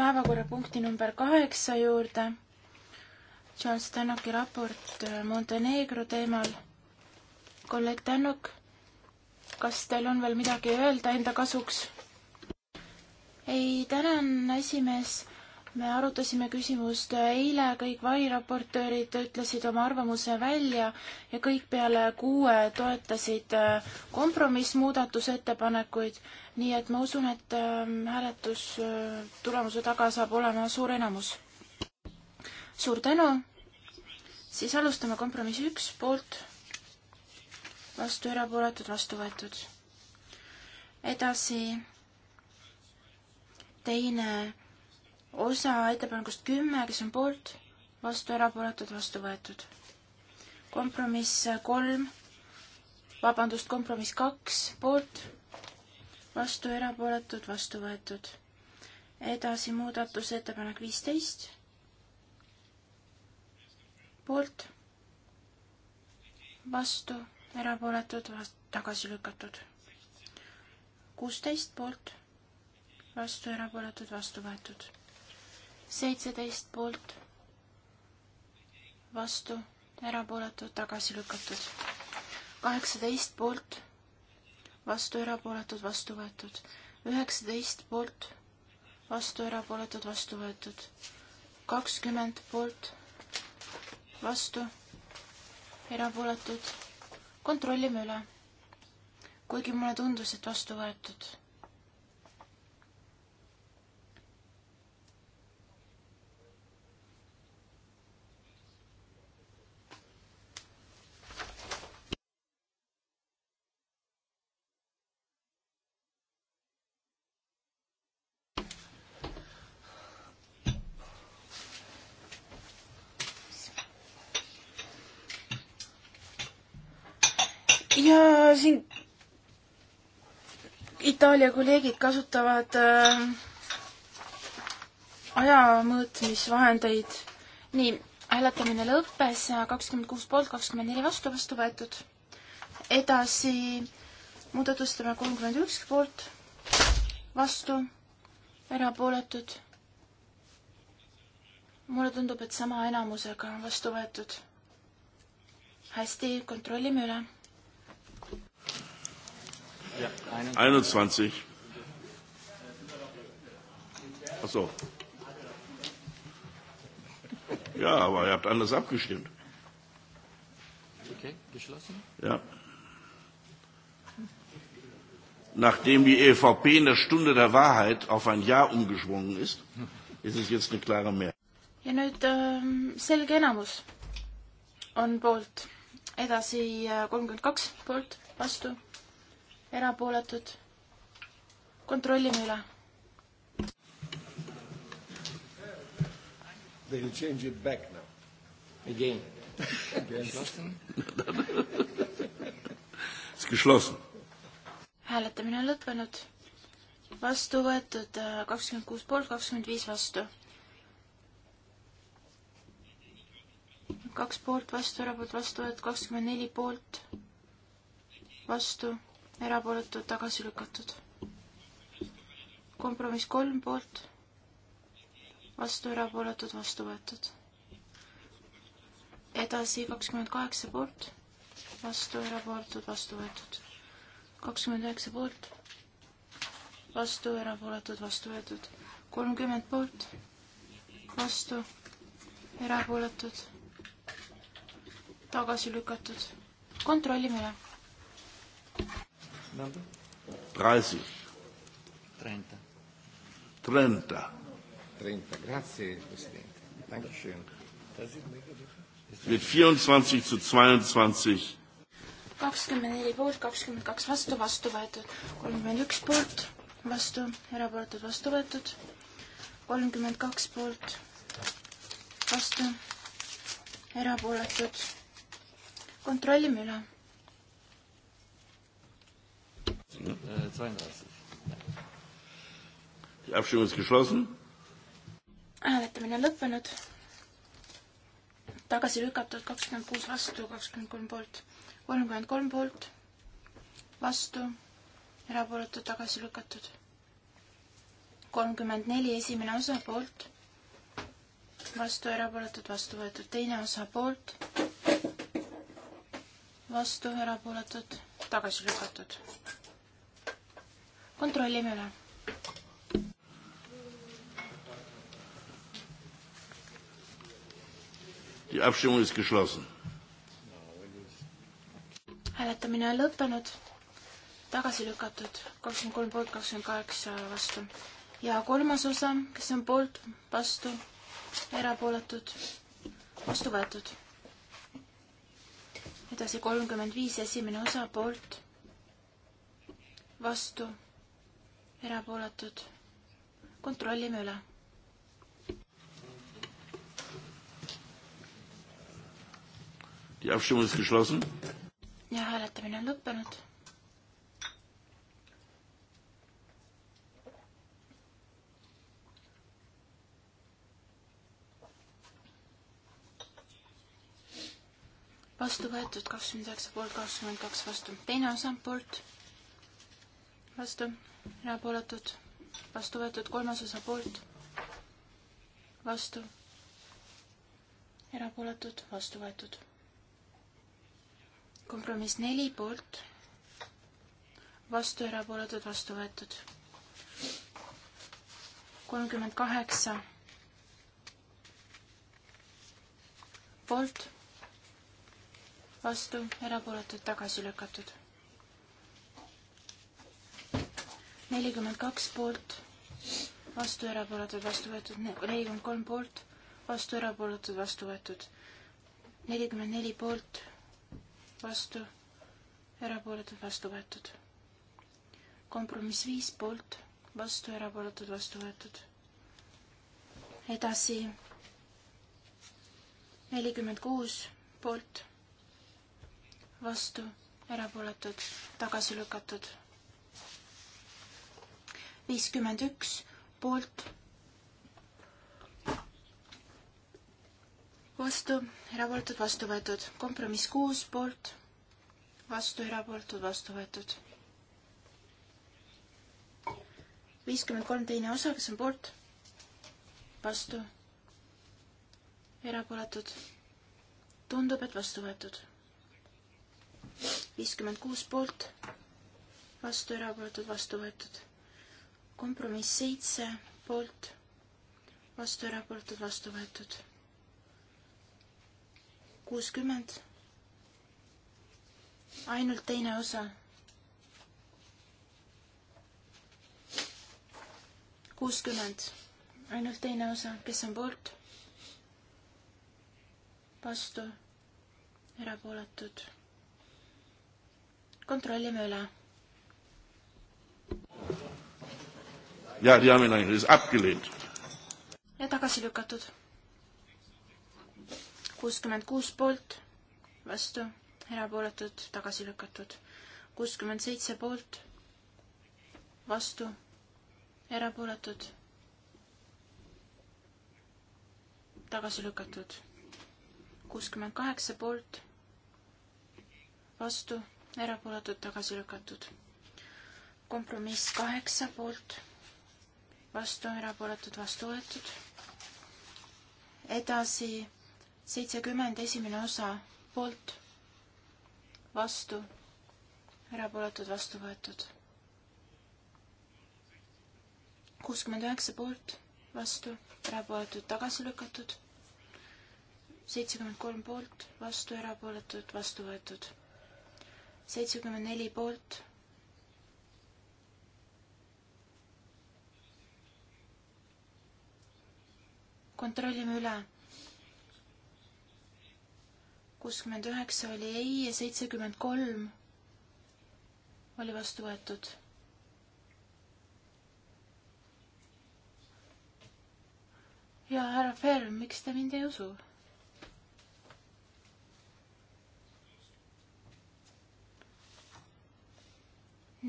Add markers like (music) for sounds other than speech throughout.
päevakorrapunkti number kaheksa juurde. Charles Tannocki raport äh, Montenegro teemal. kolleeg Tannock, kas teil on veel midagi öelda enda kasuks? ei, tänan, esimees me arutasime küsimust eile, kõik variraportöörid ütlesid oma arvamuse välja ja kõik peale kuue toetasid äh, kompromissmuudatusettepanekuid, nii et ma usun, et ähm, hääletustulemuse äh, taga saab olema suur enamus. suur tänu, siis alustame kompromissi üks poolt, vastu erapooletud, vastu võetud. edasi teine osa ettepanekust kümme, kes on poolt, vastu, erapooletud, vastu võetud. kompromiss kolm, vabandust, kompromiss kaks, poolt, vastu, erapooletud, vastu võetud. edasi muudatusettepanek viisteist, poolt, vastu, erapooletud, tagasi lükatud. kuusteist poolt, vastu, erapooletud, vastu võetud seitseteist poolt, vastu, erapooletud, tagasi lükatud. kaheksateist poolt, vastu, erapooletud, vastu võetud. üheksateist poolt, vastu, erapooletud, vastu võetud. kakskümmend poolt, vastu, erapooletud. kontrollime üle. kuigi mulle tundus, et vastu võetud Itaalia kolleegid kasutavad äh, ajamõõtmisvahendeid. nii, hääletamine lõppes, kakskümmend kuus poolt, kakskümmend neli vastu, vastu võetud. edasi muudatustame kolmkümmend üks poolt, vastu, erapooletud. mulle tundub, et sama enamusega on vastu võetud. hästi, kontrollime üle 21. Ach so. Ja, aber ihr habt anders abgestimmt. Okay, geschlossen? Ja. Nachdem die EVP in der Stunde der Wahrheit auf ein Ja umgeschwungen ist, ist es jetzt eine klare Mehrheit. ja nüüd ähm, selge enamus on poolt, edasi äh, kolmkümmend kaks poolt, vastu erapooletud. kontrollime üle. They will change it back now. Again. (laughs) hääletamine on lõppenud. vastu võetud äh, kakskümmend kuus poolt, kakskümmend viis vastu. kaks poolt vastu, erapoolt vastu võetud kakskümmend neli poolt vastu erapooletud, tagasi lükatud. kompromiss kolm poolt, vastu erapooletud, vastu võetud. edasi kakskümmend kaheksa poolt, vastu erapooletud, vastu võetud. kakskümmend üheksa poolt, vastu erapooletud, vastu võetud. kolmkümmend poolt, vastu erapooletud, tagasi lükatud. kontrollime üle. ¿Dónde? 30. 30. 30. 30. Grazie, Presidente. Dankeschön. Mit 24 zu 22. 24 poolt, 22 vastu, vastu võetud. 31 poolt, vastu, erapooletud, vastu võetud. 32 poolt, vastu, erapooletud. Kontrollime üle. Ne? Äh, 32. Die Abstimmung ist geschlossen. hääletamine on lõppenud. tagasi lükatud kakskümmend kuus vastu, kakskümmend kolm poolt, kolmkümmend kolm poolt, vastu, erapooletu tagasi lükatud. kolmkümmend neli esimene osa poolt, vastu erapooletud, vastu võetud teine osa poolt, vastu erapooletud, tagasi lükatud kontrollime üle. Die Abstimmung ist geschlossen. hääletamine on lõppenud, tagasi lükatud, kakskümmend kolm poolt, kakskümmend kaheksa vastu. ja kolmas osa, kes on poolt, vastu, erapooletud, vastu võetud. edasi kolmkümmend viis, esimene osa poolt, vastu erapooletud. kontrollime üle. Die Abstimmung ist geschlossen. ja hääletamine on lõppenud. vastu võetud kakskümmend üheksa poolt, kakskümmend kaks vastu, teine osa poolt vastu, erapooletud, vastu võetud kolmas osa poolt, vastu, erapooletud, vastu võetud. kompromiss neli poolt, vastu, erapooletud, vastu võetud. kolmkümmend kaheksa poolt, vastu, erapooletud, tagasi lükatud nelikümmend kaks poolt, vastu erapooletud, vastu võetud, nelikümmend kolm poolt, vastu erapooletud, vastu võetud, nelikümmend neli poolt, vastu erapooletud, vastu võetud. kompromiss viis poolt, vastu erapooletud, vastu võetud. edasi nelikümmend kuus poolt, vastu erapooletud, tagasi lükatud viiskümmend üks poolt, vastu, erapooletud, vastu võetud. kompromiss kuus poolt, vastu, erapooletud, vastu võetud. viiskümmend kolm teine osa, kes on poolt, vastu, erapooletud. tundub, et vastu võetud. viiskümmend kuus poolt, vastu, erapooletud, vastu võetud kompromiss seitse poolt, vastu erapooletud, vastu võetud. kuuskümmend. ainult teine osa. kuuskümmend, ainult teine osa, kes on poolt? vastu, erapooletud. kontrollime üle ja die haben ihn eigentlich abgelehnt. ja tagasi lükatud. kuuskümmend kuus poolt, vastu, erapooletud, tagasi lükatud. kuuskümmend seitse poolt, vastu, erapooletud, tagasi lükatud. kuuskümmend kaheksa poolt, vastu, erapooletud, tagasi lükatud. kompromiss kaheksa poolt vastu, erapooletud, vastu võetud. edasi seitsekümmend esimene osa poolt, vastu, erapooletud, vastu võetud. kuuskümmend üheksa poolt, vastu, erapooletud, tagasi lükatud. seitsekümmend kolm poolt, vastu, erapooletud, vastu võetud. seitsekümmend neli poolt kontrollime üle. kuuskümmend üheksa oli ei ja seitsekümmend kolm oli vastu võetud. ja härra Ferm, miks te mind ei usu?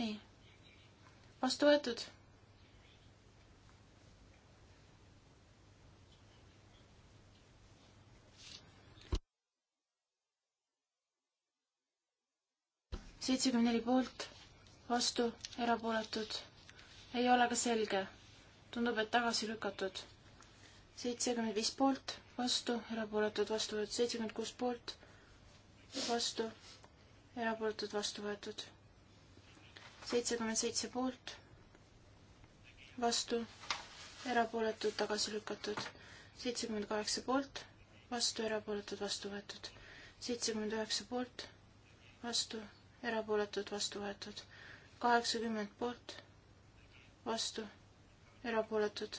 nii, vastu võetud seitsekümmend neli poolt, vastu, erapooletud. ei ole ka selge. tundub, et tagasi lükatud. seitsekümmend viis poolt, vastu, erapooletud, vastu võetud. seitsekümmend kuus poolt, vastu, erapooletud, vastu võetud. seitsekümmend seitse poolt, vastu, erapooletud, tagasi lükatud. seitsekümmend kaheksa poolt, vastu, erapooletud, vastu võetud. seitsekümmend üheksa poolt, vastu erapooletud, vastu võetud. kaheksakümmend poolt, vastu, erapooletud,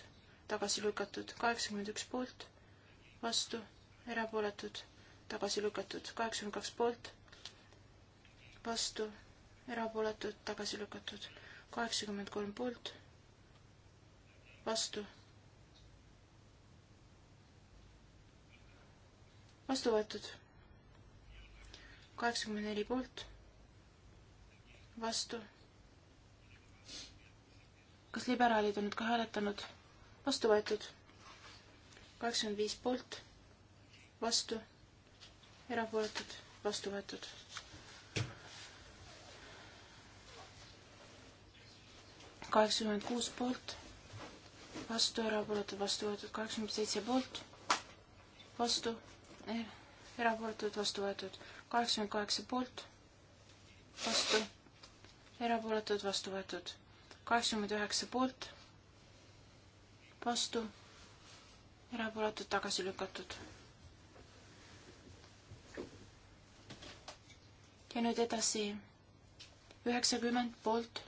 tagasi lükatud. kaheksakümmend üks poolt, vastu, erapooletud, tagasi lükatud. kaheksakümmend kaks poolt, vastu, erapooletud, tagasi lükatud. kaheksakümmend kolm poolt, vastu vastu võetud. kaheksakümmend neli poolt, vastu. kas liberaalid on nüüd ka hääletanud? vastu võetud. kaheksakümmend viis poolt, vastu, erapooletud, vastu võetud. kaheksakümmend kuus poolt, vastu, erapooletud, vastu võetud, kaheksakümmend seitse poolt, vastu, er-, erapooletud, vastu võetud, kaheksakümmend kaheksa poolt, vastu erapooletud, vastu võetud. kaheksakümmend üheksa poolt, vastu, erapooletud, tagasi lükatud. ja nüüd edasi üheksakümmend poolt,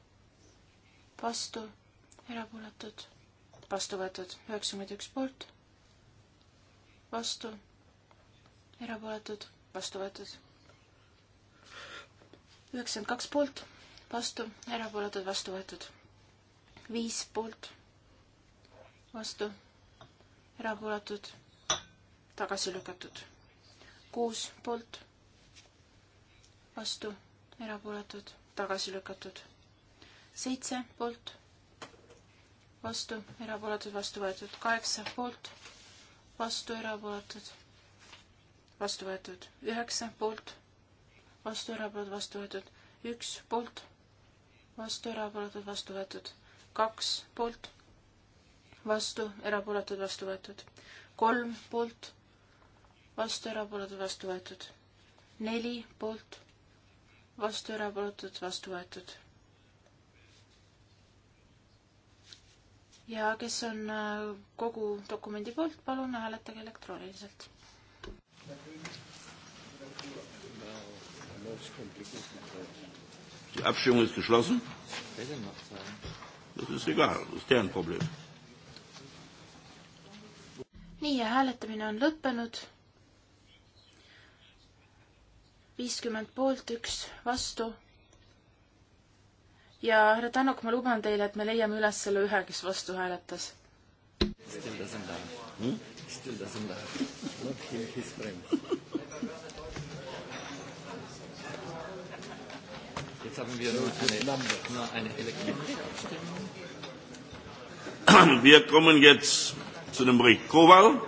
vastu, erapooletud, vastu võetud, üheksakümmend üks poolt, vastu, erapooletud, vastu võetud üheksakümmend kaks poolt, vastu, erapooletud, vastu võetud. viis poolt, vastu, erapooletud, tagasi lükatud. kuus poolt, vastu, erapooletud, tagasi lükatud. seitse poolt, vastu, erapooletud, vastu võetud. kaheksa poolt, vastu, erapooletud vastu võetud, üheksa poolt, vastu erapoolt vastu võetud, üks poolt, vastu, erapooletud, vastu võetud. kaks poolt, vastu, erapooletud, vastu võetud. kolm poolt, vastu, erapooletud, vastu võetud. neli poolt, vastu, erapooletud, vastu võetud. ja kes on äh, kogu dokumendi poolt, palun hääletage elektrooniliselt. Most complicated Die Abstimmung ist geschlossen. Das ist egal, das ist deren Problem. nii ja hääletamine on lõppenud. viiskümmend poolt, üks vastu. ja härra Tanok, ma luban teile, et me leiame üles selle ühe, kes vastu hääletas. Still doesn't die hmm?. Still doesn't die. (laughs) Not him, his friend jetzt haben wir nur eine, nur eine elektronische Abstimmung. Wir kommen jetzt zu dem Bericht Kowal.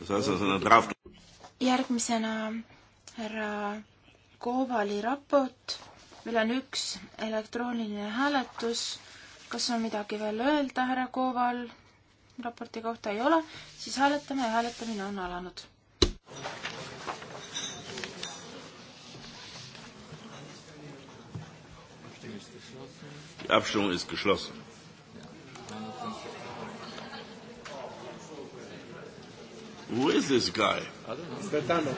Das heißt also eine er Draft. Järgmisena härra Kowali raport, meil on üks elektrooniline hääletus. kas on midagi veel öelda härra Koval raporti kohta ei ole, siis hääletame ja hääletamine on alanud Die Abstimmung ist geschlossen. Who is this guy? I don't know. Svetlana.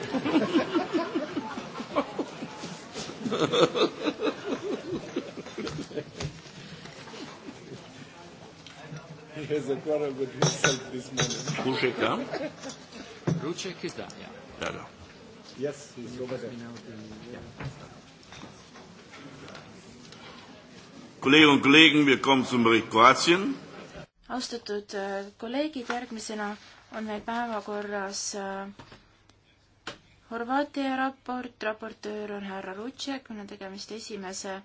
he has a quarrel with himself this morning. Ruchek da? Ruchek is da, yeah. Da, da. Yes, he's over there. Yeah. Kolleeginnen und Kollegen, wir kommen zum Bericht Kroatien. austatud äh, kolleegid, järgmisena on meil päevakorras äh, Horvaatia raport, raportöör on härra Lutšek, meil on tegemist esimese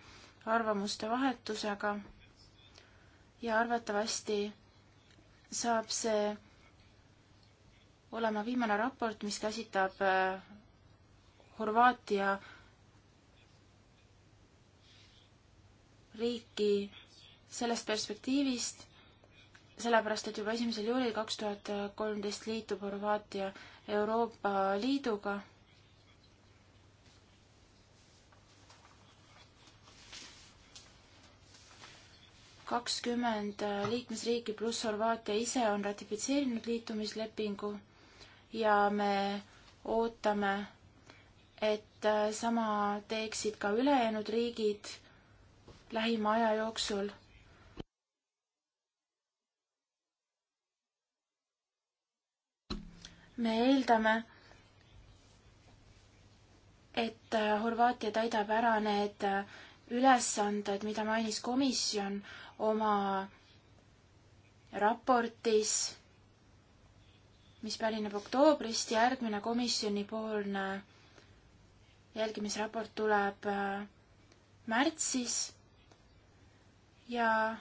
arvamuste vahetusega ja arvatavasti saab see olema viimane raport, mis käsitleb äh, Horvaatia äh, riiki sellest perspektiivist, sellepärast et juba esimesel juulil kaks tuhat kolmteist liitub Horvaatia Euroopa Liiduga. kakskümmend liikmesriiki pluss Horvaatia ise on ratifitseerinud liitumislepingu ja me ootame, et sama teeksid ka ülejäänud riigid lähima aja jooksul. me eeldame, et äh, Horvaatia täidab ära need äh, ülesanded, mida mainis komisjon oma raportis, mis pärineb oktoobrist, järgmine komisjonipoolne jälgimisraport tuleb äh, märtsis ja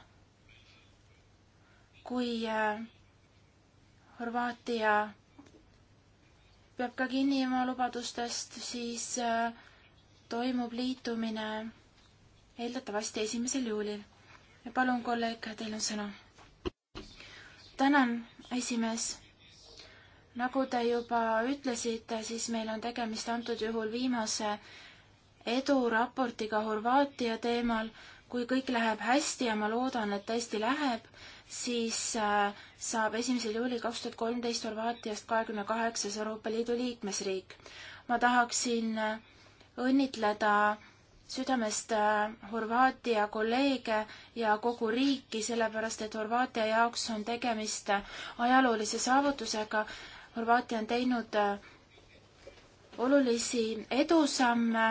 kui äh, Horvaatia peab ka kinni oma lubadustest, siis äh, toimub liitumine eeldatavasti esimesel juulil. ja palun, kolleeg, teil on sõna. tänan, esimees. nagu te juba ütlesite, siis meil on tegemist antud juhul viimase eduraportiga Horvaatia teemal kui kõik läheb hästi ja ma loodan, et tõesti läheb, siis äh, saab esimesel juulil kaks tuhat kolmteist Horvaatiast kahekümne kaheksas Euroopa Liidu liikmesriik. ma tahaksin äh, õnnitleda südamest äh, Horvaatia kolleege ja kogu riiki, sellepärast et Horvaatia jaoks on tegemist ajaloolise saavutusega. Horvaatia on teinud olulisi edusamme,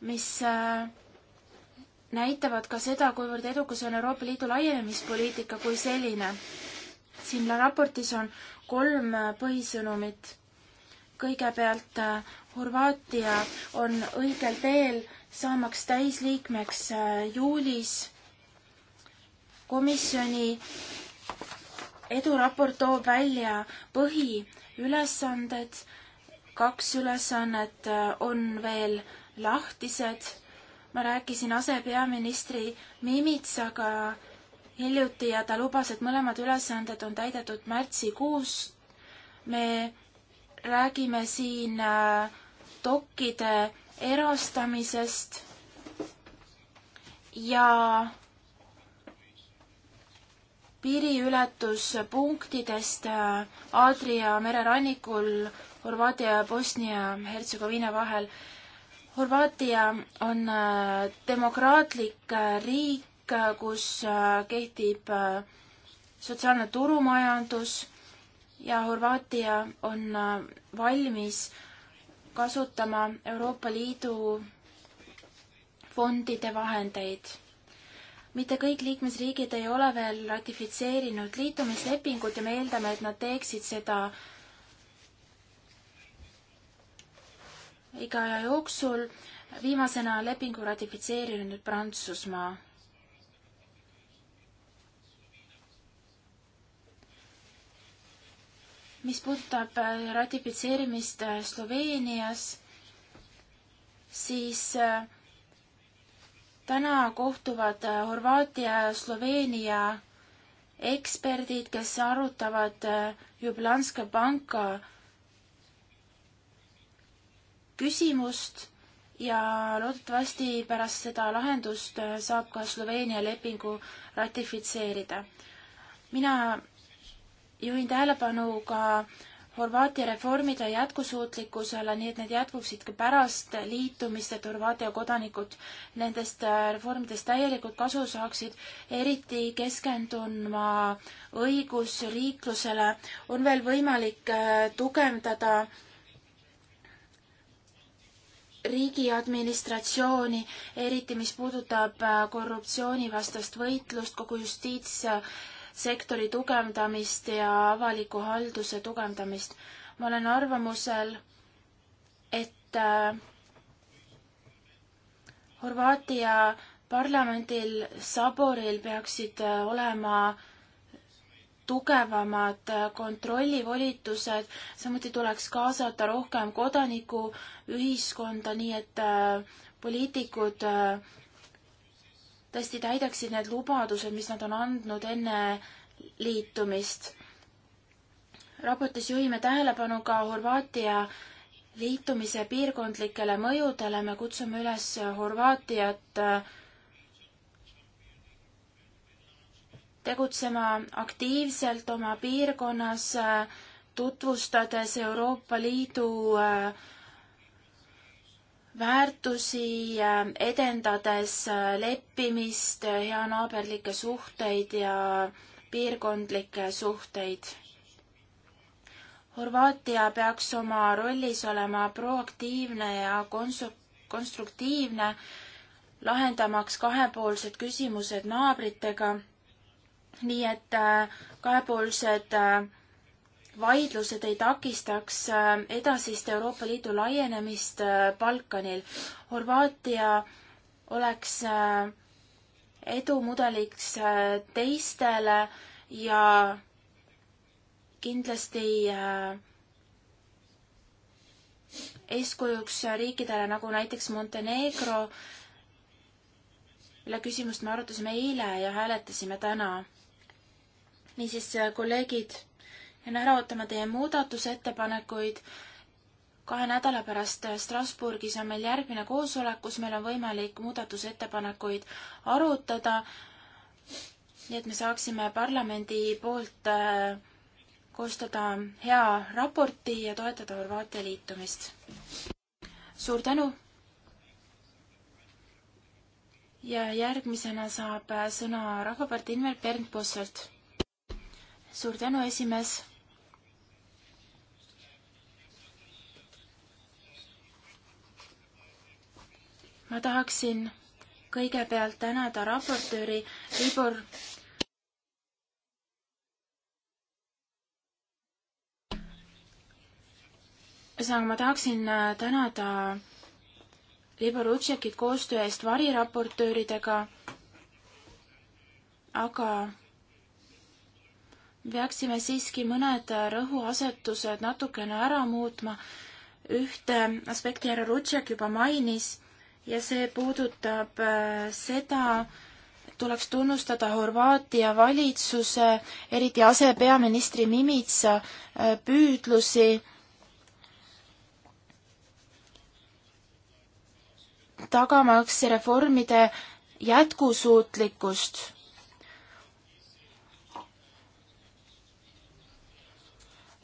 mis äh, näitavad ka seda, kuivõrd edukas on Euroopa Liidu laienemispoliitika kui selline. siin raportis on kolm põhisõnumit. kõigepealt äh, Horvaatia on õigel teel saamaks täisliikmeks äh, juulis. komisjoni eduraport toob välja põhiülesanded, kaks ülesannet äh, on veel lahtised ma rääkisin asepeaministri Mimitsaga hiljuti ja ta lubas, et mõlemad ülesanded on täidetud märtsikuus. me räägime siin dokkide äh, erastamisest ja piiriületuspunktidest äh, Aadria mererannikul Horvaatia ja Bosnia-Hertsegoviina vahel Horvaatia on äh, demokraatlik äh, riik, äh, kus kehtib sotsiaalne turumajandus ja Horvaatia on valmis kasutama Euroopa Liidu fondide vahendeid mitte kõik liikmesriigid ei ole veel ratifitseerinud liitumislepingut ja me eeldame, et nad teeksid seda iga aja jooksul. viimasena lepingu ratifitseerinud Prantsusmaa. mis puudutab äh, ratifitseerimist äh, Sloveenias, siis äh, täna kohtuvad Horvaatia ja Sloveenia eksperdid, kes arutavad Jublanska panka küsimust ja loodetavasti pärast seda lahendust äh, saab ka Sloveenia lepingu ratifitseerida. mina juhin tähelepanu ka Horvaatia reformide jätkusuutlikkusele, nii et need jätkuksid ka pärast liitumist, et Horvaatia kodanikud nendest äh, reformidest täielikult kasu saaksid. eriti keskendun ma õigusriiklusele. on veel võimalik äh, tugevdada äh, riigi administratsiooni, eriti mis puudutab äh, korruptsioonivastast võitlust, kogu justiitssektori tugevdamist ja avaliku halduse tugevdamist. ma olen arvamusel, et äh, Horvaatia parlamendil, Saboril peaksid äh, olema äh, tugevamad kontrollivolitused, samuti tuleks kaasata rohkem kodanikuühiskonda, nii et äh, poliitikud äh, tõesti täidaksid need lubadused, mis nad on andnud enne liitumist. raportis juhime tähelepanu ka Horvaatia liitumise piirkondlikele mõjudele, me kutsume üles Horvaatiat äh, tegutsema aktiivselt oma piirkonnas, tutvustades Euroopa Liidu äh, väärtusi, äh, edendades äh, leppimist, heanaaberlikke suhteid ja piirkondlikke suhteid. Horvaatia peaks oma rollis olema proaktiivne ja konsu-, konstruktiivne, lahendamaks kahepoolsed küsimused naabritega nii et äh, kahepoolsed äh, vaidlused ei takistaks äh, edasist Euroopa Liidu laienemist Balkanil. Horvaatia oleks edumudeliks teistele ja kindlasti eeskujuks riikidele nagu näiteks Montenegro, mille küsimust me arutasime eile ja hääletasime täna niisiis, äh, kolleegid, jään ära ootama teie muudatusettepanekuid. kahe nädala pärast äh, Strasbourgis on meil järgmine koosolek, kus meil on võimalik muudatusettepanekuid arutada, nii et me saaksime parlamendi poolt äh, koostada hea raporti ja toetada Horvaatia liitumist. suur tänu! ja järgmisena saab sõna Rahvapartei nimel Bernd Posselt suur tänu, esimees. ma tahaksin kõigepealt tänada raportööri Libor ühesõnaga, ma tahaksin äh, tänada Libor Utšekit koostöö eest variraportööridega, aga peaksime siiski mõned rõhuasetused natukene ära muutma. ühte aspekti härra Rutšek juba mainis ja see puudutab äh, seda, tuleks tunnustada Horvaatia valitsuse, eriti asepeaministri Mimitsa äh, püüdlusi tagamaks reformide jätkusuutlikkust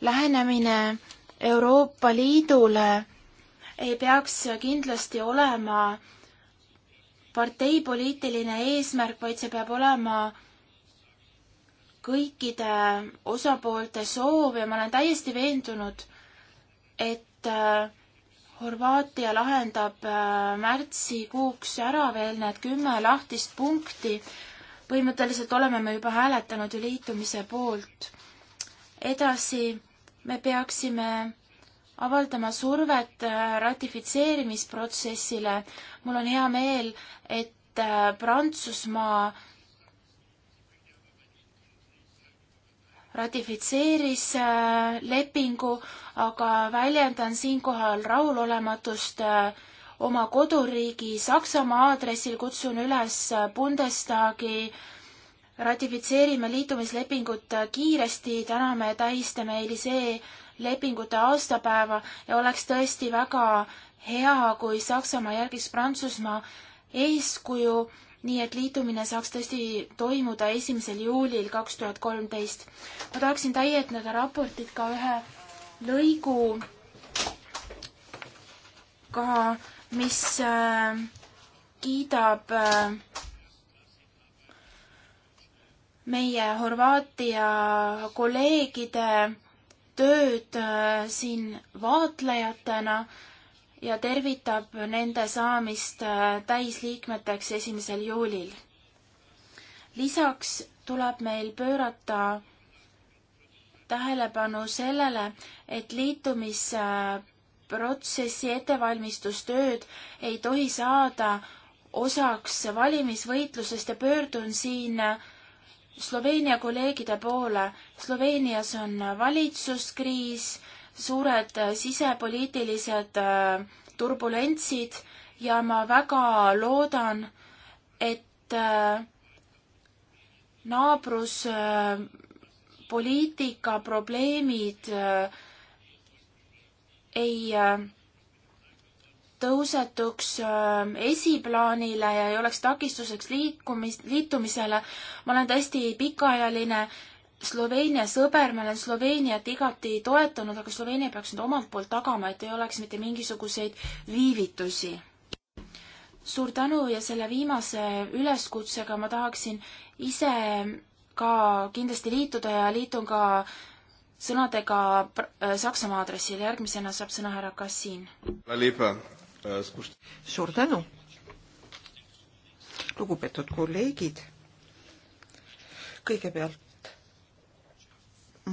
lähenemine Euroopa Liidule ei peaks kindlasti olema parteipoliitiline eesmärk, vaid see peab olema kõikide osapoolte soov ja ma olen täiesti veendunud, et äh, Horvaatia lahendab äh, märtsikuuks ära veel need kümme lahtist punkti. põhimõtteliselt oleme me juba hääletanud ju liitumise poolt. edasi me peaksime avaldama survet äh, ratifitseerimisprotsessile. mul on hea meel, et äh, Prantsusmaa ratifitseeris äh, lepingu, aga väljendan siinkohal rahulolematust oma koduriigi Saksamaa aadressil, kutsun üles Bundestagi äh, ratifitseerime liitumislepingut kiiresti, täna me tähistame Elisee lepingute aastapäeva ja oleks tõesti väga hea, kui Saksamaa järgiks Prantsusmaa eeskuju, nii et liitumine saaks tõesti toimuda esimesel juulil kaks tuhat kolmteist. ma tahaksin täiendada raportit ka ühe lõigu ka, mis äh, kiidab äh, meie Horvaatia kolleegide tööd äh, siin vaatlejatena ja tervitab nende saamist äh, täisliikmeteks esimesel juulil. lisaks tuleb meil pöörata tähelepanu sellele, et liitumisprotsessi ettevalmistustööd ei tohi saada osaks valimisvõitlusest ja pöördun siin äh, Sloveenia kolleegide poole. Sloveenias on valitsuskriis, suured sisepoliitilised äh, turbulentsid ja ma väga loodan, et äh, naabruspoliitika äh, probleemid ei tõusetuks äh, esiplaanile ja ei oleks takistuseks liikumis, liitumisele. ma olen tõesti pikaajaline Sloveenia sõber, ma olen Sloveeniat igati toetanud, aga Sloveenia peaks nüüd omalt poolt tagama, et ei oleks mitte mingisuguseid viivitusi. suur tänu ja selle viimase üleskutsega ma tahaksin ise ka kindlasti liituda ja liitun ka sõnadega äh, Saksamaa aadressil. järgmisena saab sõna härra Kassin suur tänu, lugupeetud kolleegid. kõigepealt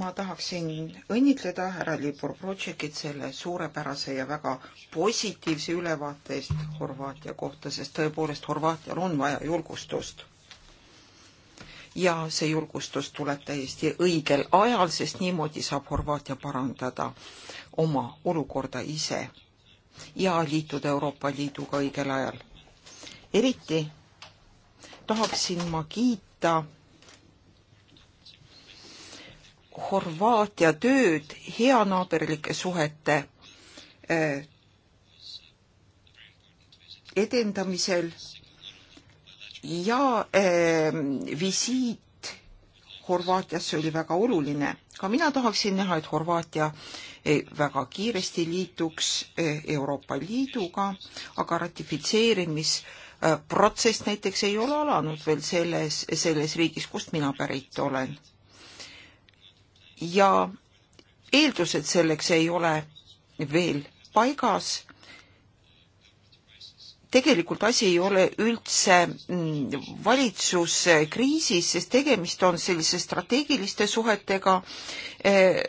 ma tahaksin õnnitleda härra Libor Protšekit selle suurepärase ja väga positiivse ülevaate eest Horvaatia kohta, sest tõepoolest Horvaatial on vaja julgustust ja see julgustus tuleb täiesti õigel ajal, sest niimoodi saab Horvaatia parandada oma olukorda ise ja liituda Euroopa Liiduga õigel ajal. eriti tahaksin ma kiita Horvaatia tööd heanaaberlike suhete eh, edendamisel ja eh, visiit Horvaatiasse oli väga oluline. ka mina tahaksin näha, et Horvaatia E, väga kiiresti liituks e, Euroopa Liiduga, aga ratifitseerimisprotsess näiteks ei ole alanud veel selles, selles riigis, kust mina pärit olen. ja eeldused selleks ei ole veel paigas tegelikult asi ei ole üldse mm, valitsuskriisis, sest tegemist on sellise strateegiliste suhetega e,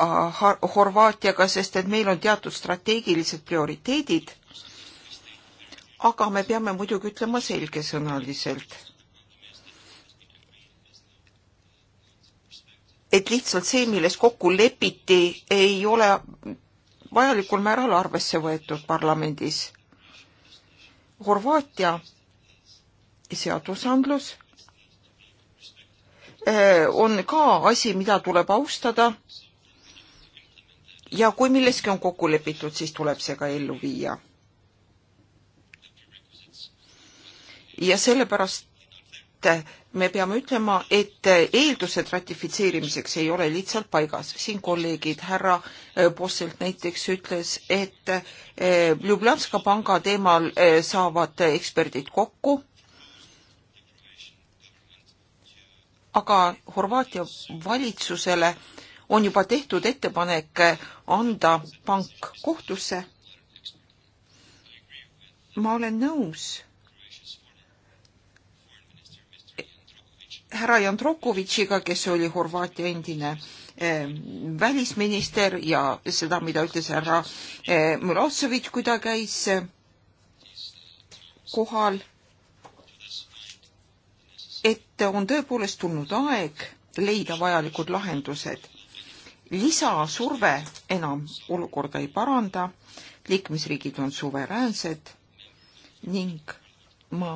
Horvaatiaga, sest et meil on teatud strateegilised prioriteedid. aga me peame muidugi ütlema selgesõnaliselt. et lihtsalt see, milles kokku lepiti, ei ole vajalikul määral arvesse võetud parlamendis. Horvaatia seadusandlus eh, on ka asi, mida tuleb austada ja kui milleski on kokku lepitud, siis tuleb see ka ellu viia. ja sellepärast me peame ütlema, et eeldused ratifitseerimiseks ei ole lihtsalt paigas. siin kolleegid, härra Posselt näiteks ütles, et eh, Ljubljanska panga teemal eh, saavad eksperdid kokku, aga Horvaatia valitsusele äh, on juba tehtud ettepanek anda pank kohtusse. ma olen nõus härra Jandrokovitšiga, kes oli Horvaatia endine eh, välisminister ja seda, mida ütles härra eh, Mlosevitš, kui ta käis eh, kohal, et on tõepoolest tulnud aeg leida vajalikud lahendused lisasurve enam olukorda ei paranda, liikmesriigid on suveräänsed ning ma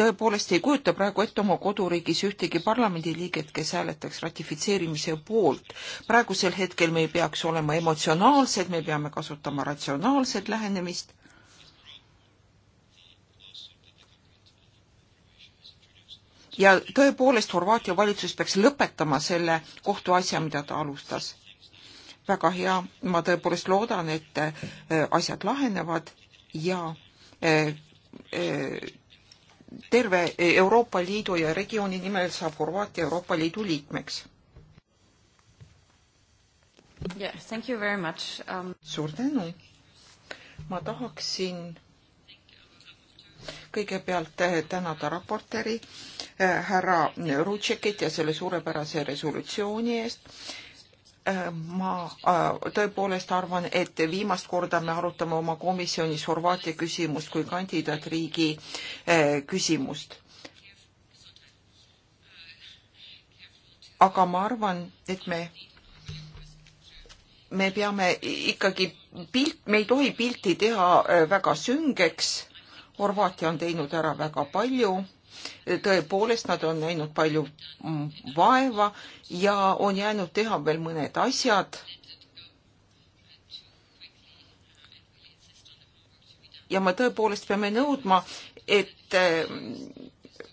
tõepoolest ei kujuta praegu ette oma koduriigis ühtegi parlamendiliiget, kes hääletaks ratifitseerimise poolt. praegusel hetkel me ei peaks olema emotsionaalsed, me peame kasutama ratsionaalset lähenemist ja tõepoolest Horvaatia valitsus peaks lõpetama selle kohtuasja, mida ta alustas. väga hea, ma tõepoolest loodan, et äh, asjad lahenevad ja äh, äh, terve Euroopa Liidu ja regiooni nimel saab Horvaatia Euroopa Liidu liikmeks. Yeah, thank you very much. Um... suur tänu. ma tahaksin kõigepealt tänada raportööri härra Rutšekit ja selle suurepärase resolutsiooni eest ma äh, tõepoolest arvan, et viimast korda me arutame oma komisjonis Horvaatia küsimust kui kandidaatriigi äh, küsimust. aga ma arvan, et me, me peame ikkagi pilt, me ei tohi pilti teha äh, väga süngeks. Horvaatia on teinud ära väga palju tõepoolest nad on näinud palju mm, vaeva ja on jäänud teha veel mõned asjad. ja me tõepoolest peame nõudma, et mm,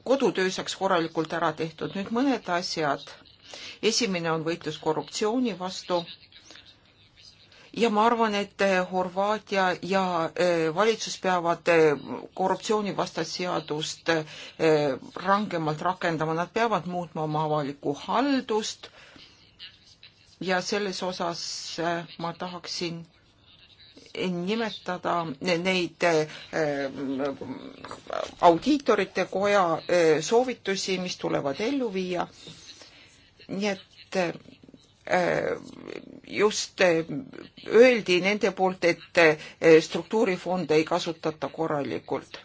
kodutöö saaks korralikult ära tehtud. nüüd mõned asjad. esimene on võitlus korruptsiooni vastu ja ma arvan, et eh, Horvaatia ja eh, valitsus peavad eh, korruptsioonivastast seadust rangemalt rakendama, nad peavad muutma oma avalikku haldust ja selles osas ma tahaksin nimetada neid audiitorite koja soovitusi, mis tulevad ellu viia. nii et Äh, just äh, öeldi nende poolt, et äh, struktuurifonde ei kasutata korralikult.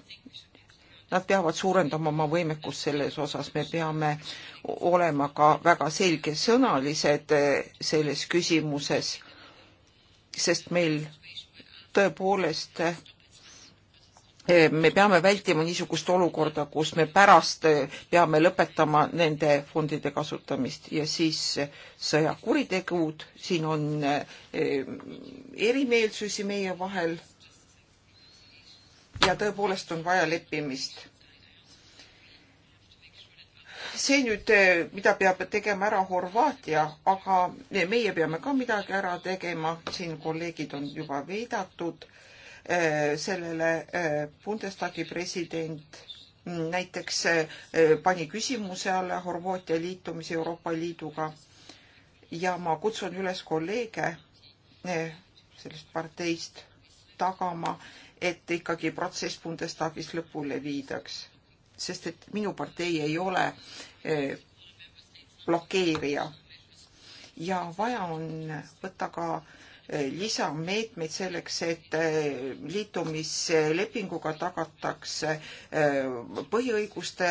Nad peavad suurendama oma võimekust selles osas, me peame olema ka väga selgesõnalised selles küsimuses, sest meil tõepoolest Eh, me peame vältima niisugust olukorda, kus me pärast eh, peame lõpetama nende fondide kasutamist ja siis eh, sõjakuritegud, siin on erimeelsusi meie vahel. ja tõepoolest on vaja leppimist. see nüüd, mida peab tegema ära Horvaatia, aga meie peame ka midagi ära tegema, siin kolleegid on juba veidatud Äh, sellele äh, Bundestagi president näiteks äh, pani küsimuse alla Horvaatia liitumise Euroopa Liiduga ja ma kutsun üles kolleege sellest parteist tagama, et ikkagi protsess Bundestagis lõpule viidaks, sest et minu partei ei ole blokeerija ja vaja on võtta ka äh, Äh, lisameetmeid selleks, et äh, liitumislepinguga tagatakse äh, põhiõiguste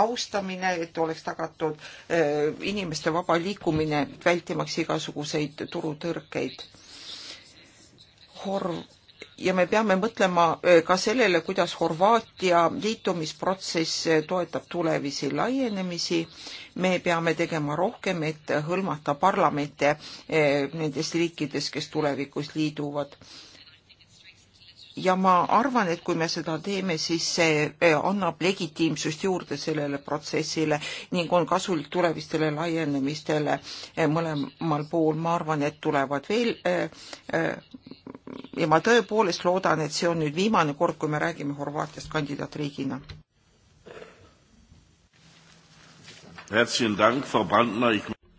austamine, et oleks tagatud inimeste vaba liikumine, vältimaks igasuguseid turutõrkeid. Horv-, ja me peame mõtlema äh, ka sellele, kuidas Horvaatia liitumisprotsess äh, toetab tulevisi laienemisi. me peame tegema rohkem, et hõlmata parlamente äh, nendes riikides, kes tulevikus liiduvad ja ma arvan, et kui me seda teeme, siis see eh, annab legitiimsust juurde sellele protsessile ning on kasulik tulevistele laienemistele eh, mõlemal pool. ma arvan, et tulevad veel eh, ja ma tõepoolest loodan, et see on nüüd viimane kord, kui me räägime Horvaatiast kandidaatriigina.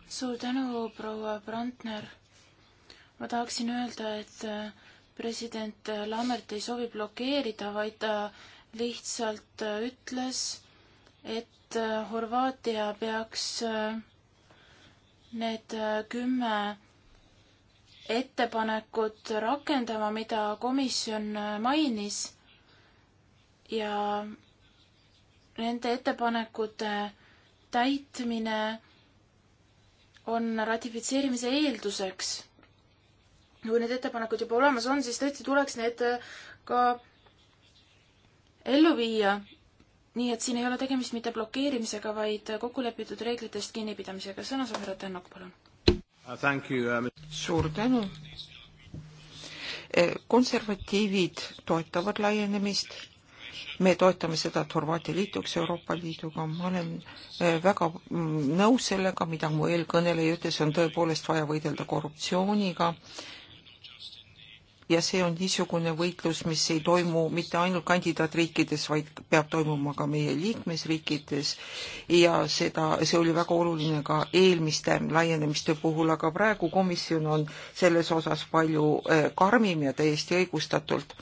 suur tänu, proua Brandner. ma tahaksin öelda, et president Lammert ei soovi blokeerida, vaid ta lihtsalt ütles, et Horvaatia peaks äh, need äh, kümme ettepanekut rakendama, mida komisjon äh, mainis ja nende ettepanekute täitmine on ratifitseerimise eelduseks kui need ettepanekud juba olemas on, siis tõesti tuleks need äh, ka ellu viia. nii et siin ei ole tegemist mitte blokeerimisega, vaid kokkulepitud reeglitest kinnipidamisega. sõna saab härra Tänak, palun uh,. uh suur tänu. Eh, konservatiivid toetavad laienemist. me toetame seda, et Horvaatia liituks Euroopa Liiduga. ma olen eh, väga mm, nõus sellega, mida mu eelkõneleja ütles, on tõepoolest vaja võidelda korruptsiooniga ja see on niisugune võitlus, mis ei toimu mitte ainult kandidaatriikides, vaid peab toimuma ka meie liikmesriikides ja seda, see oli väga oluline ka eelmiste laienemiste puhul, aga praegu komisjon on selles osas palju eh, karmim ja täiesti õigustatult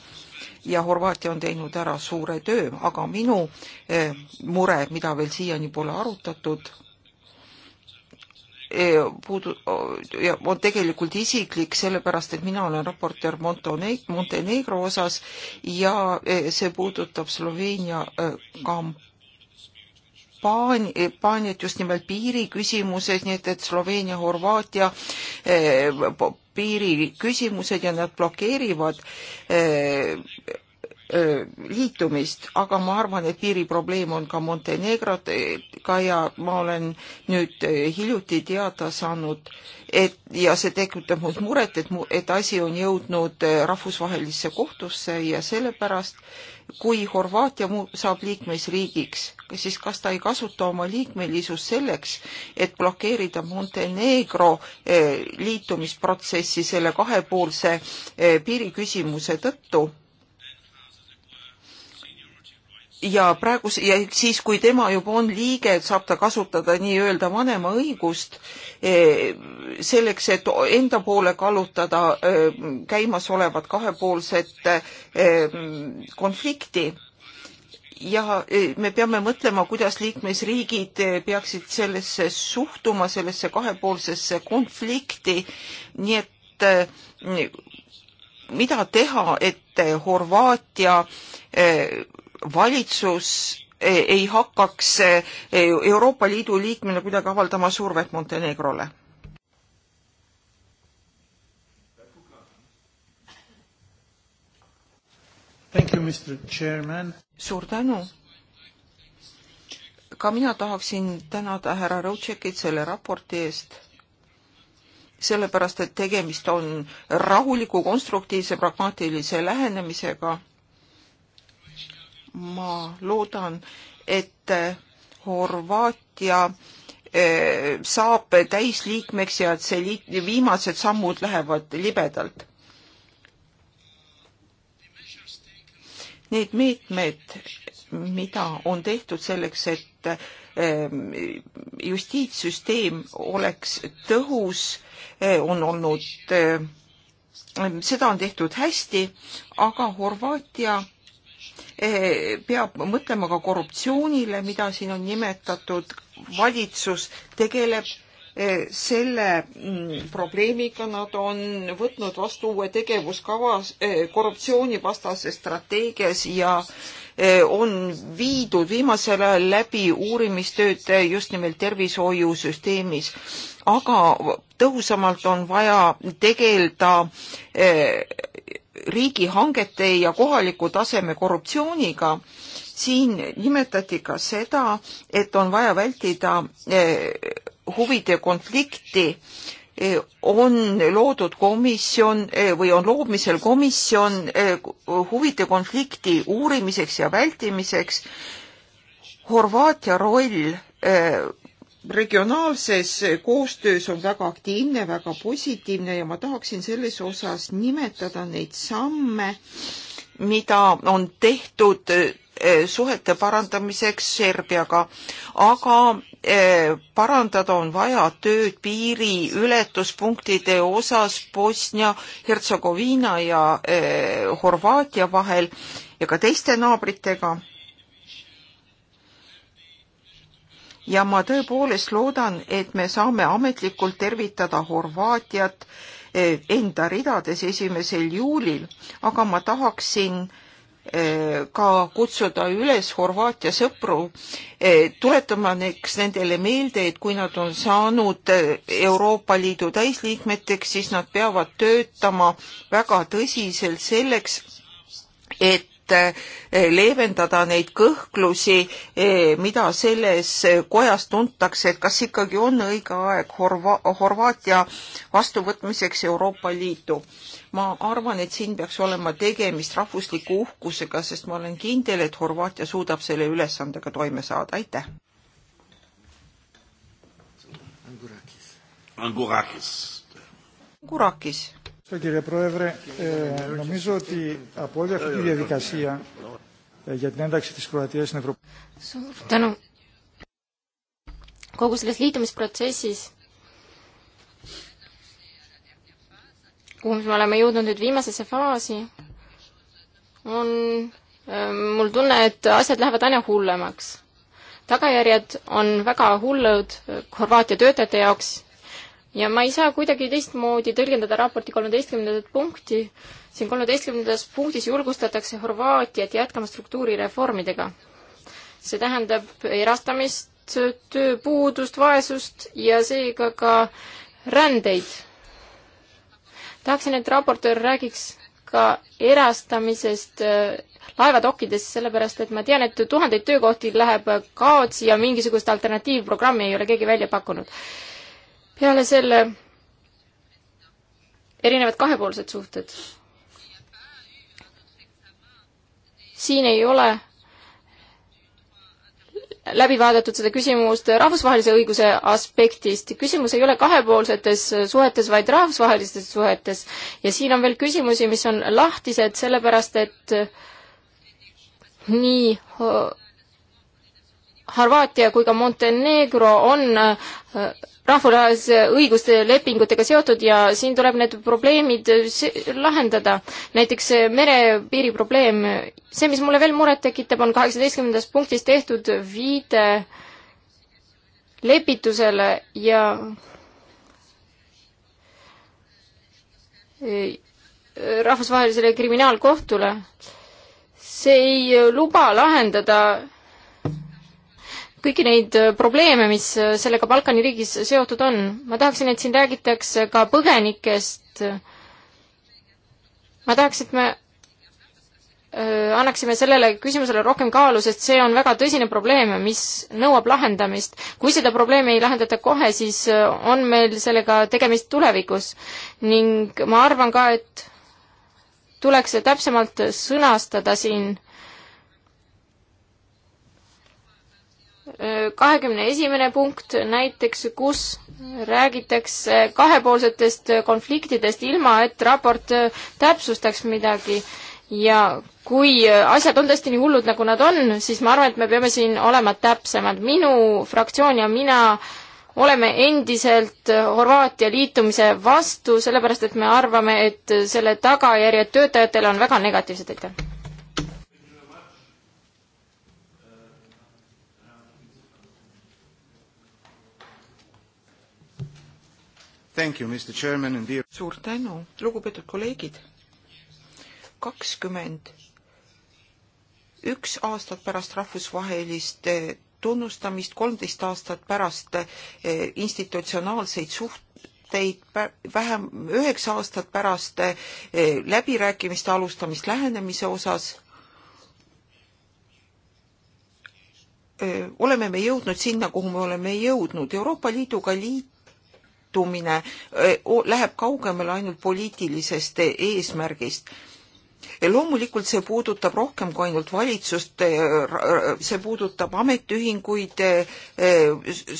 ja Horvaatia on teinud ära suure töö, aga minu eh, mure, mida veel siiani pole arutatud, puudu- ja on tegelikult isiklik, sellepärast et mina olen raportöör Montenegro osas ja e, see puudutab Sloveenia e, kampaaniat e, just nimelt piiriküsimuses, nii et, et Sloveenia-Horvaatia piiriküsimused ja nad blokeerivad liitumist, aga ma arvan, et piiriprobleem on ka Montenegroga ja ma olen nüüd hiljuti teada saanud, et ja see tekitab mult muret, et, et asi on jõudnud rahvusvahelisse kohtusse ja sellepärast, kui Horvaatia saab liikmesriigiks, siis kas ta ei kasuta oma liikmelisust selleks, et blokeerida Montenegro liitumisprotsessi selle kahepoolse piiriküsimuse tõttu? ja praegu ja siis, kui tema juba on liige, saab ta kasutada nii-öelda vanema õigust e, selleks, et enda poole kallutada e, käimasolevat kahepoolset e, konflikti. ja me peame mõtlema, kuidas liikmesriigid peaksid sellesse suhtuma, sellesse kahepoolsesse konflikti, nii et mida teha, et Horvaatia valitsus ei hakkaks eh, Euroopa Liidu liikmena kuidagi avaldama survet Montenegrole? suur tänu! ka mina tahaksin tänada härra Rõutšekit selle raporti eest, sellepärast et tegemist on rahuliku, konstruktiivse, pragmaatilise lähenemisega ma loodan, et Horvaatia eh, saab täisliikmeks ja et see liit, viimased sammud lähevad libedalt. Need meetmed, mida on tehtud selleks, et eh, justiitssüsteem oleks tõhus, eh, on olnud, seda on tehtud hästi, aga Horvaatia Eh, peab mõtlema ka korruptsioonile, mida siin on nimetatud, valitsus tegeleb eh, selle mm, probleemiga nad on võtnud vastu uue tegevuskava eh, korruptsioonivastases strateegias ja on viidud viimasel ajal läbi uurimistööd just nimelt tervishoiusüsteemis, aga tõhusamalt on vaja tegeleda riigihangete ja kohaliku taseme korruptsiooniga. siin nimetati ka seda, et on vaja vältida eh, huvide konflikti eh, on loodud komisjon eh, või on loomisel komisjon huvide konflikti uurimiseks ja vältimiseks. Horvaatia roll regionaalses koostöös on väga aktiivne, väga positiivne ja ma tahaksin selles osas nimetada neid samme, mida on tehtud eh, suhete parandamiseks Serbiaga, aga eh, parandada on vaja tööd piiriületuspunktide osas Bosnia-Hertsegoviina ja eh, Horvaatia vahel ja ka teiste naabritega ja ma tõepoolest loodan, et me saame ametlikult tervitada Horvaatiat eh, enda ridades esimesel juulil, aga ma tahaksin eh, ka kutsuda üles Horvaatia sõpru eh, tuletamaks nendele meelde, et kui nad on saanud Euroopa Liidu täisliikmeteks, siis nad peavad töötama väga tõsiselt selleks, et et eh, leevendada neid kõhklusi, eh, mida selles eh, kojas tuntakse, et kas ikkagi on õige aeg Horva-, Horvaatia vastuvõtmiseks Euroopa Liitu. ma arvan, et siin peaks olema tegemist rahvusliku uhkusega, sest ma olen kindel, et Horvaatia suudab selle ülesandega toime saada, aitäh! Angurakis. Angurakis. Κύριε Πρόεδρε, ε, νομίζω ότι από όλη αυτή τη διαδικασία ε, για την ένταξη της Κροατίας στην Ευρωπαϊκή... Suur tänu. kogu selles liitumisprotsessis, kuhu me oleme jõudnud nüüd viimasesse faasi, on äh, mul tunne, et asjad lähevad aina hullemaks. tagajärjed on väga hullud äh, Horvaatia töötajate jaoks ja ma ei saa kuidagi teistmoodi tõlgendada raporti kolmeteistkümnendat punkti. siin kolmeteistkümnendas punktis julgustatakse Horvaatiat jätkama struktuurireformidega. see tähendab erastamist, tööpuudust, vaesust ja seega ka rändeid. tahaksin, et raportöör räägiks ka erastamisest äh, laevadokkidest, sellepärast et ma tean, et tuhandeid töökohti läheb kaotsi ja mingisugust alternatiivprogrammi ei ole keegi välja pakkunud peale selle erinevad kahepoolsed suhted. siin ei ole läbi vaadatud seda küsimust rahvusvahelise õiguse aspektist. küsimus ei ole kahepoolsetes suhetes, vaid rahvusvahelistes suhetes. ja siin on veel küsimusi, mis on lahtised, sellepärast et nii Horvaatia kui ka Montenegro on äh, rahvusvahelise õiguste lepingutega seotud ja siin tuleb need probleemid lahendada. näiteks merepiiri probleem, see, mis mulle veel muret tekitab, on kaheksateistkümnendas punktis tehtud viide lepitusele ja e, rahvusvahelisele kriminaalkohtule. see ei luba lahendada kõiki neid äh, probleeme, mis äh, sellega Balkani riigis seotud on. ma tahaksin, et siin räägitakse äh, ka põgenikest. ma tahaks, et me annaksime sellele küsimusele rohkem kaalu, sest see on väga tõsine probleem, mis nõuab lahendamist. kui seda probleemi ei lahendata kohe, siis on meil sellega tegemist tulevikus. ning ma arvan ka, et tuleks täpsemalt sõnastada siin kahekümne esimene punkt näiteks, kus räägitakse kahepoolsetest konfliktidest, ilma et raport täpsustaks midagi ja kui asjad on tõesti nii hullud, nagu nad on, siis ma arvan, et me peame siin olema täpsemad. minu fraktsioon ja mina oleme endiselt Horvaatia liitumise vastu, sellepärast et me arvame, et selle tagajärjed töötajatele on väga negatiivsed, aitäh. Thank you, Mr Chairman and dear suur tänu, lugupeetud kolleegid. kakskümmend üks aastat pärast rahvusvahelist tunnustamist, kolmteist aastat pärast eh, institutsionaalseid suhteid, vähem üheksa aastat pärast eh, läbirääkimiste alustamist lähenemise osas eh, oleme me jõudnud sinna, kuhu me oleme jõudnud. Euroopa Liiduga liit muutumine eh, läheb kaugemale ainult poliitilisest eh, eesmärgist ja loomulikult see puudutab rohkem kui ainult valitsust, eh, see puudutab ametiühinguid, eh,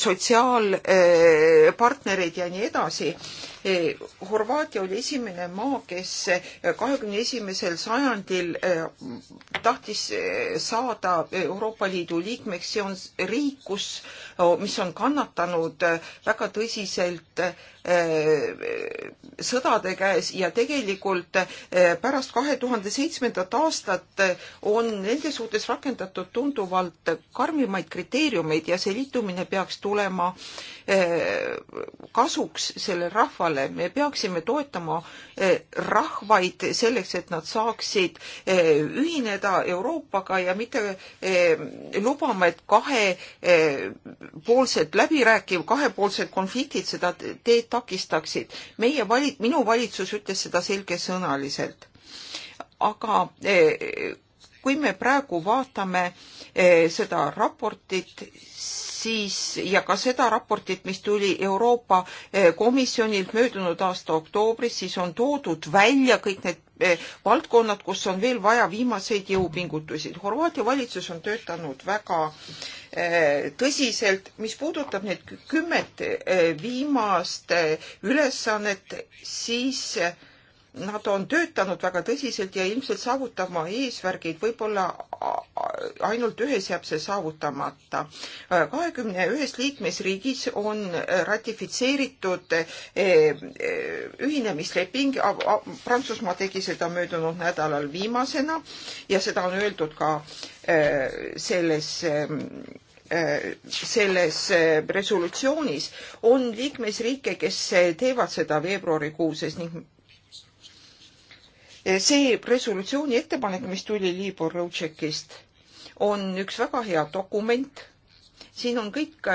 sotsiaalpartnereid eh, ja nii edasi. Horvaatia oli esimene maa, kes kahekümne esimesel sajandil tahtis saada Euroopa Liidu liikmeks, see on riik, kus, oh, mis on kannatanud väga tõsiselt sõdade käes ja tegelikult pärast kahe tuhande tuhande seitsmendat aastat on nende suhtes rakendatud tunduvalt karmimaid kriteeriumeid ja see liitumine peaks tulema eh, kasuks sellele rahvale. me peaksime toetama eh, rahvaid selleks, et nad saaksid eh, ühineda Euroopaga ja mitte lubama, et kahepoolselt läbirääkiv, kahepoolsed konfliktid seda teed takistaksid. meie vali-, minu valitsus ütles seda selgesõnaliselt aga e, kui me praegu vaatame e, seda raportit, siis ja ka seda raportit, mis tuli Euroopa e, Komisjonilt möödunud aasta oktoobris, siis on toodud välja kõik need valdkonnad, kus on veel vaja viimaseid jõupingutusi. Horvaatia valitsus on töötanud väga tõsiselt, mis puudutab need kümmet viimast ülesannet, siis nad on töötanud väga tõsiselt ja ilmselt saavutama eesmärgid, võib-olla ainult ühes jääb see saavutamata. kahekümne ühes liikmesriigis on ratifitseeritud eh, eh, ühinemisleping, Prantsusmaa tegi seda möödunud nädalal viimasena ja seda on öeldud ka eh, selles selles resolutsioonis on liikmesriike, kes teevad seda veebruarikuuses ning see resolutsiooni ettepanek, mis tuli Libor Rootšekist, on üks väga hea dokument. siin on kõik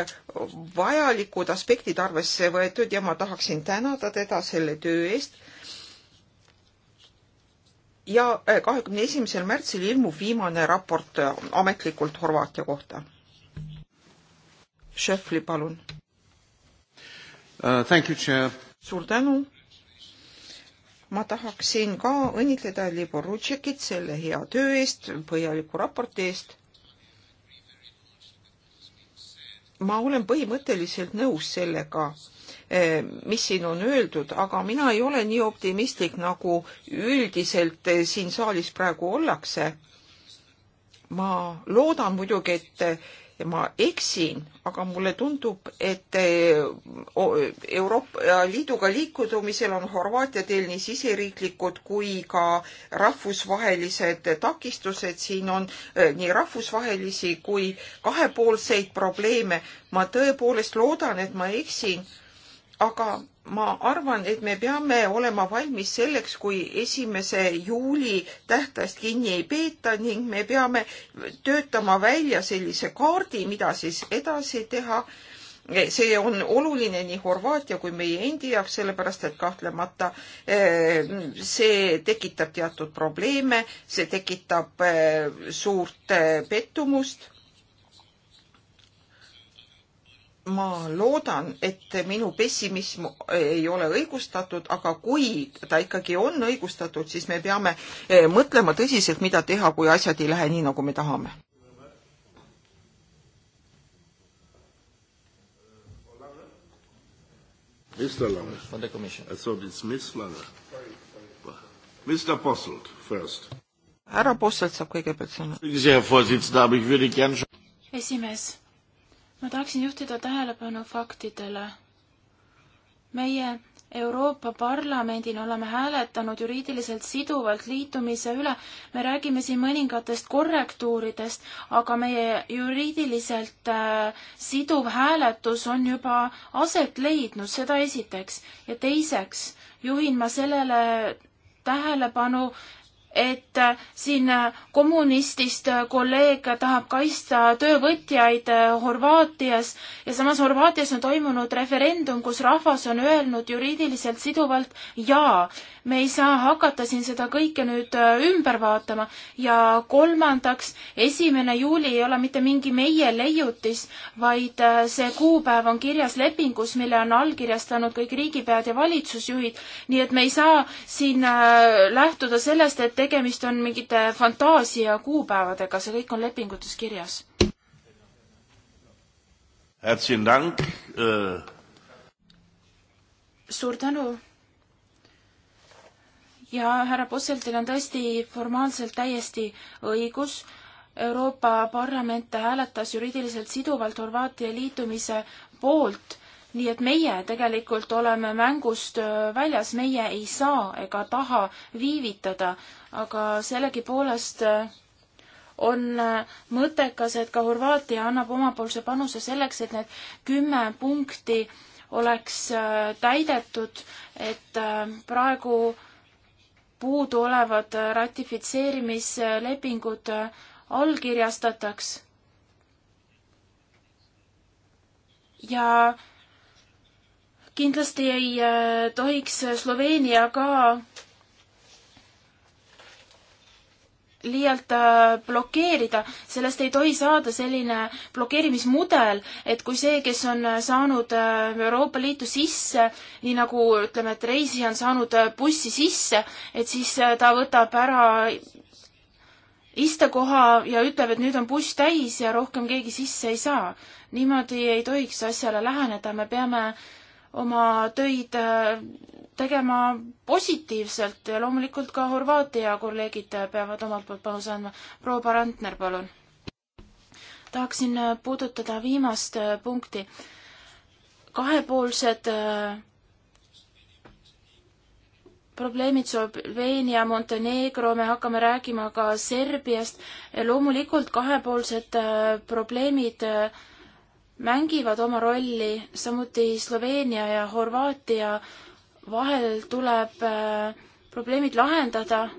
vajalikud aspektid arvesse võetud ja ma tahaksin tänada teda selle töö eest. ja äh, kahekümne esimesel märtsil ilmub viimane raport äh, ametlikult Horvaatia kohta. Šefli, palun uh,. suur tänu ma tahaksin ka õnnitleda Libor Rutšekit selle hea töö eest, põhjaliku raporti eest. ma olen põhimõtteliselt nõus sellega, eh, mis siin on öeldud, aga mina ei ole nii optimistlik, nagu üldiselt eh, siin saalis praegu ollakse. ma loodan muidugi, et ma eksin, aga mulle tundub, et eh, Euroopa Liiduga liikudumisel on Horvaatia teel nii siseriiklikud kui ka rahvusvahelised takistused, siin on eh, nii rahvusvahelisi kui kahepoolseid probleeme. ma tõepoolest loodan, et ma eksin, aga ma arvan, et me peame olema valmis selleks, kui esimese juuli tähtajast kinni ei peeta ning me peame töötama välja sellise kaardi, mida siis edasi teha. see on oluline nii Horvaatia kui meie endi jaoks, sellepärast et kahtlemata eh, see tekitab teatud probleeme, see tekitab eh, suurt eh, pettumust ma loodan, et minu pessimism ei ole õigustatud, aga kui ta ikkagi on õigustatud, siis me peame eh, mõtlema tõsiselt, mida teha, kui asjad ei lähe nii, nagu me tahame. Mr. Lange. From the Commission. I thought it's Miss Lange. Mr. Posselt first. härra Posselt saab kõigepealt sõna. esimees ma tahaksin juhtida tähelepanu faktidele. meie Euroopa Parlamendina oleme hääletanud juriidiliselt siduvalt liitumise üle. me räägime siin mõningatest korrektuuridest, aga meie juriidiliselt äh, siduv hääletus on juba aset leidnud, seda esiteks. ja teiseks juhin ma sellele tähelepanu, et äh, siin äh, kommunistist äh, kolleeg tahab kaitsta töövõtjaid Horvaatias ja samas Horvaatias on toimunud referendum, kus rahvas on öelnud juriidiliselt siduvalt jaa. me ei saa hakata siin seda kõike nüüd ümber vaatama ja kolmandaks, esimene juuli ei ole mitte mingi meie leiutis, vaid see kuupäev on kirjas lepingus, mille on allkirjastanud kõik riigipead ja valitsusjuhid, nii et me ei saa siin lähtuda sellest, et tegemist on mingite fantaasia kuupäevadega, see kõik on lepingutes kirjas. Äh, suur tänu. ja härra Possel, teil on tõesti formaalselt täiesti õigus Euroopa Parlament hääletas juriidiliselt siduvalt Horvaatia liitumise poolt nii et meie tegelikult oleme mängust äh, väljas, meie ei saa ega taha viivitada, aga sellegipoolest äh, on äh, mõttekas, et ka Horvaatia annab omapoolse panuse selleks, et need kümme punkti oleks täidetud, et praegu puuduolevad ratifitseerimislepingud allkirjastataks. ja kindlasti ei äh, tohiks Sloveenia ka liialt äh, blokeerida, sellest ei tohi saada selline blokeerimismudel, et kui see, kes on äh, saanud Euroopa Liitu sisse, nii nagu ütleme, et reisija on saanud bussi sisse, et siis ta võtab ära istekoha ja ütleb, et nüüd on buss täis ja rohkem keegi sisse ei saa. niimoodi ei tohiks asjale läheneda, me peame äh, oma töid äh, tegema positiivselt ja loomulikult ka Horvaatia kolleegid peavad omalt poolt panuse andma. proua Barandner, palun. tahaksin äh, puudutada viimast äh, punkti. kahepoolsed probleemid Sloveenia, Montenegro, me hakkame rääkima ka Serbiast. loomulikult kahepoolsed probleemid äh, mängivad oma rolli, samuti Sloveenia ja Horvaatia vahel tuleb äh, probleemid lahendada.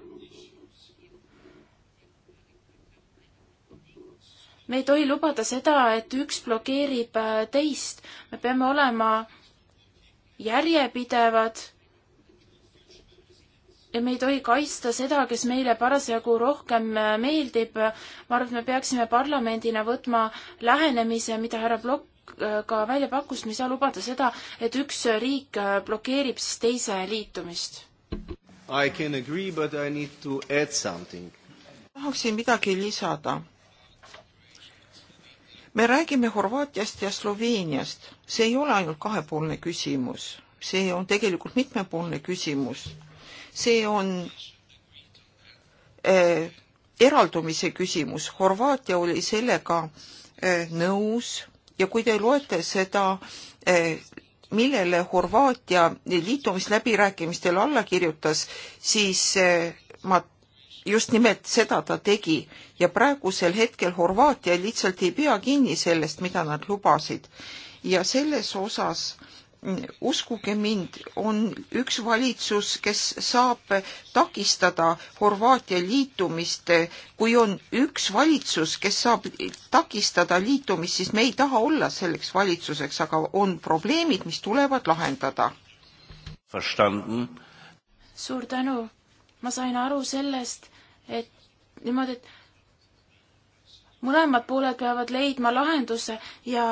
me ei tohi lubada seda, et üks blokeerib äh, teist, me peame olema järjepidevad ja me ei tohi kaitsta seda, kes meile parasjagu rohkem äh, meeldib. ma arvan, et me peaksime parlamendina võtma lähenemise, mida härra Plokk äh, ka välja pakkus, me ei saa lubada seda, et üks riik äh, blokeerib siis teise liitumist. I can agree, but I need to add something. tahaksin midagi lisada. me räägime Horvaatiast ja Sloveeniast, see ei ole ainult kahepoolne küsimus, see on tegelikult mitmepoolne küsimus see on äh, eraldumise küsimus. Horvaatia oli sellega äh, nõus ja kui te loete seda äh, millele Horvaatia liitumisläbirääkimistel alla kirjutas, siis ma just nimelt seda ta tegi ja praegusel hetkel Horvaatia lihtsalt ei pea kinni sellest, mida nad lubasid. ja selles osas äh, uskuge mind, on üks valitsus, kes saab takistada Horvaatia liitumist. kui on üks valitsus, kes saab takistada liitumist, siis me ei taha olla selleks valitsuseks, aga on probleemid, mis tulevad lahendada. suur tänu. ma sain aru sellest, et niimoodi, et mõlemad pooled peavad leidma lahenduse ja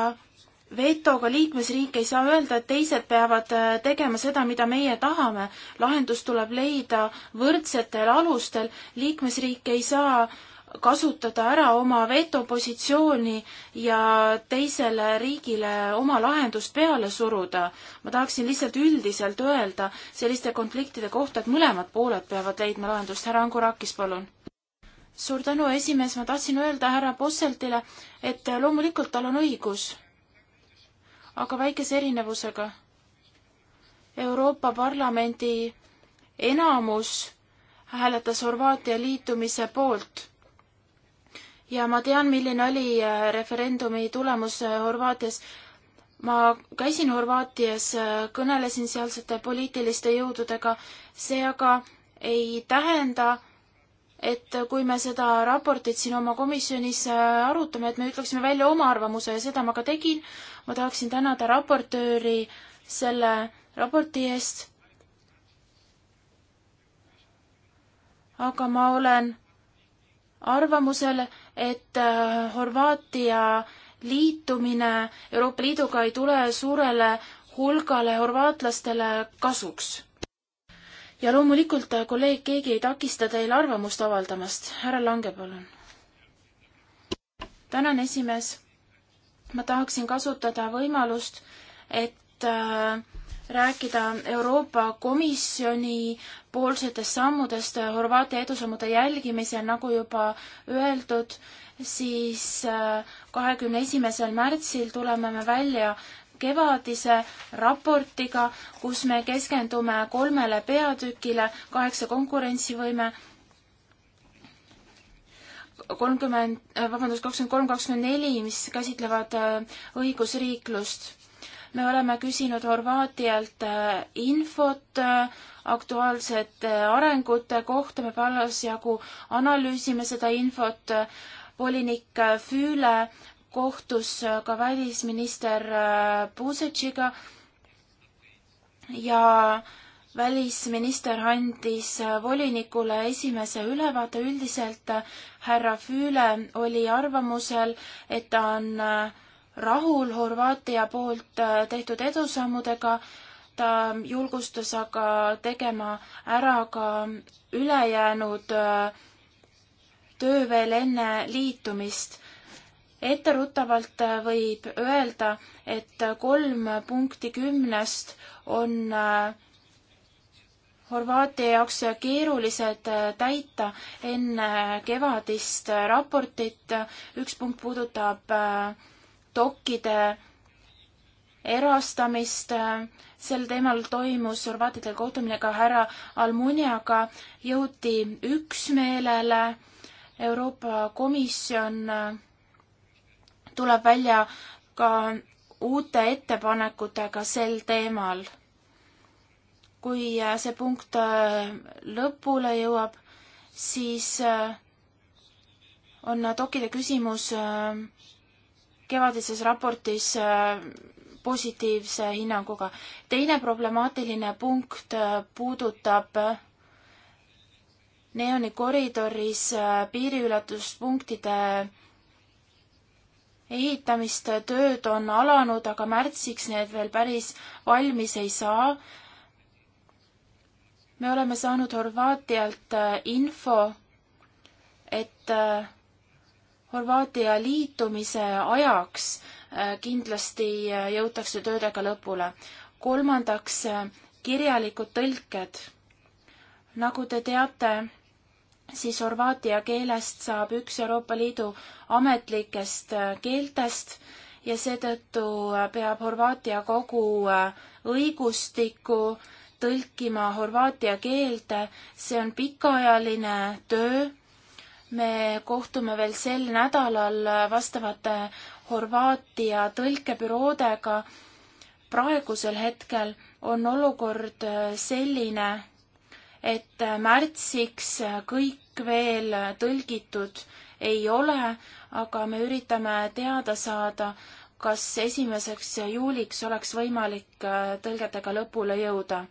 vetoga liikmesriik ei saa öelda, et teised peavad äh, tegema seda, mida meie tahame. lahendus tuleb leida võrdsetel alustel, liikmesriik ei saa kasutada ära oma vetopositsiooni ja teisele riigile oma lahendust peale suruda. ma tahaksin lihtsalt üldiselt öelda selliste konfliktide kohta, et mõlemad pooled peavad leidma lahendust. härra Angurakis, palun. suur tänu, esimees, ma tahtsin öelda härra Posseltile, et loomulikult tal on õigus aga väikese erinevusega. Euroopa Parlamendi enamus hääletas Horvaatia liitumise poolt. ja ma tean, milline oli äh, referendumi tulemus äh, Horvaatias. ma käisin Horvaatias, äh, kõnelesin sealsete poliitiliste jõududega, see aga ei tähenda, et kui me seda raportit siin oma komisjonis arutame, et me ütleksime välja oma arvamuse ja seda ma ka tegin, ma tahaksin tänada raportööri selle raporti eest. aga ma olen arvamusel, et äh, Horvaatia liitumine Euroopa Liiduga ei tule suurele hulgale horvaatlastele kasuks. ja loomulikult, äh, kolleeg, keegi ei takista teil arvamust avaldamast. härra Lange, palun. tänan, esimees ma tahaksin kasutada võimalust, et äh, rääkida Euroopa Komisjoni poolsetest sammudest Horvaatia edusammude jälgimisel, nagu juba öeldud, siis äh, kahekümne esimesel märtsil tuleme me välja kevadise raportiga, kus me keskendume kolmele peatükile, kaheksa konkurentsivõime, kolmkümmend, äh, vabandust, kakskümmend kolm, kakskümmend neli, mis käsitlevad äh, õigusriiklust. me oleme küsinud Horvaatialt äh, infot aktuaalsete arengute kohta, me parasjagu analüüsime seda infot, volinik Füüle kohtus ka välisminister Puusetšiga ja äh, välisminister andis äh, volinikule esimese ülevaate, üldiselt äh, härra Füüle oli arvamusel, et ta on äh, rahul Horvaatia poolt tehtud edusammudega, ta julgustas aga tegema ära ka ülejäänud töö veel enne liitumist. etteruttavalt võib öelda, et kolm punkti kümnest on äh, Horvaatia jaoks keerulised äh, täita enne kevadist äh, raportit. üks punkt puudutab äh, dokkide erastamist. sel teemal toimus Horvaatidel kohtumine ka härra Almuniaga, jõuti üksmeelele. Euroopa Komisjon tuleb välja ka uute ettepanekutega sel teemal kui äh, see punkt äh, lõpule jõuab, siis äh, on dokide küsimus kevadises raportis positiivse hinnanguga. teine problemaatiline punkt puudutab neoni koridoris piiriületuspunktide ehitamist, tööd on alanud, aga märtsiks need veel päris valmis ei saa me oleme saanud Horvaatialt äh, info, et äh, Horvaatia liitumise ajaks äh, kindlasti jõutakse töödega lõpule. kolmandaks, kirjalikud tõlked. nagu te teate, siis horvaatia keelest saab üks Euroopa Liidu ametlikest keeltest ja seetõttu peab Horvaatia kogu õigustiku tõlkima horvaatia keelde, see on pikaajaline töö. me kohtume veel sel nädalal vastavate Horvaatia tõlkebüroodega. praegusel hetkel on olukord selline, et märtsiks kõik veel tõlgitud ei ole, aga me üritame teada saada, kas esimeseks juuliks oleks võimalik tõlgetega lõpule jõuda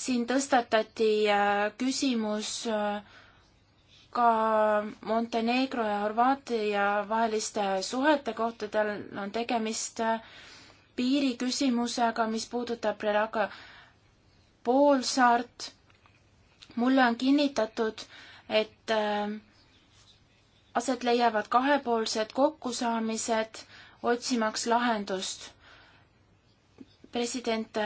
siin tõstatati äh, küsimus äh, ka Montenegro ja Horvaatia vaheliste suhete kohta, tal on tegemist äh, piiriküsimusega, mis puudutab Preraga poolsaart. mulle on kinnitatud, et aset leiavad kahepoolsed kokkusaamised, otsimaks lahendust. president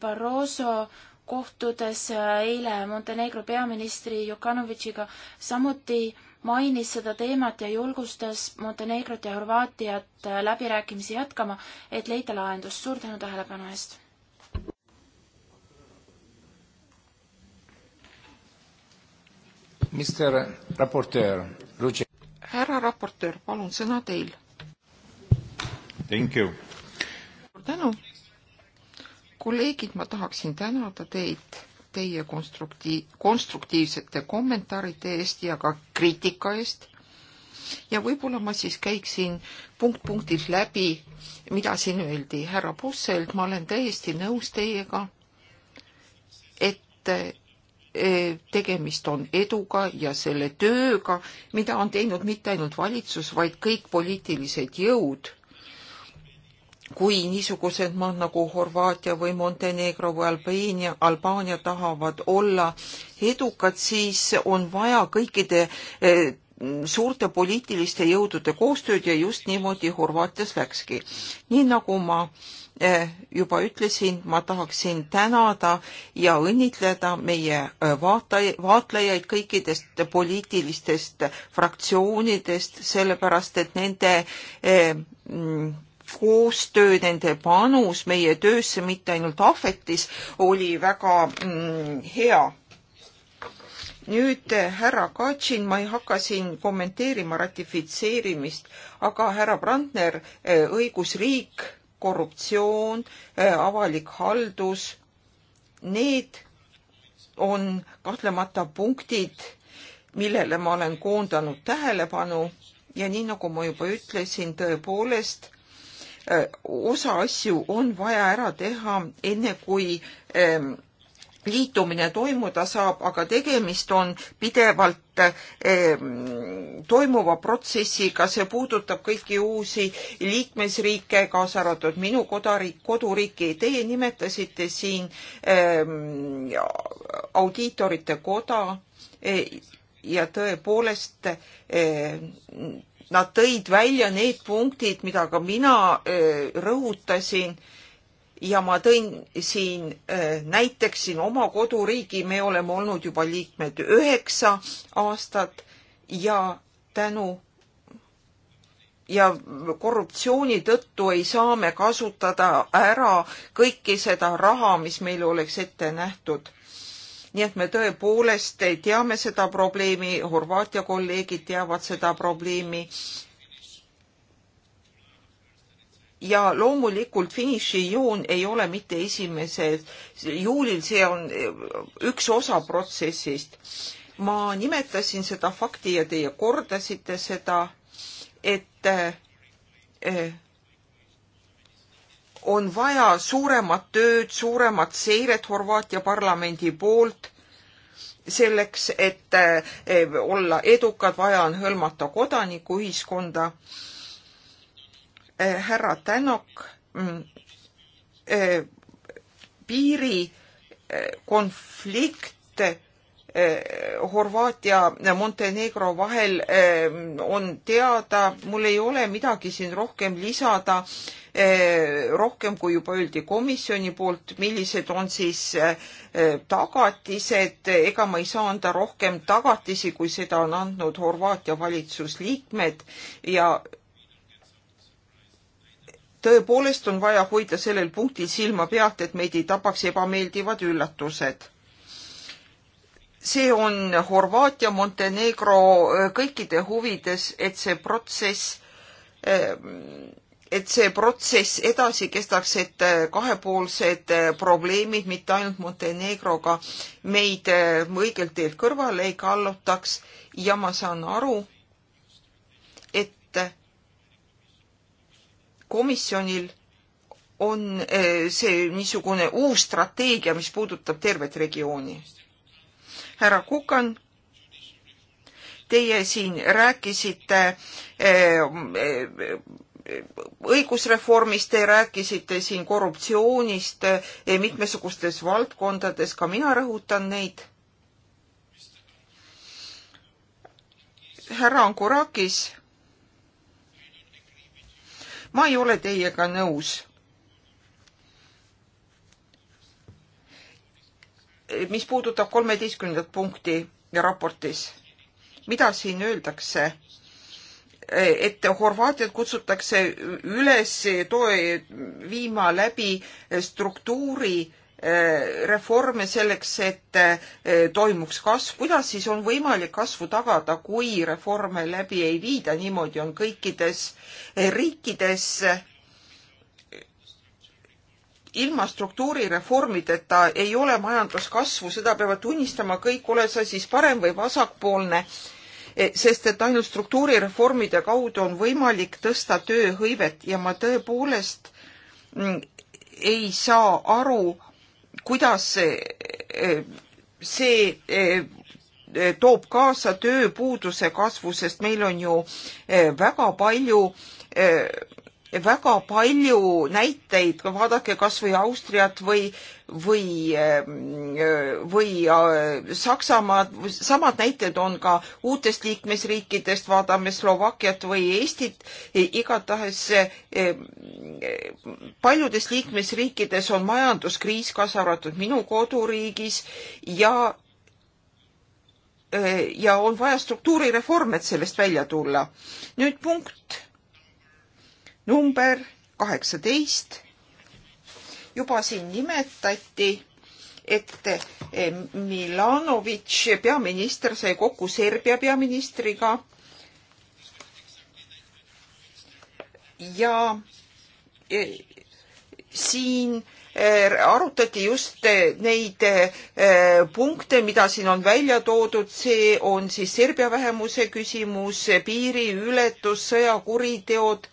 Barroso kohtudes äh, eile Montenegro peaministri Jukanovitšiga samuti mainis seda teemat ja julgustas Montenegrot ja Horvaatiat äh, läbirääkimisi jätkama, et leida lahendus. suur tänu tähelepanu eest! Mr raportöör, Roger. härra raportöör, palun sõna teil. Thank you. suur tänu kolleegid, ma tahaksin tänada teid teie konstruktiiv, konstruktiivsete kommentaaride eest ja ka kriitika eest. ja võib-olla ma siis käiksin punkt-punktilt läbi, mida siin öeldi. härra Pussel, ma olen täiesti nõus teiega, et e, tegemist on eduga ja selle tööga, mida on teinud mitte ainult valitsus, vaid kõik poliitilised jõud kui niisugused maad nagu Horvaatia või Montenegro või Albaania, Albaania tahavad olla edukad, siis on vaja kõikide eh, suurte poliitiliste jõudude koostööd ja just niimoodi Horvaatias läkski. nii nagu ma eh, juba ütlesin, ma tahaksin tänada ja õnnitleda meie eh, vaataja, vaatlejaid kõikidest poliitilistest fraktsioonidest, sellepärast et nende mm, koostöö, nende panus meie töösse, mitte ainult ahvetis, oli väga mm, hea. nüüd eh, härra Katšin, ma ei hakka siin kommenteerima ratifitseerimist, aga härra Brandner, eh, õigusriik, korruptsioon, eh, avalik haldus, need on kahtlemata punktid, millele ma olen koondanud tähelepanu ja nii nagu ma juba ütlesin, tõepoolest Äh, osa asju on vaja ära teha, enne kui ähm, liitumine toimuda saab, aga tegemist on pidevalt ähm, toimuva protsessiga, see puudutab kõiki uusi liikmesriike, kaasa arvatud minu kodariik, koduriiki. Teie nimetasite siin ähm, audiitorite koda äh, ja tõepoolest äh, nad tõid välja need punktid, mida ka mina rõhutasin ja ma tõin siin näiteks siin oma koduriigi, me oleme olnud juba liikmed üheksa aastat ja tänu ja korruptsiooni tõttu ei saa me kasutada ära kõike seda raha, mis meile oleks ette nähtud nii et me tõepoolest teame seda probleemi, Horvaatia kolleegid teavad seda probleemi. ja loomulikult finišijoon ei ole mitte esimesel juulil, see on üks osa protsessist. ma nimetasin seda fakti ja teie kordasite seda, et äh, on vaja suuremat tööd, suuremat seiret Horvaatia parlamendi poolt selleks, et eh, olla edukad, vaja on hõlmata kodanikuühiskonda. Eh, härra Tänok, mm, eh, piirikonflikt Eh, Horvaatia ja Montenegro vahel eh, on teada, mul ei ole midagi siin rohkem lisada, eh, rohkem kui juba öeldi komisjoni poolt, millised on siis tagatised, ega ma ei saa anda rohkem tagatisi, kui seda on andnud Horvaatia valitsusliikmed ja tõepoolest on vaja hoida sellel punktil silma pealt, et meid ei tabaks ebameeldivad üllatused see on Horvaatia, Montenegro äh, kõikide huvides, et see protsess, äh, et see protsess edasi kestaks, et äh, kahepoolsed probleemid mitte ainult Montenegroga meid õigelt teelt kõrvale ei kallutaks ja ma saan aru, et komisjonil on see niisugune uus strateegia, mis puudutab tervet regiooni härra Kukan, teie siin rääkisite eh, eh, õigusreformist, te rääkisite siin korruptsioonist eh, mitmesugustes valdkondades, ka mina rõhutan neid. härra Angurakis, ma ei ole teiega nõus mis puudutab kolmeteistkümnendat punkti raportis, mida siin öeldakse? et Horvaatiat kutsutakse üles toe, viima läbi struktuuri eh, reforme selleks, et eh, toimuks kasv. kuidas siis on võimalik kasvu tagada, kui reforme läbi ei viida? niimoodi on kõikides eh, riikides ilma struktuurireformideta ei ole majanduskasvu, seda peavad tunnistama kõik, ole see siis parem või vasakpoolne, e, sest et ainult struktuurireformide kaudu on võimalik tõsta tööhõivet ja ma tõepoolest mm, ei saa aru, kuidas see, e, see e, toob kaasa tööpuuduse kasvu, sest meil on ju väga palju väga palju näiteid, vaadake kas või Austriat või, või, ähm, või äh, Saksamaad, samad näited on ka uutest liikmesriikidest, vaatame Slovakkiat või Eestit, e, igatahes äh, paljudes liikmesriikides on majanduskriis, kaasa arvatud minu koduriigis ja äh, ja on vaja struktuurireform, et sellest välja tulla. nüüd punkt number kaheksateist. juba siin nimetati, et eh, Milanovitš, peaminister, sai kokku Serbia peaministriga. ja eh, siin eh, arutati just neid punkte, mida siin on välja toodud, see on siis Serbia vähemuse küsimus, piiriületus, sõjakuriteod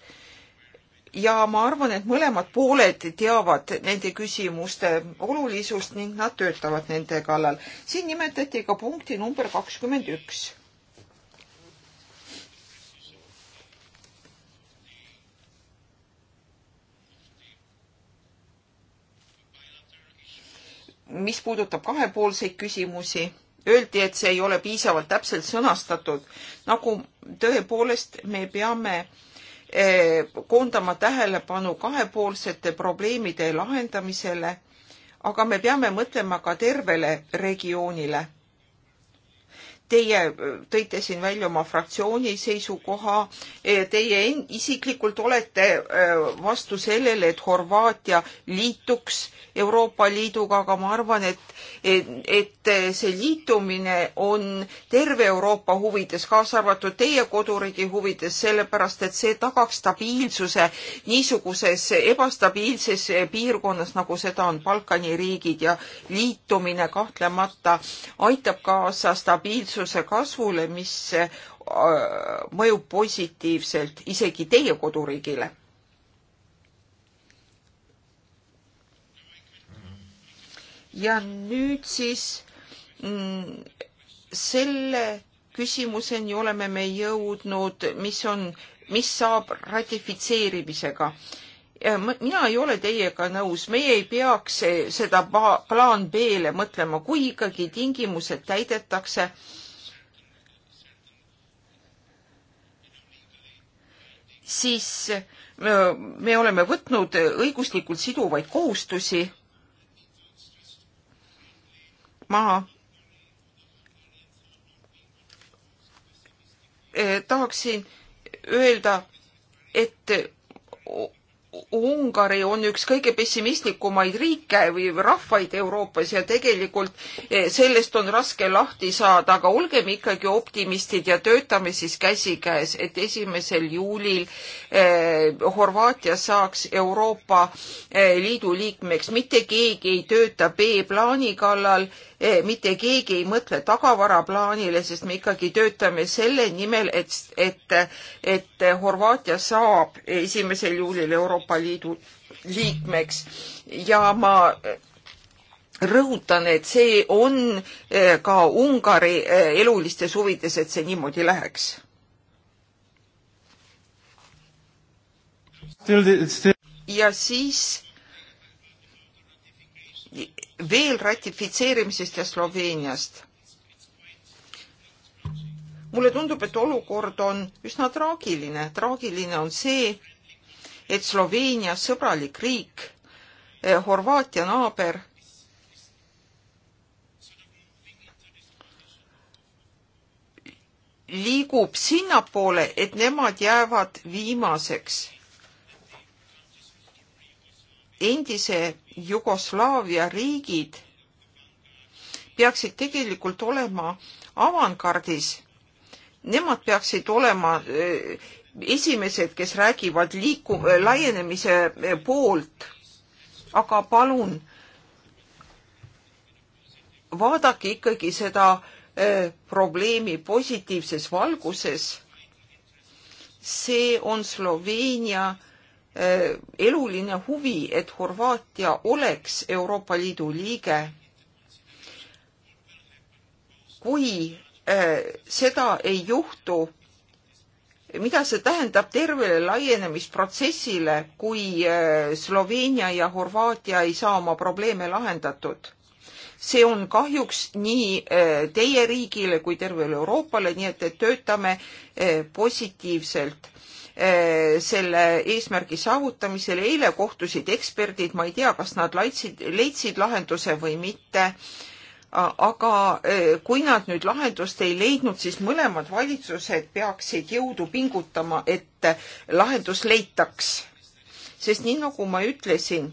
ja ma arvan, et mõlemad pooled teavad nende küsimuste olulisust ning nad töötavad nende kallal. siin nimetati ka punkti number kakskümmend üks. mis puudutab kahepoolseid küsimusi, öeldi, et see ei ole piisavalt täpselt sõnastatud. nagu tõepoolest me peame äh, Eh, koondama tähelepanu kahepoolsete probleemide lahendamisele, aga me peame mõtlema ka tervele regioonile Teie äh, tõite siin välja oma fraktsiooni seisukoha. Äh, teie isiklikult olete äh, vastu sellele, et Horvaatia liituks Euroopa Liiduga, aga ma arvan, et, et, et see liitumine on terve Euroopa huvides, kaasa arvatud teie koduriigi huvides, sellepärast et see tagaks stabiilsuse niisuguses ebastabiilses piirkonnas, nagu seda on Balkani riigid ja liitumine kahtlemata aitab kaasa stabiilsusele vaesuse kasvule, mis äh, mõjub positiivselt isegi teie koduriigile. ja nüüd siis mm, selle küsimuseni oleme me jõudnud, mis on, mis saab ratifitseerimisega mina ei ole teiega nõus, meie ei peaks seda plaan B-le mõtlema, kui ikkagi tingimused täidetakse, siis me oleme võtnud õiguslikult siduvaid kohustusi. ma eh, tahaksin öelda, et Ungari on üks kõige pessimistlikumaid riike või rahvaid Euroopas ja tegelikult eh, sellest on raske lahti saada, aga olgem ikkagi optimistid ja töötame siis käsikäes, et esimesel juulil eh, Horvaatia saaks Euroopa eh, Liidu liikmeks. mitte keegi ei tööta B-plaani kallal Eh, mitte keegi ei mõtle tagavaraplaanile, sest me ikkagi töötame selle nimel, et, et, et Horvaatia saab esimesel juulil Euroopa Liidu liikmeks ja ma rõhutan, et see on eh, ka Ungari eh, elulistes huvides, et see niimoodi läheks. ja siis veel ratifitseerimisest ja Sloveeniast. mulle tundub, et olukord on üsna traagiline. traagiline on see, et Sloveenia sõbralik riik, eh, Horvaatia naaber, liigub sinnapoole, et nemad jäävad viimaseks endise Jugoslaavia riigid peaksid tegelikult olema avangardis. Nemad peaksid olema eh, esimesed, kes räägivad liiku-, laienemise eh, poolt. aga palun vaadake ikkagi seda eh, probleemi positiivses valguses. see on Sloveenia Äh, eluline huvi, et Horvaatia oleks Euroopa Liidu liige. kui äh, seda ei juhtu, mida see tähendab tervele laienemisprotsessile, kui äh, Sloveenia ja Horvaatia ei saa oma probleeme lahendatud? see on kahjuks nii teie riigile kui tervele Euroopale, nii et, et töötame positiivselt Eh, selle eesmärgi saavutamisel. eile kohtusid eksperdid, ma ei tea, kas nad leidsid, leidsid lahenduse või mitte. aga eh, kui nad nüüd lahendust ei leidnud, siis mõlemad valitsused peaksid jõudu pingutama, et lahendus leitaks. sest nii nagu ma ütlesin,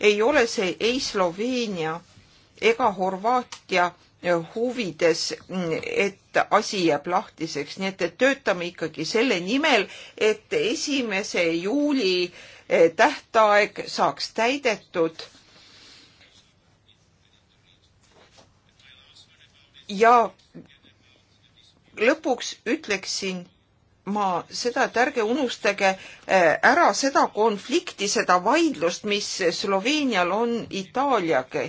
ei ole see ei Sloveenia ega Horvaatia huvides, et asi jääb lahtiseks, nii et, et töötame ikkagi selle nimel, et esimese juuli eh, tähtaeg saaks täidetud. ja lõpuks ütleksin ma seda, et ärge unustage eh, ära seda konflikti, seda vaidlust, mis Sloveenial on Itaaliaga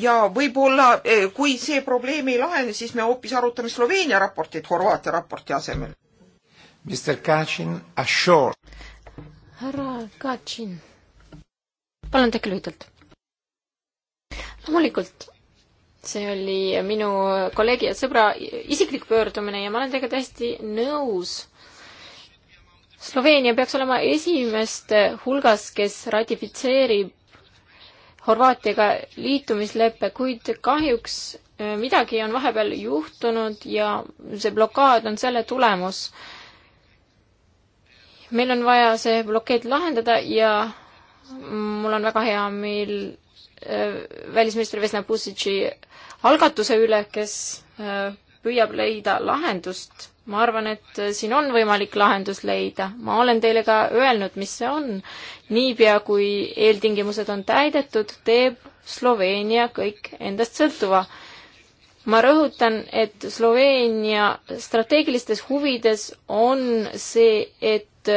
ja võib-olla, eh, kui see probleem ei lahene, siis me hoopis arutame Sloveenia raportit Horvaatia raporti asemel. Mr Kacin, assure. härra Kacin, palun tehke lühidalt. loomulikult, see oli minu kolleegi ja sõbra isiklik pöördumine ja ma olen teiega täiesti nõus Sloveenia peaks olema esimeste hulgas, kes ratifitseerib Horvaatiaga liitumislepe, kuid kahjuks äh, midagi on vahepeal juhtunud ja see blokaad on selle tulemus. meil on vaja see blokeed lahendada ja mul on väga hea meel äh, välisminister Vesna Pussitši algatuse üle, kes äh, püüab leida lahendust ma arvan, et siin on võimalik lahendus leida. ma olen teile ka öelnud, mis see on. niipea, kui eeltingimused on täidetud, teeb Sloveenia kõik endast sõltuva. ma rõhutan, et Sloveenia strateegilistes huvides on see, et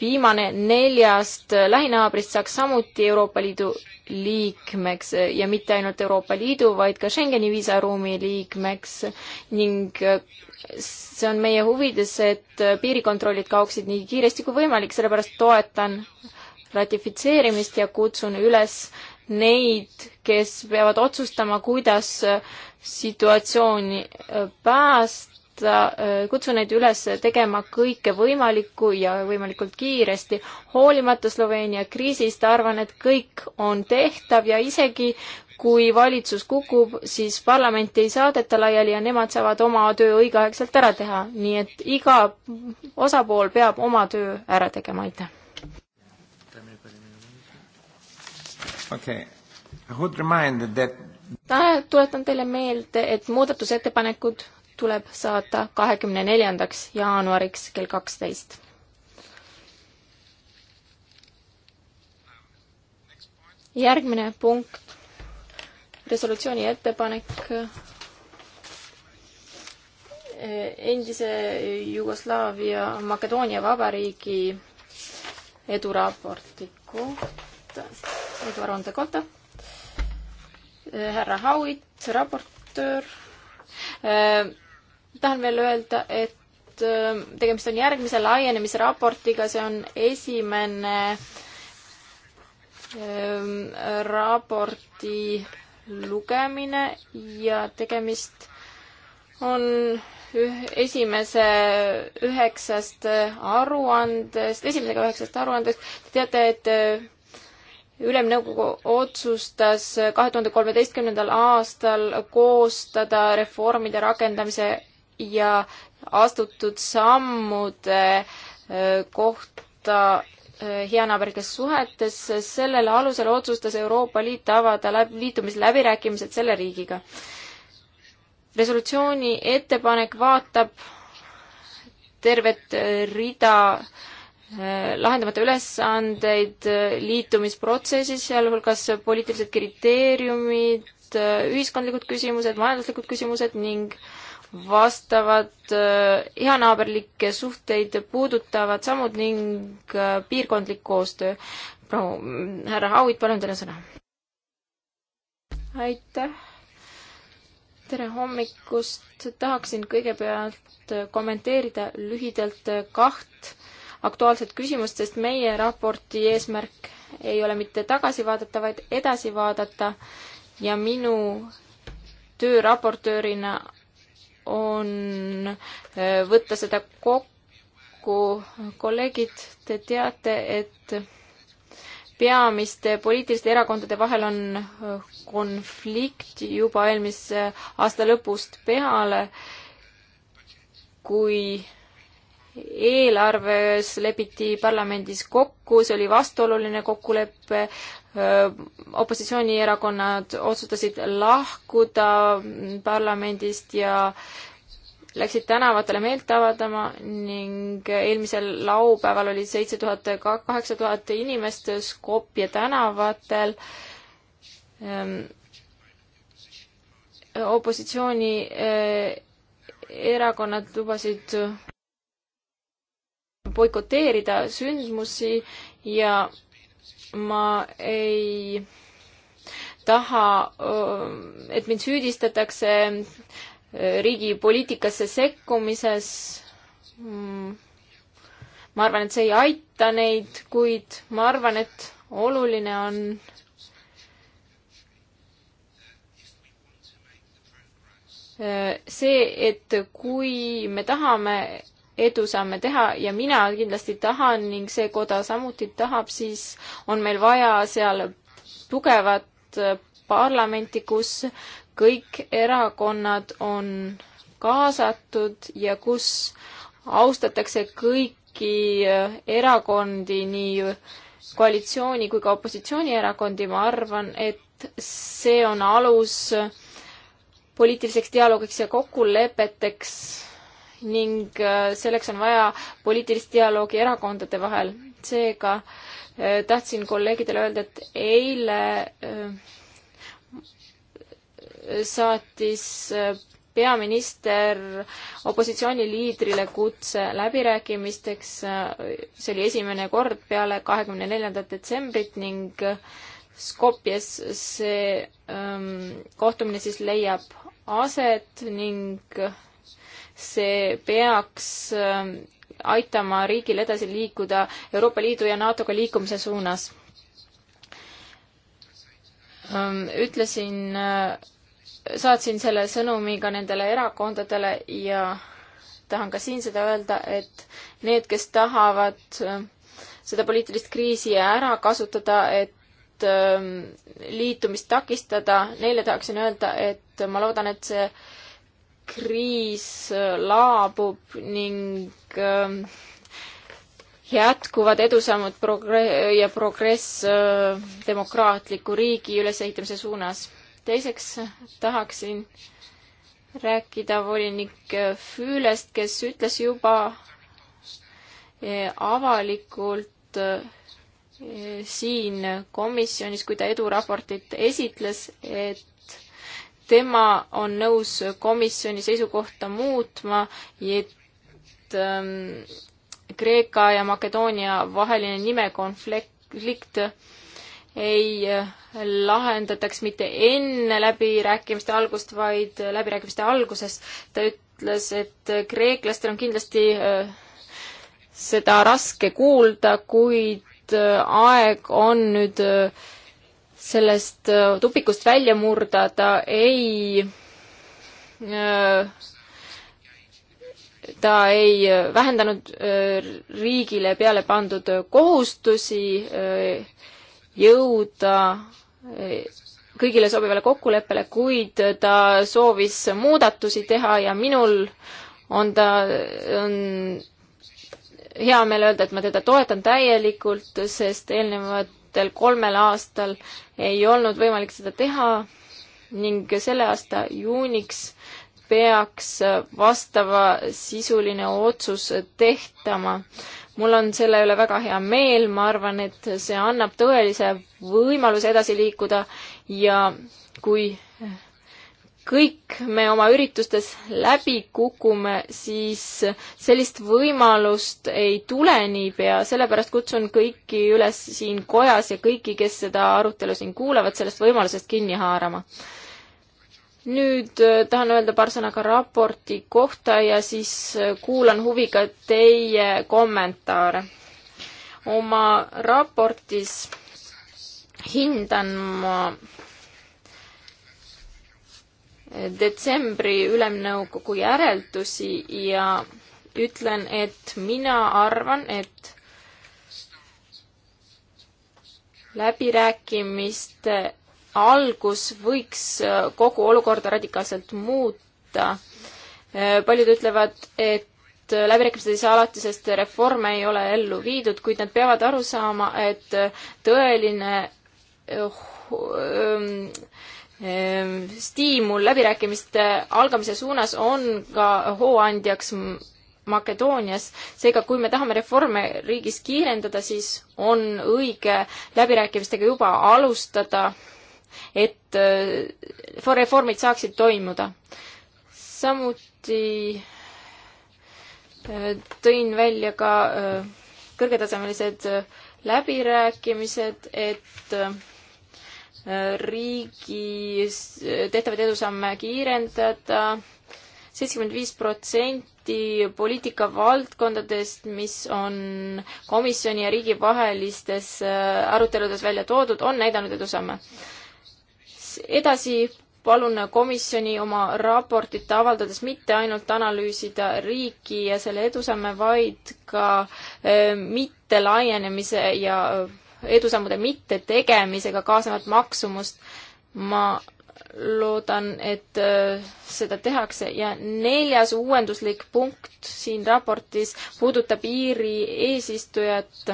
viimane neljast lähinaabrist saaks samuti Euroopa Liidu liikmeks ja mitte ainult Euroopa Liidu, vaid ka Schengeni viisaruumi liikmeks ning see on meie huvides, et piirikontrollid kaoksid nii kiiresti kui võimalik, sellepärast toetan ratifitseerimist ja kutsun üles neid, kes peavad otsustama, kuidas situatsiooni päästa, kutsuda, äh, kutsun neid üles tegema kõike võimalikku ja võimalikult kiiresti. hoolimata Sloveenia kriisist arvan, et kõik on tehtav ja isegi kui valitsus kukub, siis parlamenti ei saadeta laiali ja nemad saavad oma töö õigeaegselt ära teha, nii et iga osapool peab oma töö ära tegema, aitäh. okei okay., I would remind that tuletan teile meelde, et muudatusettepanekud tuleb saata kahekümne neljandaks jaanuariks kell kaksteist. järgmine punkt, resolutsiooni ettepanek eh, endise Jugoslaavia Makedoonia Vabariigi eduraporti kohta, eduaruande kohta. Eh, härra Howitt, raportöör eh, tahan veel öelda, et äh, tegemist on järgmise laienemisraportiga, see on esimene ähm, raporti lugemine ja tegemist on üh, esimese üheksast aruandest, esimesega üheksast aruandest. Te teate, et äh, ülemnõukogu otsustas kahe tuhande kolmeteistkümnendal aastal koostada reformide rakendamise ja astutud sammude äh, kohta äh, heanaaberlikes suhetes, sellele alusele otsustas Euroopa Liit avada läb-, liitumisläbirääkimised selle riigiga. resolutsiooni ettepanek vaatab tervet äh, rida lahendamata ülesandeid liitumisprotsessis, sealhulgas poliitilised kriteeriumid, ühiskondlikud küsimused, majanduslikud küsimused ning äh, vastavad heanaaberlikke äh, suhteid puudutavad sammud ning äh, piirkondlik koostöö. proua, mm, härra Hauid, palun teile sõna. aitäh. tere hommikust. tahaksin kõigepealt äh, kommenteerida lühidalt kaht aktuaalset küsimust, sest meie raporti eesmärk ei ole mitte tagasi vaadata, vaid edasi vaadata ja minu töö raportöörina on äh, võtta seda kokku. kolleegid, te teate, et peamiste poliitiliste erakondade vahel on äh, konflikt juba eelmise aasta lõpust peale, kui eelarves lepiti parlamendis kokku, see oli vastuoluline kokkulepe, opositsioonierakonnad otsustasid lahkuda parlamendist ja läksid tänavatele meelt avaldama ning eelmisel laupäeval oli seitse tuhat, kaheksa tuhat inimest Skopje tänavatel opositsiooni erakonnad lubasid boikoteerida sündmusi ja ma ei taha, et mind süüdistatakse äh, riigi poliitikasse sekkumises. Mm, ma arvan, et see ei aita neid, kuid ma arvan, et oluline on äh, see, et kui me tahame, edusamme teha ja mina kindlasti tahan ning see koda samuti tahab, siis on meil vaja seal tugevat äh, parlamenti, kus kõik erakonnad on kaasatud ja kus austatakse kõiki äh, erakondi, nii koalitsiooni kui ka opositsioonierakondi, ma arvan, et see on alus poliitiliseks dialoogiks ja kokkulepeteks ning äh, selleks on vaja poliitilist dialoogi erakondade vahel. seega äh, tahtsin kolleegidele öelda, et eile äh, saatis peaminister opositsiooniliidrile kutse läbirääkimisteks. see oli esimene kord peale kahekümne neljandat detsembrit ning Skopjes see ähm, kohtumine siis leiab aset ning äh, see peaks ähm, aitama riigil edasi liikuda Euroopa Liidu ja NATO-ga liikumise suunas. Ähm, ütlesin, äh, saatsin selle sõnumi ka nendele erakondadele ja tahan ka siin seda öelda, et need, kes tahavad ähm, seda poliitilist kriisi ära kasutada, et liitumist takistada, neile tahaksin öelda, et ma loodan, et see kriis äh, laabub ning ähm, jätkuvad edusammud progre- ja progress äh, demokraatliku riigi ülesehitamise suunas. teiseks tahaksin rääkida volinik äh, Füülest, kes ütles juba avalikult siin komisjonis, kui ta eduraportit esitles, et tema on nõus komisjoni seisukohta muutma, et ähm, Kreeka ja Makedoonia vaheline nimekonflikt ei äh, lahendataks mitte enne läbirääkimiste algust, vaid läbirääkimiste alguses. ta ütles, et kreeklastel on kindlasti äh, seda raske kuulda, kuid äh, aeg on nüüd äh, sellest äh, tupikust välja murda, ta ei, äh, ta ei äh, vähendanud riigile peale pandud kohustusi jõuda kõigile sobivale kokkuleppele, kuid ta soovis muudatusi teha ja minul on ta, on hea meel öelda, et ma teda toetan täielikult, sest eelnevad eelnevatel kolmel aastal ei olnud võimalik seda teha ning selle aasta juuniks peaks vastava sisuline otsus tehtama. mul on selle üle väga hea meel, ma arvan, et see annab tõelise võimaluse edasi liikuda ja kui kõik me oma üritustes läbi kukume, siis sellist võimalust ei tule niipea, sellepärast kutsun kõiki üles siin kojas ja kõiki, kes seda arutelu siin kuulavad, sellest võimalusest kinni haarama. nüüd äh, tahan öelda paar sõna ka raporti kohta ja siis äh, kuulan huviga teie kommentaare. oma raportis hindan ma detsembri ülemnõukogu järeldusi ja ütlen, et mina arvan, et läbirääkimiste algus võiks kogu olukorda radikaalselt muuta. paljud ütlevad, et läbirääkimised ei saa alati, sest reforme ei ole ellu viidud, kuid nad peavad aru saama, et tõeline Ehm, stiimul läbirääkimiste algamise suunas on ka hooandjaks Makedoonias, seega kui me tahame reforme riigis kiirendada, siis on õige läbirääkimistega juba alustada, et äh, reformid saaksid toimuda. samuti äh, tõin välja ka äh, kõrgetasemelised läbirääkimised, et riigi tehtavaid edusamme kiirendada. seitsekümmend viis protsenti poliitikavaldkondadest, mis on komisjoni ja riigi vahelistes äh, aruteludes välja toodud, on näidanud edusamme. edasi palun komisjoni oma raportit avaldades mitte ainult analüüsida riiki ja selle edusamme, vaid ka äh, mittelaiendamise ja äh, edusammude mittetegemisega kaasnevat maksumust. ma loodan, et äh, seda tehakse ja neljas uuenduslik punkt siin raportis puudutab Iiri eesistujat.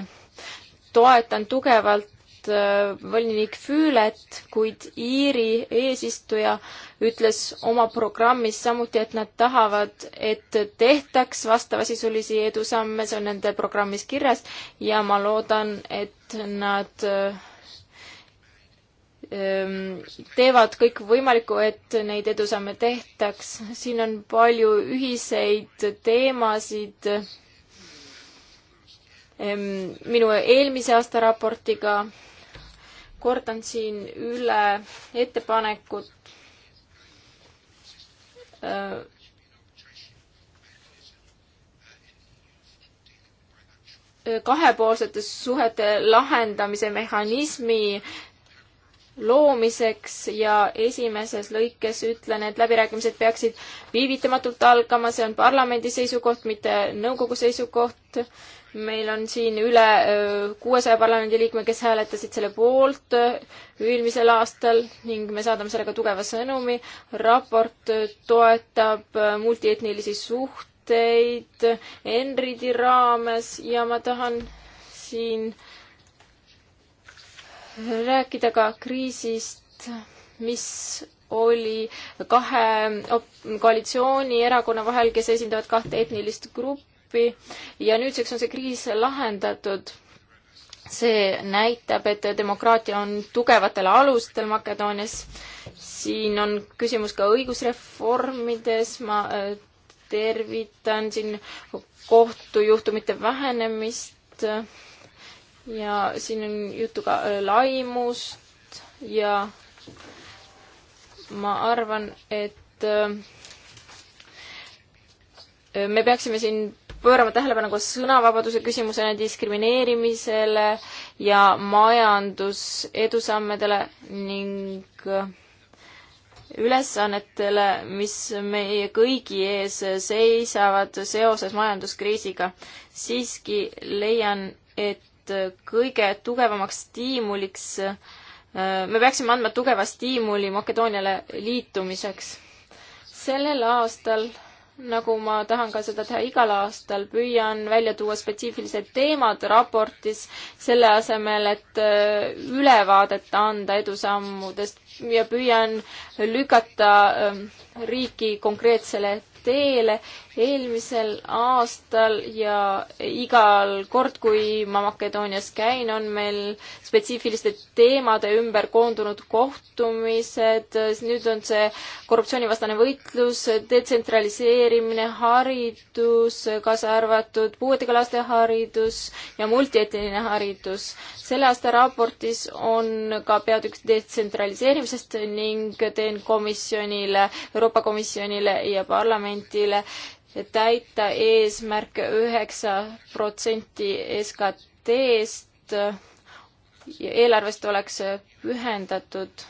toetan tugevalt Äh, volinik Füület, kuid Iiri eesistuja ütles oma programmis samuti, et nad tahavad, et tehtaks vastavasisulisi edusamme, see on nende programmis kirjas ja ma loodan, et nad ähm, teevad kõik võimalikku, et neid edusamme tehtaks. siin on palju ühiseid teemasid ähm, minu eelmise aasta raportiga kordan siin üle ettepanekut äh, kahepoolsete suhete lahendamise mehhanismi loomiseks ja esimeses lõikes ütlen, et läbirääkimised peaksid viivitamatult algama, see on parlamendi seisukoht, mitte nõukogu seisukoht. meil on siin üle kuuesaja parlamendiliikme, kes hääletasid selle poolt eelmisel aastal ning me saadame sellega tugeva sõnumi. raport toetab multietnilisi suhteid Enridi raames ja ma tahan siin rääkida ka kriisist, mis oli kahe koalitsioonierakonna vahel, kes esindavad kahte etnilist gruppi ja nüüdseks on see kriis lahendatud. see näitab, et demokraatia on tugevatel alustel Makedoonias. siin on küsimus ka õigusreformides, ma äh, tervitan siin kohtujuhtumite vähenemist ja siin on juttu ka äh, laimust ja ma arvan, et äh, me peaksime siin pöörama tähelepanu ka sõnavabaduse küsimusele, diskrimineerimisele ja majandusedusammedele ning äh, ülesannetele, mis meie kõigi ees seisavad seoses majanduskriisiga. siiski leian, et et äh, kõige tugevamaks stiimuliks, äh, me peaksime andma tugeva stiimuli Makedooniale liitumiseks. sellel aastal, nagu ma tahan ka seda teha igal aastal, püüan välja tuua spetsiifilised teemad raportis, selle asemel, et äh, ülevaadet anda edusammudest ja püüan lükata ähm, riiki konkreetsele teele eelmisel aastal ja igal kord, kui ma Makedoonias käin, on meil spetsiifiliste teemade ümber koondunud kohtumised, nüüd on see korruptsioonivastane võitlus, detsentraliseerimine, haridus, kaasa arvatud puuetega laste haridus ja multietiline haridus. selle aasta raportis on ka peatükk detsentraliseerimisest ning teen komisjonile, Euroopa Komisjonile ja parlamentile täita eesmärke üheksa protsenti SKT-st. eelarvest oleks pühendatud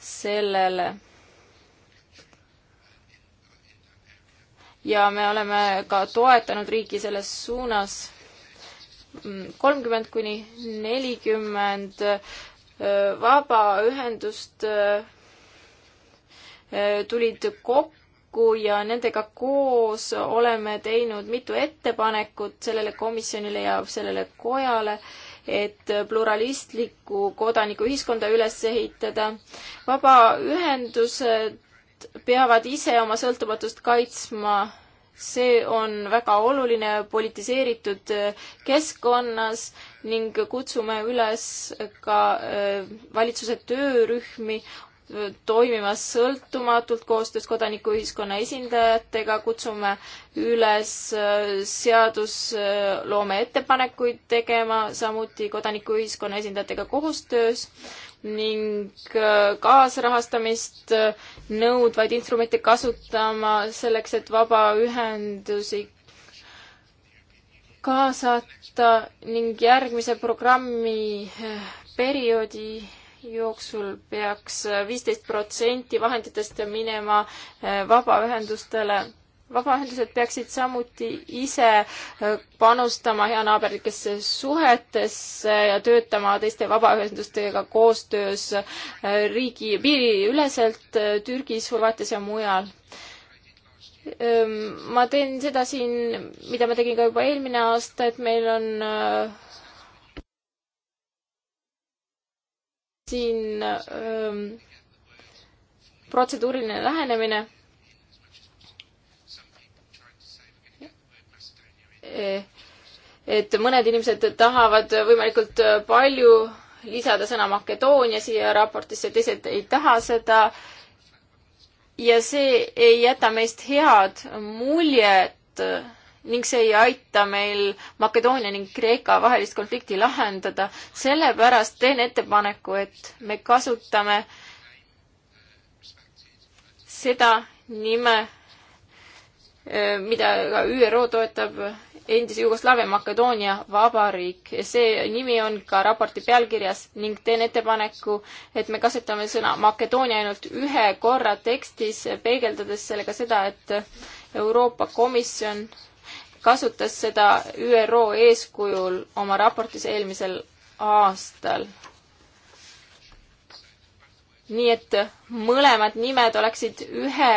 sellele. ja me oleme ka toetanud riiki selles suunas kolmkümmend kuni nelikümmend äh, vabaühendust äh, tulid kokku kokku ja nendega koos oleme teinud mitu ettepanekut sellele komisjonile ja sellele kojale, et pluralistlikku kodanikuühiskonda üles ehitada. vabaühendused peavad ise oma sõltumatust kaitsma. see on väga oluline politiseeritud keskkonnas ning kutsume üles ka äh, valitsuse töörühmi toimimas sõltumatult koostöös kodanikuühiskonna esindajatega, kutsume üles äh, seadusloome ettepanekuid tegema, samuti kodanikuühiskonna esindajatega koostöös ning äh, kaasrahastamist äh, nõudvaid instrumente kasutama selleks, et vabaühendusi kaasata ning järgmise programmi perioodi jooksul peaks äh, viisteist protsenti vahenditest minema äh, vabaühendustele. vabaühendused peaksid samuti ise äh, panustama heanaaberlikesse suhetesse ja töötama teiste vabaühendustega koostöös riigi piiriüleselt Türgis, Horvaatias ja mujal ma teen seda siin, mida ma tegin ka juba eelmine aasta, et meil on siin ähm, protseduuriline lähenemine et mõned inimesed tahavad võimalikult palju lisada sõna Makedoonia siia raportisse, teised ei taha seda. ja see ei jäta meist head muljet ning see ei aita meil Makedoonia ning Kreeka vahelist konflikti lahendada. sellepärast teen ettepaneku, et me kasutame seda nime, eh, mida ka ÜRO toetab, endise Jugoslaavia Makedoonia vabariik. see nimi on ka raporti pealkirjas ning teen ettepaneku, et me kasutame sõna Makedoonia ainult ühe korra tekstis, peegeldades sellega seda, et Euroopa Komisjon kasutas seda ÜRO eeskujul oma raportis eelmisel aastal. nii et mõlemad nimed oleksid ühe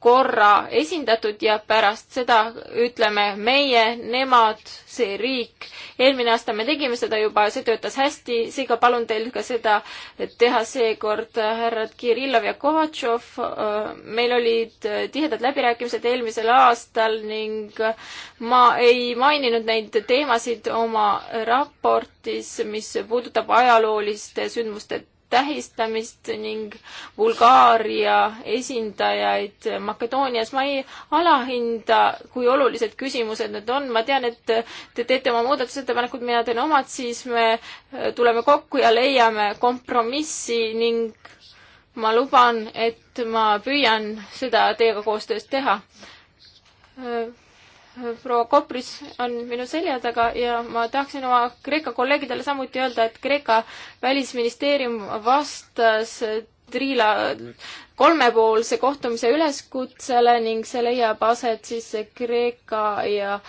korra esindatud ja pärast seda ütleme meie, nemad, see riik. eelmine aasta me tegime seda juba, see töötas hästi, seega palun teil ka seda teha seekord, härrad Kirillov ja Kovatšov. meil olid tihedad läbirääkimised eelmisel aastal ning ma ei maininud neid teemasid oma raportis, mis puudutab ajalooliste sündmuste tähistamist ning Bulgaaria esindajaid Makedoonias. ma ei alahinda, kui olulised küsimused need on. ma tean, et te teete oma muudatusettepanekud, mina teen omad, siis me tuleme kokku ja leiame kompromissi ning ma luban, et ma püüan seda teiega koostöös teha proua Kopris on minu selja taga ja ma tahaksin oma Kreeka kolleegidele samuti öelda, et Kreeka välisministeerium vastas Triila kolmepoolse kohtumise üleskutsele ning see leiab aset siis Kreeka ja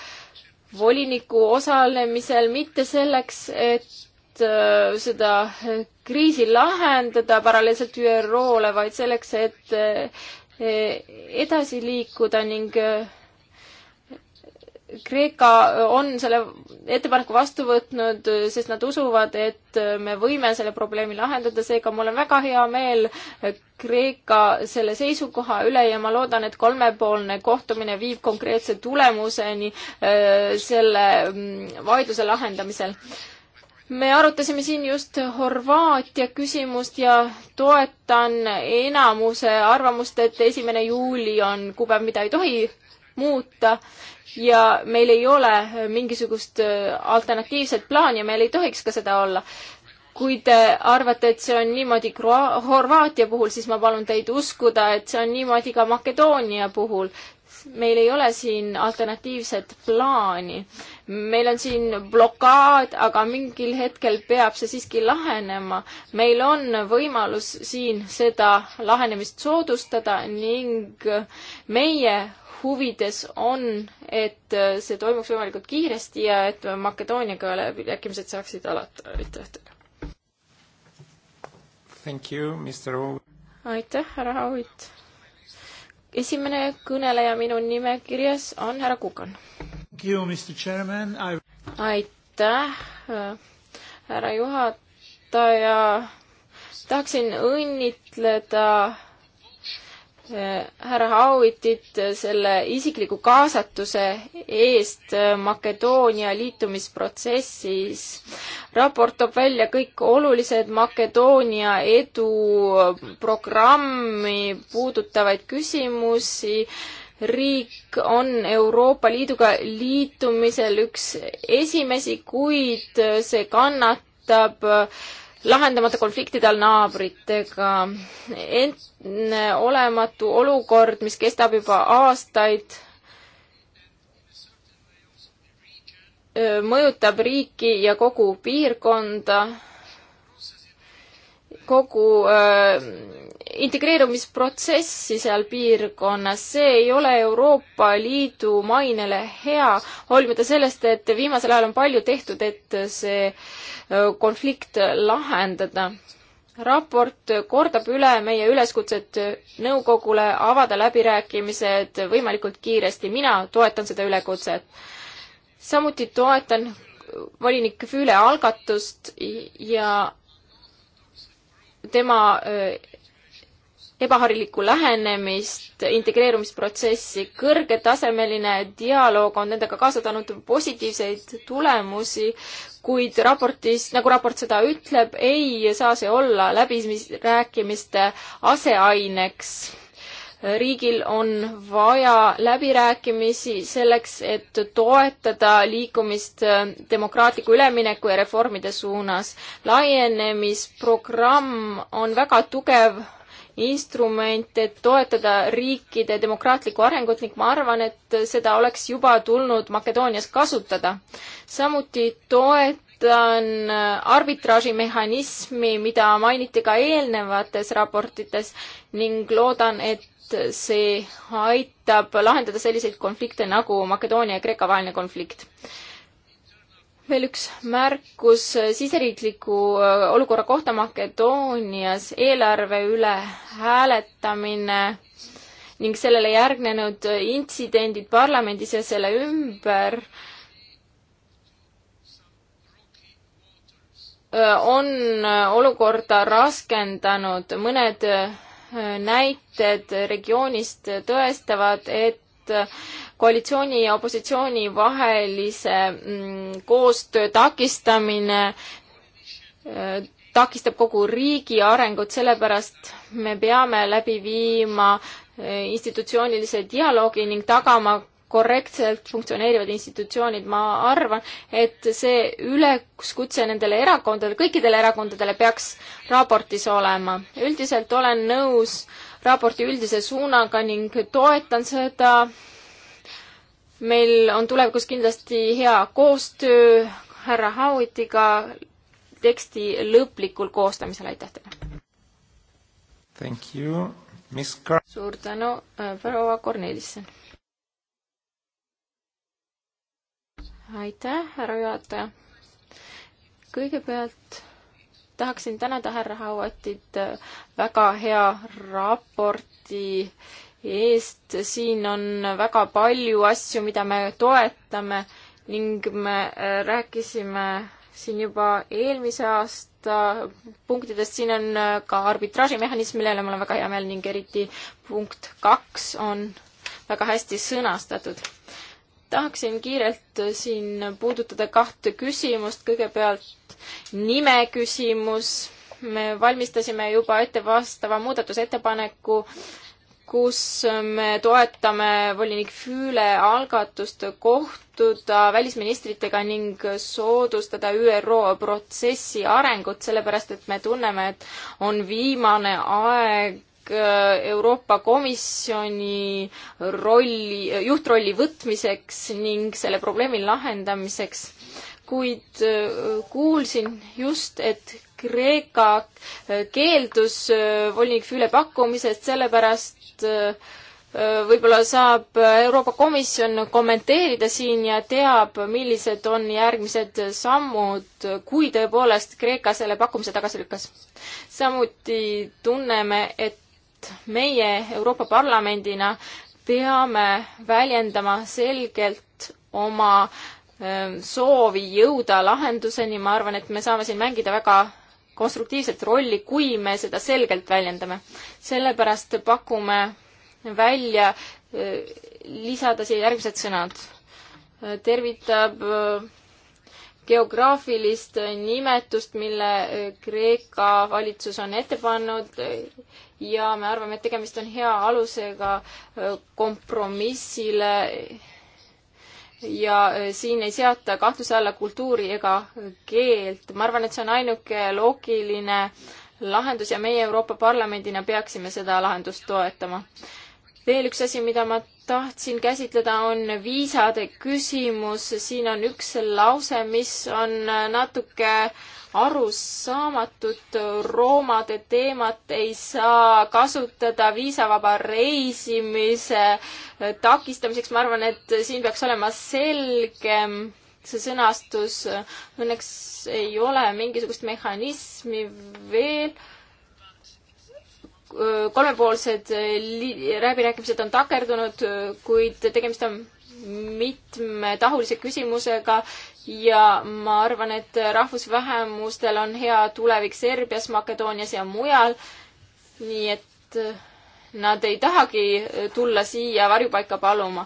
voliniku osalemisel, mitte selleks, et äh, seda kriisi lahendada paralleelselt ÜRO-le, vaid selleks, et äh, edasi liikuda ning äh, Kreeka on selle ettepaneku vastu võtnud, sest nad usuvad, et me võime selle probleemi lahendada, seega mul on väga hea meel Kreeka selle seisukoha üle ja ma loodan, et kolmepoolne kohtumine viib konkreetse tulemuseni äh, selle mm, vaidluse lahendamisel me arutasime siin just Horvaatia küsimust ja toetan enamuse arvamust, et esimene juuli on kuupäev, mida ei tohi muuta ja meil ei ole äh, mingisugust äh, alternatiivset plaani ja meil ei tohiks ka seda olla. kui te arvate, et see on niimoodi Horvaatia puhul, siis ma palun teid uskuda, et see on niimoodi ka Makedoonia puhul meil ei ole siin alternatiivset plaani. meil on siin blokaad, aga mingil hetkel peab see siiski lahenema. meil on võimalus siin seda lahenemist soodustada ning meie huvides on, et äh, see toimuks võimalikult kiiresti ja et Makedooniaga läbirääkimised saaksid alata. aitäh teile! aitäh, härra Haavit! esimene kõneleja minu nimekirjas on härra Kukan. aitäh, härra juhataja! tahaksin õnnitleda härra Hauitit selle isikliku kaasatuse eest Makedoonia liitumisprotsessis. raport toob välja kõik olulised Makedoonia eduprogrammi puudutavaid küsimusi. riik on Euroopa Liiduga liitumisel üks esimesi, kuid see kannatab lahendamata konfliktide all naabritega. olematu olukord, mis kestab juba aastaid, mõjutab riiki ja kogu piirkonda kogu äh, integreerumisprotsessi seal piirkonnas, see ei ole Euroopa Liidu mainele hea, hoolimata sellest, et viimasel ajal on palju tehtud, et see äh, konflikt lahendada. raport kordab üle meie üleskutset nõukogule avada läbirääkimised võimalikult kiiresti, mina toetan seda ülekutset. samuti toetan volinik Füüle algatust ja tema äh, ebaharilikku lähenemist, integreerumisprotsessi, kõrgetasemeline dialoog on nendega kaasa toonud positiivseid tulemusi, kuid raportis, nagu raport seda ütleb, ei saa see olla läbirääkimiste aseaineks riigil on vaja läbirääkimisi selleks, et toetada liikumist äh, demokraatliku ülemineku ja reformide suunas. laienemisprogramm on väga tugev instrument, et toetada riikide demokraatlikku arengut ning ma arvan, et seda oleks juba tulnud Makedoonias kasutada. samuti toetan äh, arbitraažimehhanismi, mida mainiti ka eelnevates raportites ning loodan, et see aitab lahendada selliseid konflikte nagu Makedoonia ja Kreeka vaheline konflikt. veel üks märkus siseriikliku äh, olukorra kohta Makedoonias, eelarve üle hääletamine ning sellele järgnenud intsidendid parlamendis ja selle ümber äh, on olukorda raskendanud mõned näited regioonist tõestavad, et koalitsiooni ja opositsiooni vahelise mm, koostöö takistamine äh, takistab kogu riigi arengut, sellepärast me peame läbi viima äh, institutsioonilise dialoogi ning tagama korrektselt funktsioneerivad institutsioonid, ma arvan, et see üleskutse nendele erakondadele, kõikidele erakondadele peaks raportis olema. üldiselt olen nõus raporti üldise suunaga ning toetan seda. meil on tulevikus kindlasti hea koostöö härra Howitiga teksti lõplikul koostamisel, aitäh teile! Thank you, Miss Car-. suur tänu, äh, proua Kornelisson aitäh, härra juhataja. kõigepealt tahaksin tänada härra Hauatit äh, väga hea raporti eest. siin on väga palju asju, mida me toetame ning me äh, rääkisime siin juba eelmise aasta punktidest, siin on äh, ka arbitraažimehhanism, millele mul on väga hea meel ning eriti punkt kaks on väga hästi sõnastatud tahaksin kiirelt siin puudutada kahte küsimust, kõigepealt nime küsimus. me valmistasime juba ette vastava muudatusettepaneku, kus me toetame volinik Füüle algatust kohtuda välisministritega ning soodustada ÜRO protsessi arengut, sellepärast et me tunneme, et on viimane aeg Äh, Euroopa Komisjoni rolli, juhtrolli võtmiseks ning selle probleemi lahendamiseks. kuid äh, kuulsin just, et Kreeka äh, keeldus volinik Füle pakkumisest, sellepärast võib-olla saab Euroopa Komisjon kommenteerida siin ja teab, millised on järgmised sammud, kui tõepoolest Kreeka selle pakkumise tagasi lükkas. samuti tunneme, et et meie Euroopa Parlamendina peame väljendama selgelt oma ähm, soovi jõuda lahenduseni, ma arvan, et me saame siin mängida väga konstruktiivset rolli, kui me seda selgelt väljendame. sellepärast pakume välja äh, lisada siia järgmised sõnad. tervitab äh, geograafilist nimetust, mille äh, Kreeka valitsus on ette pannud äh, ja me arvame, et tegemist on hea alusega äh, kompromissile ja siin ei seata kahtluse alla kultuuri ega keelt. ma arvan, et see on ainuke loogiline lahendus ja meie Euroopa Parlamendina peaksime seda lahendust toetama. veel üks asi, mida ma tahtsin käsitleda, on viisade küsimus. siin on üks lause, mis on natuke arusaamatut. roomade teemat ei saa kasutada viisavaba reisimise takistamiseks. ma arvan, et siin peaks olema selgem see sõnastus. Õnneks ei ole mingisugust mehhanismi veel kolmepoolsed äh, läbirääkimised on takerdunud, kuid tegemist on mitmetahulise küsimusega ja ma arvan, et rahvusvähemustel on hea tulevik Serbias, Makedoonias ja mujal. nii et äh, nad ei tahagi äh, tulla siia varjupaika paluma.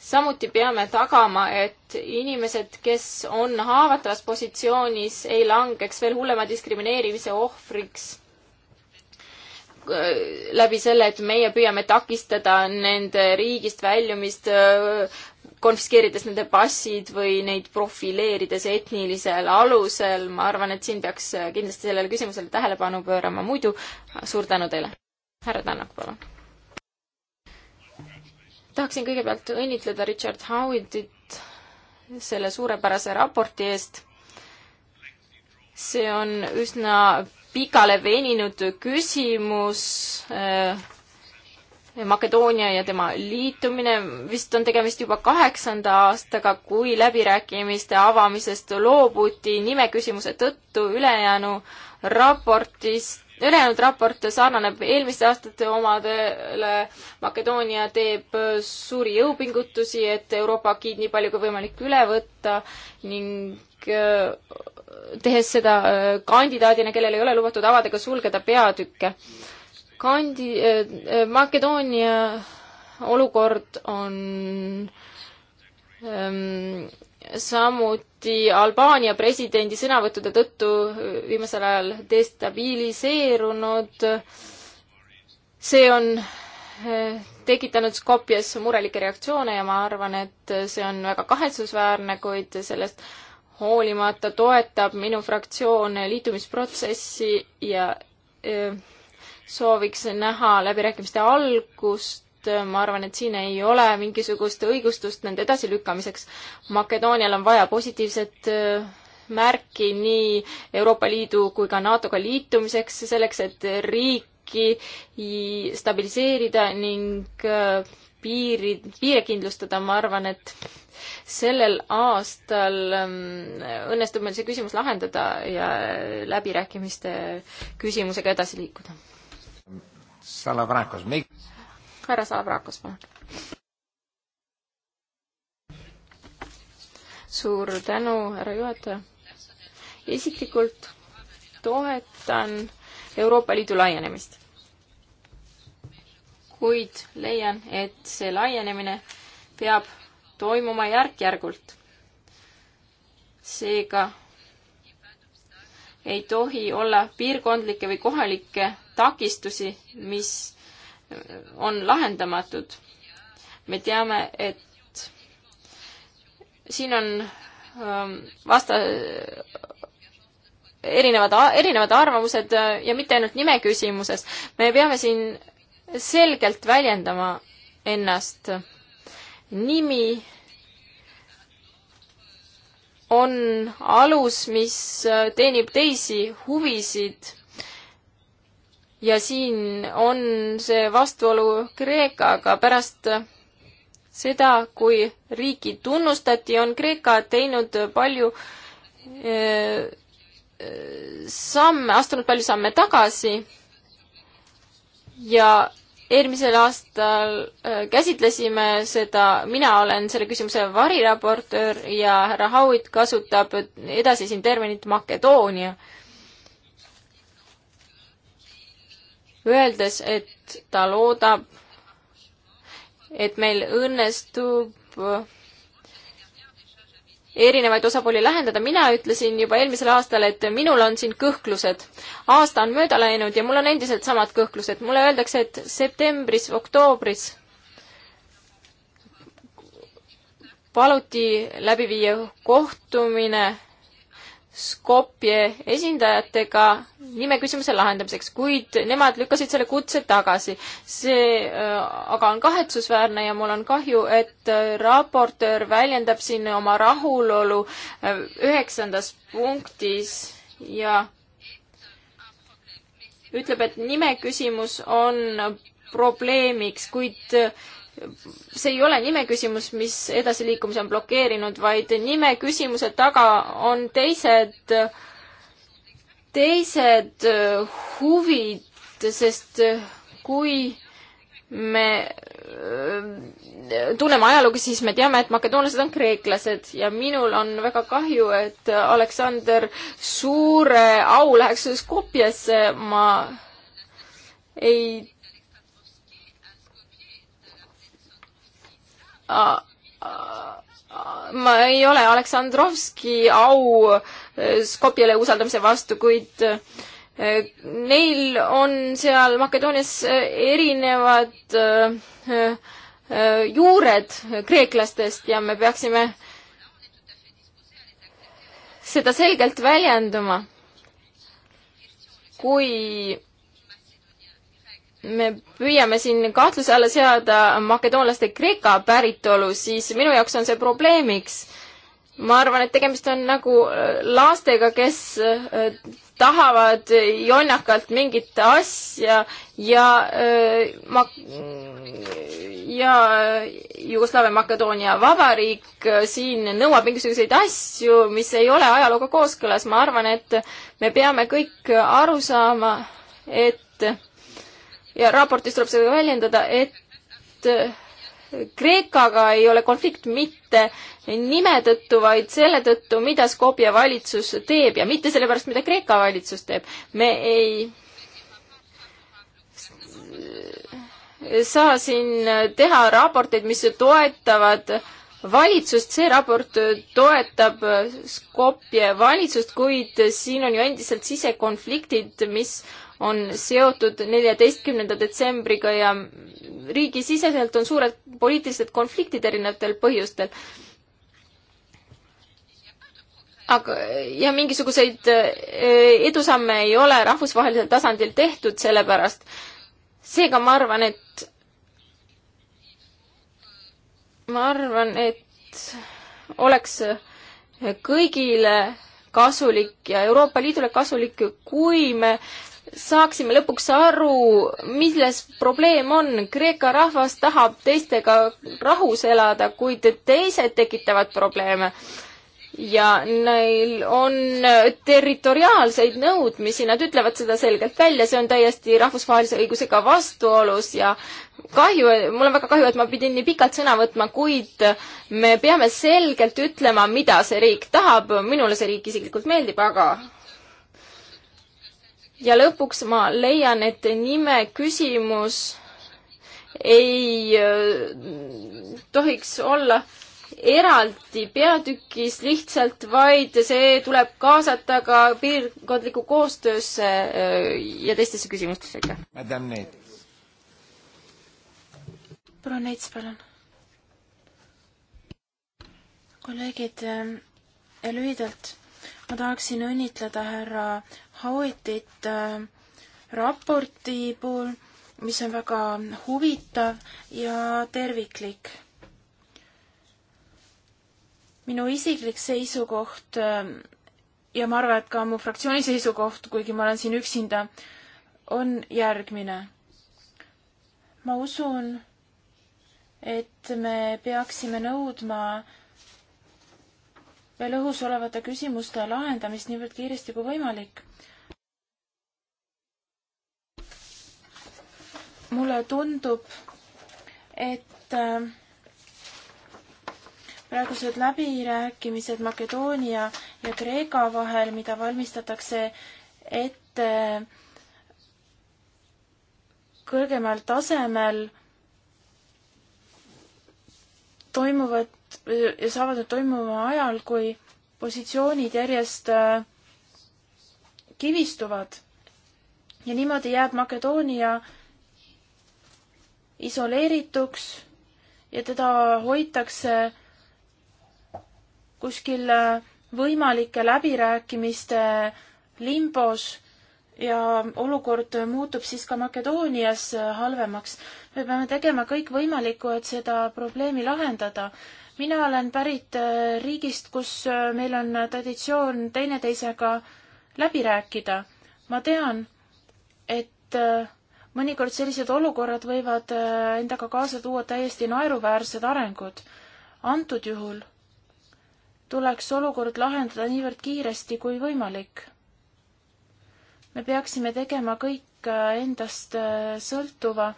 samuti peame tagama, et inimesed, kes on haavatavas positsioonis, ei langeks veel hullema diskrimineerimise ohvriks Äh, läbi selle, et meie püüame takistada nende riigist väljumist, äh, konfiskeerides nende passid või neid profileerides etnilisel alusel. ma arvan, et siin peaks äh, kindlasti sellele küsimusele tähelepanu pöörama, muidu suur tänu teile. härra Tannak, palun. tahaksin kõigepealt õnnitleda Richard Howittit selle suurepärase raporti eest see on üsna pikale veninud küsimus äh, Makedoonia ja tema liitumine, vist on tegemist juba kaheksanda aastaga, kui läbirääkimiste avamisest loobuti nime küsimuse tõttu ülejäänu raportist, ülejäänud raport sarnaneb eelmiste aastate omadele. Makedoonia teeb suuri jõupingutusi, et Euroopa akiid nii palju kui võimalik üle võtta ning äh, tehes seda äh, kandidaadina, kellel ei ole lubatud avada ega sulgeda peatükke. kandi-, äh, äh, Makedoonia olukord on ähm, samuti Albaania presidendi sõnavõttude tõttu viimasel ajal destabiliseerunud. see on tekitanud Skopjes murelikke reaktsioone ja ma arvan, et see on väga kahetsusväärne, kuid sellest hoolimata toetab minu fraktsioon liitumisprotsessi ja e, sooviks näha läbirääkimiste algust. ma arvan, et siin ei ole mingisugust õigustust nende edasilükkamiseks. Makedoonial on vaja positiivset e, märki nii Euroopa Liidu kui ka NATO-ga liitumiseks, selleks et riiki stabiliseerida ning e, piiri, piire kindlustada, ma arvan, et sellel aastal ähm, õnnestub meil see küsimus lahendada ja läbirääkimiste küsimusega edasi liikuda. Salavrakos, mi-? härra Salavrakos, palun. suur tänu, härra juhataja. isiklikult toetan Euroopa Liidu laienemist. kuid leian, et see laienemine peab toimuma järk-järgult. seega ei tohi olla piirkondlikke või kohalikke takistusi, mis on lahendamatud. me teame, et siin on ähm, vasta-, erinevad, erinevad arvamused äh, ja mitte ainult nime küsimuses. me peame siin selgelt väljendama ennast nimi on alus, mis äh, teenib teisi huvisid. ja siin on see vastuolu Kreekaga pärast seda, kui riiki tunnustati, on Kreeka teinud palju äh, äh samme, astunud palju samme tagasi ja eelmisel aastal äh, käsitlesime seda, mina olen selle küsimuse variraportöör ja härra Howitt kasutab edasi siin terminit Makedoonia. Öeldes, et ta loodab, et meil õnnestub erinevaid osapooli lähendada, mina ütlesin juba eelmisel aastal, et minul on siin kõhklused. aasta on mööda läinud ja mul on endiselt samad kõhklused. mulle öeldakse, et septembris, oktoobris paluti läbi viia kohtumine Skopje esindajatega nimeküsimuse lahendamiseks, kuid nemad lükkasid selle kutse tagasi. see äh, aga on kahetsusväärne ja mul on kahju, et äh, raportöör väljendab siin oma rahulolu äh, üheksandas punktis ja ütleb, et nimeküsimus on probleemiks, kuid see ei ole nime küsimus, mis edasiliikumise on blokeerinud, vaid nime küsimuse taga on teised, teised äh, huvid, sest äh, kui me äh, tunneme ajalugu, siis me teame, et makedoonlased on kreeklased ja minul on väga kahju, et Aleksander Suure au läheks Skopjasse, ma ei ma ei ole Aleksandrovski au e, Skopjele usaldamise vastu, kuid e, neil on seal Makedoonias e, erinevad juured kreeklastest ja me peaksime seda selgelt väljendama. kui me püüame siin kahtluse alla seada makedoonlaste Kreeka päritolu, siis minu jaoks on see probleemiks. ma arvan, et tegemist on nagu äh, lastega, kes äh, tahavad jonnakalt mingit asja ja äh, ma ja Jugoslaavia Makedoonia Vabariik siin nõuab mingisuguseid asju, mis ei ole ajalooga kooskõlas. ma arvan, et me peame kõik aru saama, et ja raportis tuleb seda väljendada, et äh, Kreekaga ei ole konflikt mitte nime tõttu, vaid selle tõttu, mida Skopje valitsus teeb ja mitte sellepärast, mida Kreeka valitsus teeb. me ei äh, saa siin teha raporteid, mis toetavad valitsust, see raport toetab Skopje valitsust, kuid siin on ju endiselt sisekonfliktid, mis on seotud neljateistkümnenda detsembriga ja riigisiseselt on suured poliitilised konfliktid erinevatel põhjustel. aga, ja mingisuguseid eh, edusamme ei ole rahvusvahelisel tasandil tehtud selle pärast. seega ma arvan, et, ma arvan, et oleks kõigile kasulik ja Euroopa Liidule kasulik, kui me saaksime lõpuks aru, milles probleem on. Kreeka rahvas tahab teistega rahus elada, kuid teised tekitavad probleeme. ja neil on territoriaalseid nõudmisi, nad ütlevad seda selgelt välja, see on täiesti rahvusvahelise õigusega vastuolus ja kahju, mul on väga kahju, et ma pidin nii pikalt sõna võtma, kuid me peame selgelt ütlema, mida see riik tahab. minule see riik isiklikult meeldib, aga ja lõpuks ma leian, et nime küsimus ei äh, tohiks olla eraldi peatükis lihtsalt, vaid see tuleb kaasata ka piirkondliku koostöösse äh, ja teistesse küsimustesse, aitäh. Madame Neits. proua Neits, palun. kolleegid, äh, lühidalt ma tahaksin õnnitleda härra Howitit äh, raporti puhul, mis on väga huvitav ja terviklik. minu isiklik seisukoht äh, ja ma arvan, et ka mu fraktsiooni seisukoht, kuigi ma olen siin üksinda, on järgmine. ma usun, et me peaksime nõudma veel õhus olevate küsimuste lahendamist niivõrd kiiresti kui võimalik mulle tundub, et äh, praegused läbirääkimised Makedoonia ja Kreeka vahel, mida valmistatakse ette kõrgemal tasemel, toimuvad ja saavad nad toimuma ajal, kui positsioonid järjest äh, kivistuvad. ja niimoodi jääb Makedoonia isoleerituks ja teda hoitakse kuskil äh, võimalike läbirääkimiste limbos ja olukord muutub siis ka Makedoonias äh, halvemaks. me peame tegema kõik võimalikku, et seda probleemi lahendada. mina olen pärit äh, riigist, kus meil on traditsioon teineteisega läbi rääkida. ma tean, et mõnikord sellised olukorrad võivad äh, endaga kaasa tuua täiesti naeruväärsed arengud. antud juhul tuleks olukord lahendada niivõrd kiiresti kui võimalik. me peaksime tegema kõik äh, endast äh, sõltuva,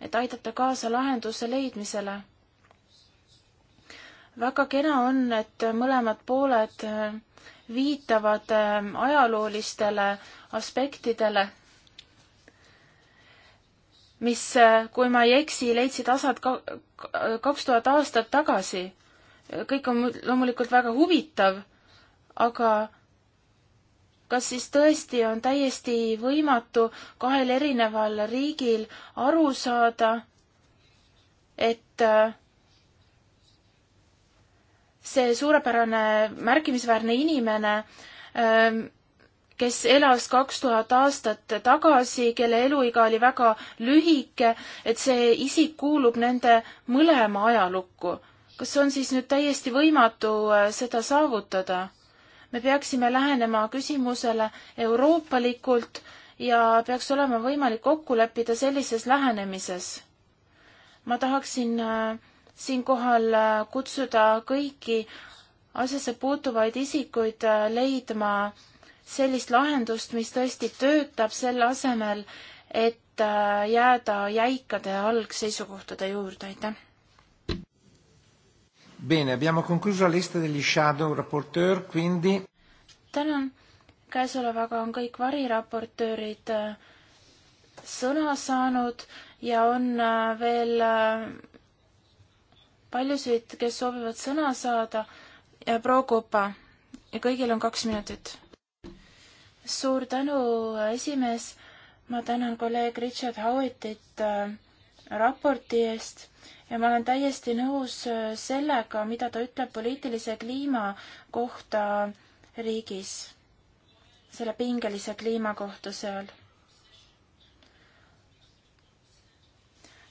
et aidata kaasa lahenduse leidmisele. väga kena on, et mõlemad pooled viitavad ajaloolistele aspektidele mis, kui ma ei eksi, leidsid asad kaks tuhat aastat tagasi. kõik on loomulikult väga huvitav, aga kas siis tõesti on täiesti võimatu kahel erineval riigil aru saada, et see suurepärane märkimisväärne inimene ähm, kes elas kaks tuhat aastat tagasi, kelle eluiga oli väga lühike, et see isik kuulub nende mõlema ajalukku. kas on siis nüüd täiesti võimatu äh, seda saavutada? me peaksime lähenema küsimusele euroopalikult ja peaks olema võimalik kokku leppida sellises lähenemises. ma tahaksin äh, siinkohal äh, kutsuda kõiki asjasse puutuvaid isikuid leidma sellist lahendust, mis tõesti töötab, selle asemel, et äh, jääda jäikade algseisukohtade juurde, aitäh. Bene, abbiamo concluso la lista degli shadow raporteur, quindi. tänan, käesolevaga on kõik variraportöörid äh, sõna saanud ja on äh, veel paljusid, kes soovivad sõna saada. proua Kopa ja kõigil on kaks minutit suur tänu, esimees. ma tänan kolleeg Richard Howitit äh, raporti eest ja ma olen täiesti nõus äh, sellega, mida ta ütleb poliitilise kliima kohta riigis, selle pingelise kliima kohta seal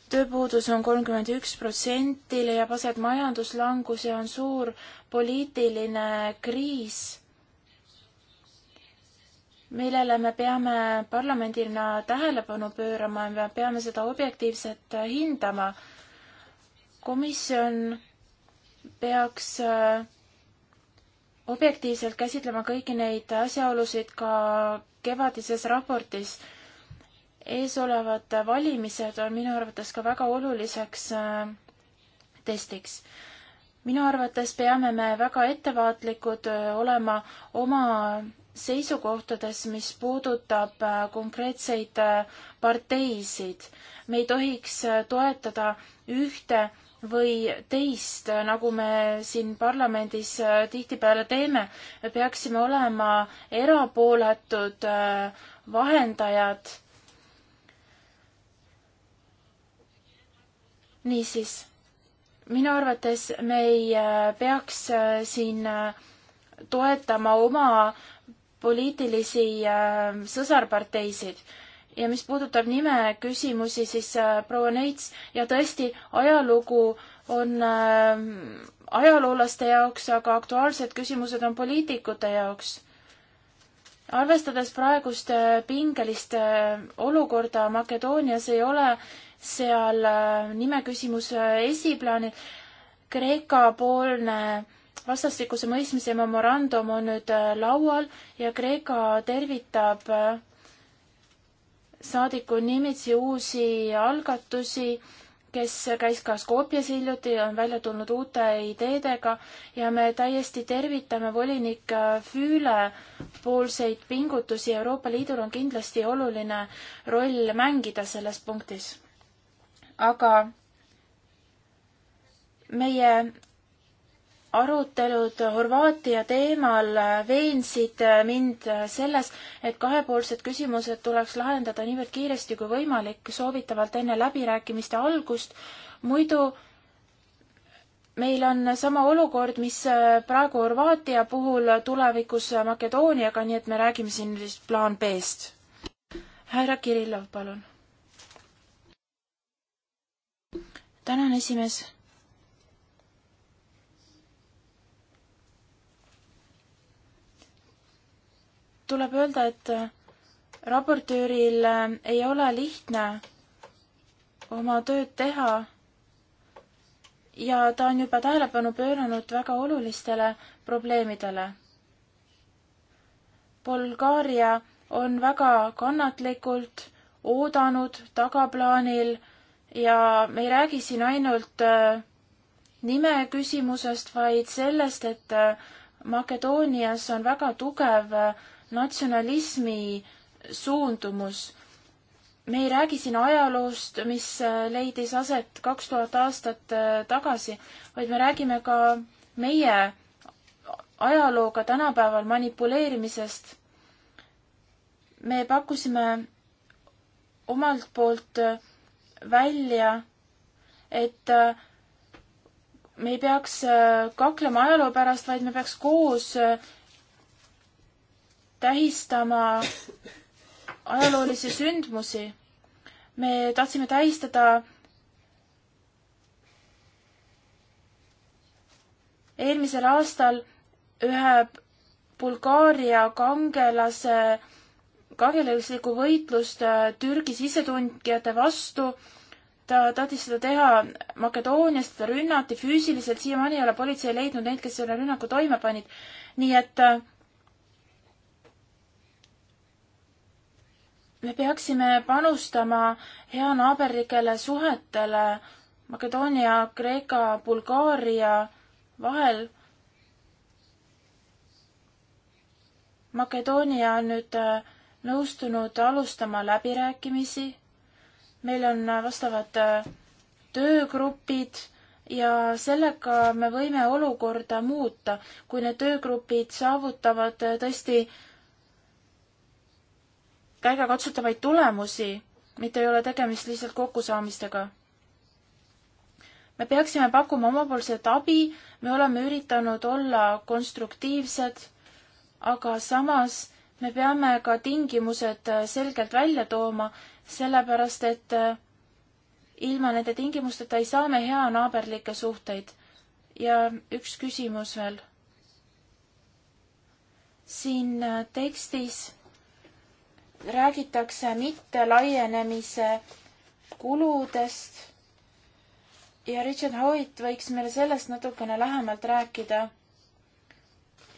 tööpuudus on kolmkümmend üks protsenti, leiab aset majanduslangus ja on suur poliitiline kriis millele me peame parlamendina tähelepanu pöörama ja me peame seda objektiivselt hindama. komisjon peaks äh, objektiivselt käsitlema kõiki neid asjaolusid ka kevadises raportis. eesolevad valimised on minu arvates ka väga oluliseks äh, testiks minu arvates peame me väga ettevaatlikud äh, olema oma seisukohtades, mis puudutab äh, konkreetseid äh, parteisid. me ei tohiks äh, toetada ühte või teist, nagu me siin parlamendis tihtipeale teeme. me peaksime olema erapooletud vahendajad. niisiis, minu arvates me ei peaks siin toetama oma poliitilisi äh, sõsarparteisid. ja mis puudutab nime küsimusi, siis äh, proua Neits ja tõesti, ajalugu on äh, ajaloolaste jaoks, aga aktuaalsed küsimused on poliitikute jaoks. arvestades praegust äh, pingelist äh, olukorda Makedoonias ei ole seal äh, nime küsimus esiplaanil. Kreeka poolne äh, vastastikuse mõistmise memorandum on nüüd äh, laual ja Kreeka tervitab äh, saadiku nimitsi uusi algatusi, kes käis ka Skopjas hiljuti, on välja tulnud uute ideedega ja me täiesti tervitame volinik äh, Füüle poolseid pingutusi. Euroopa Liidul on kindlasti oluline roll mängida selles punktis. aga meie arutelud Horvaatia teemal veensid mind selles, et kahepoolsed küsimused tuleks lahendada niivõrd kiiresti kui võimalik, soovitavalt enne läbirääkimiste algust, muidu meil on sama olukord, mis praegu Horvaatia puhul tulevikus Makedooniaga, nii et me räägime siin siis plaan B-st. härra Kirillov, palun. tänan, esimees tuleb öelda, et äh, raportööril äh, ei ole lihtne oma tööd teha ja ta on juba tähelepanu pööranud väga olulistele probleemidele. Bulgaaria on väga kannatlikult oodanud tagaplaanil ja me ei räägi siin ainult äh, nime küsimusest, vaid sellest, et Makedoonias on väga tugev natsionalismi suundumus. me ei räägi siin ajaloost, mis äh, leidis aset kaks tuhat aastat äh, tagasi, vaid me räägime ka meie ajalooga tänapäeval manipuleerimisest. me pakkusime omalt poolt äh, välja, et me ei peaks kaklema ajaloo pärast, vaid me peaks koos tähistama ajaloolisi sündmusi. me tahtsime tähistada eelmisel aastal ühe Bulgaaria kangelase kangelaslikku võitlust äh, Türgi sissetungijate vastu. ta tahtis seda teha Makedoonias, teda rünnati füüsiliselt, siiamaani ei ole politsei leidnud neid, kes selle rünnaku toime panid. nii et äh, me peaksime panustama heanaaberlikele suhetele Makedoonia, Kreeka, Bulgaaria vahel. Makedoonia on nüüd äh, nõustunud alustama läbirääkimisi. meil on äh, vastavad äh, töögrupid ja sellega me võime olukorda muuta, kui need töögrupid saavutavad tõesti äh, käigakatsutavaid tulemusi, mitte ei ole tegemist lihtsalt kokkusaamistega. me peaksime pakkuma omapoolset abi, me oleme üritanud olla konstruktiivsed, aga samas me peame ka tingimused selgelt välja tooma, sellepärast et äh, ilma nende tingimusteta ei saa me heanaaberlikke suhteid. ja üks küsimus veel. siin äh, tekstis räägitakse mitte laienemise kuludest ja Richard Howitt võiks meile sellest natukene lähemalt rääkida.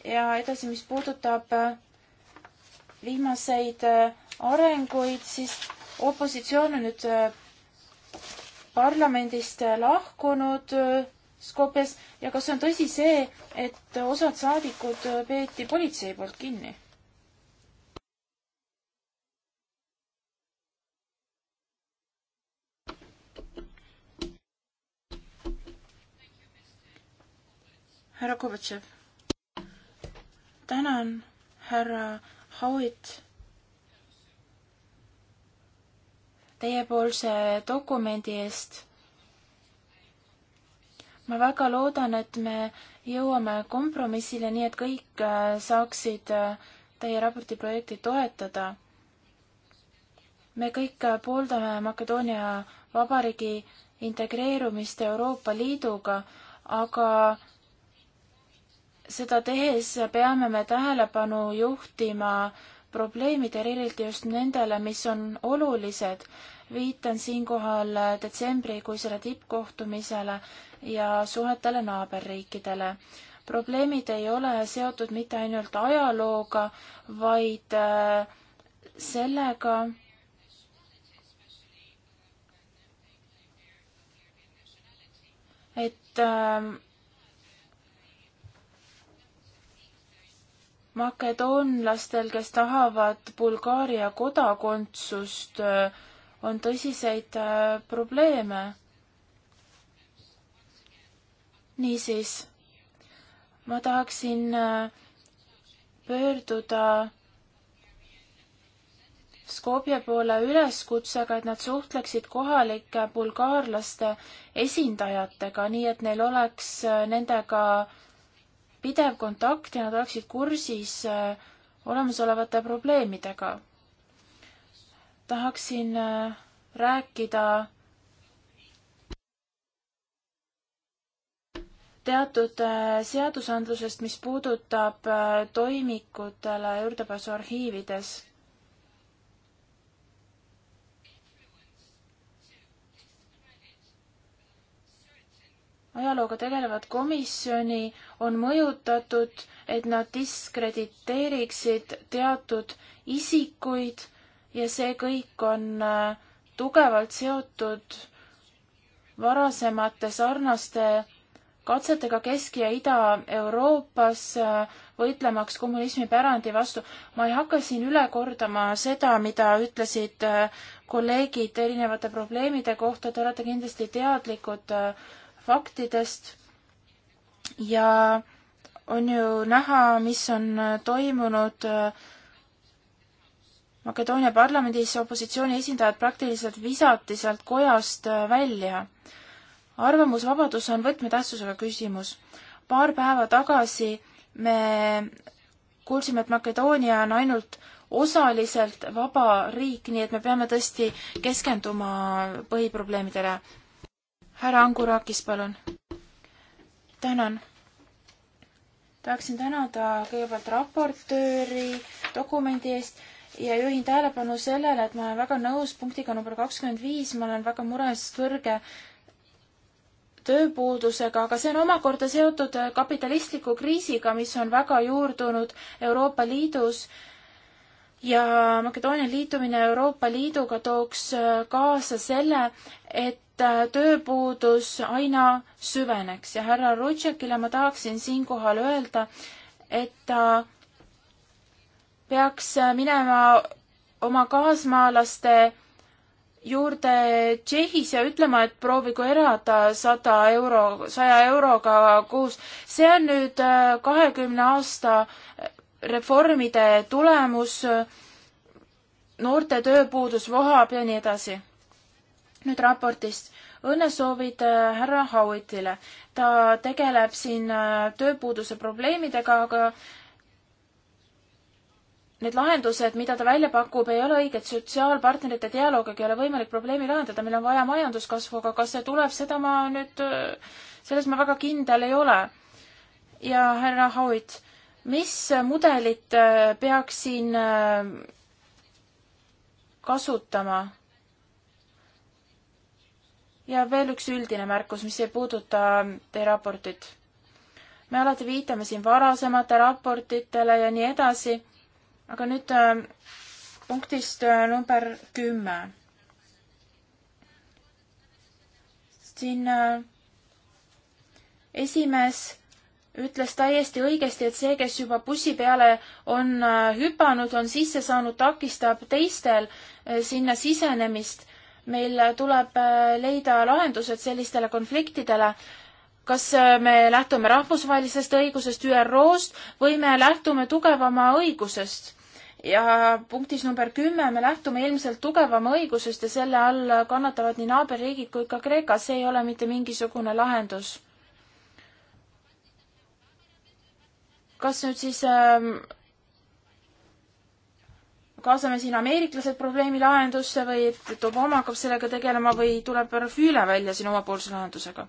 ja edasi, mis puudutab äh, viimaseid äh, arenguid, siis opositsioon on nüüd äh, parlamendist lahkunud Skopjas ja kas on tõsi see, et osad saadikud peeti politsei poolt kinni? härra Kovatšev. tänan, härra Howitt. Teiepoolse dokumendi eest. ma väga loodan, et me jõuame kompromissile, nii et kõik äh, saaksid äh, teie raporti projekti toetada. me kõik äh, pooldame Makedoonia Vabariigi integreerumist Euroopa Liiduga, aga seda tehes peame me tähelepanu juhtima probleemidele, eriti just nendele, mis on olulised. viitan siinkohal detsembrikuisele tippkohtumisele ja suhetele naaberriikidele. probleemid ei ole seotud mitte ainult ajalooga, vaid äh, sellega, et äh, makedoonlastel, kes tahavad Bulgaaria kodakondsust, on tõsiseid äh, probleeme. niisiis, ma tahaksin äh, pöörduda Skopje poole üleskutsega, et nad suhtleksid kohalike bulgaarlaste esindajatega, nii et neil oleks äh, nendega pidev kontakt ja nad oleksid kursis äh, olemasolevate probleemidega. tahaksin äh, rääkida teatud äh, seadusandlusest, mis puudutab toimikutele juurdepääsu arhiivides ajalooga tegelevat komisjoni on mõjutatud, et nad diskrediteeriksid teatud isikuid ja see kõik on äh, tugevalt seotud varasemate sarnaste katsetega Kesk- ja Ida-Euroopas äh, võitlemaks kommunismi pärandi vastu. ma ei hakka siin üle kordama seda, mida ütlesid äh, kolleegid erinevate probleemide kohta, te olete kindlasti teadlikud faktidest ja on ju näha, mis on toimunud äh, Makedoonia parlamendis opositsiooni esindajad praktiliselt visati sealt kojast äh, välja. arvamusvabadus on võtmetähtsusega küsimus. paar päeva tagasi me kuulsime, et Makedoonia on ainult osaliselt vaba riik, nii et me peame tõesti keskenduma põhiprobleemidele härra Angurakis, palun. tänan. tahaksin tänada kõigepealt raportööri dokumendi eest ja juhin tähelepanu sellele, et ma olen väga nõus punktiga number kakskümmend viis, ma olen väga mures kõrge tööpuudusega, aga see on omakorda seotud kapitalistliku kriisiga, mis on väga juurdunud Euroopa Liidus ja Makedoonia liitumine Euroopa Liiduga tooks kaasa selle, et Äh, tööpuudus aina süveneks ja härra Rutšekile ma tahaksin siinkohal öelda, et ta äh, peaks äh, minema oma kaasmaalaste juurde Tšehhis ja ütlema, et proovigu elada sada euro, saja euroga kuus. see on nüüd kahekümne aasta reformide tulemus, noorte tööpuudus vohab ja nii edasi nüüd raportist õnnesoovid äh, härra Howitile. ta tegeleb siin äh, tööpuuduse probleemidega, aga need lahendused, mida ta välja pakub, ei ole õiged. sotsiaalpartnerite dialoogiga ei ole võimalik probleemi lahendada, meil on vaja majanduskasvu, aga kas see tuleb, seda ma nüüd, äh, selles ma väga kindel ei ole. ja härra Howitt, mis mudelit peaks siin kasutama? ja veel üks üldine märkus, mis ei puuduta teie raportit. me alati viitame siin varasemate raportitele ja nii edasi, aga nüüd äh, punktist äh, number kümme. siin äh, esimees ütles täiesti õigesti, et see, kes juba bussi peale on hüpanud, on sisse saanud, takistab teistel sinna sisenemist meil tuleb äh, leida lahendused sellistele konfliktidele. kas äh, me lähtume rahvusvahelisest õigusest ÜRO-st või me lähtume tugevama õigusest? ja punktis number kümme me lähtume ilmselt tugevama õigusest ja selle all kannatavad nii naaberriigid kui ka Kreeka, see ei ole mitte mingisugune lahendus. kas nüüd siis äh, kaasame siin ameeriklased probleemi lahendusse või et Obama hakkab sellega tegelema või tuleb härra Füüle välja siin omapoolse lahendusega?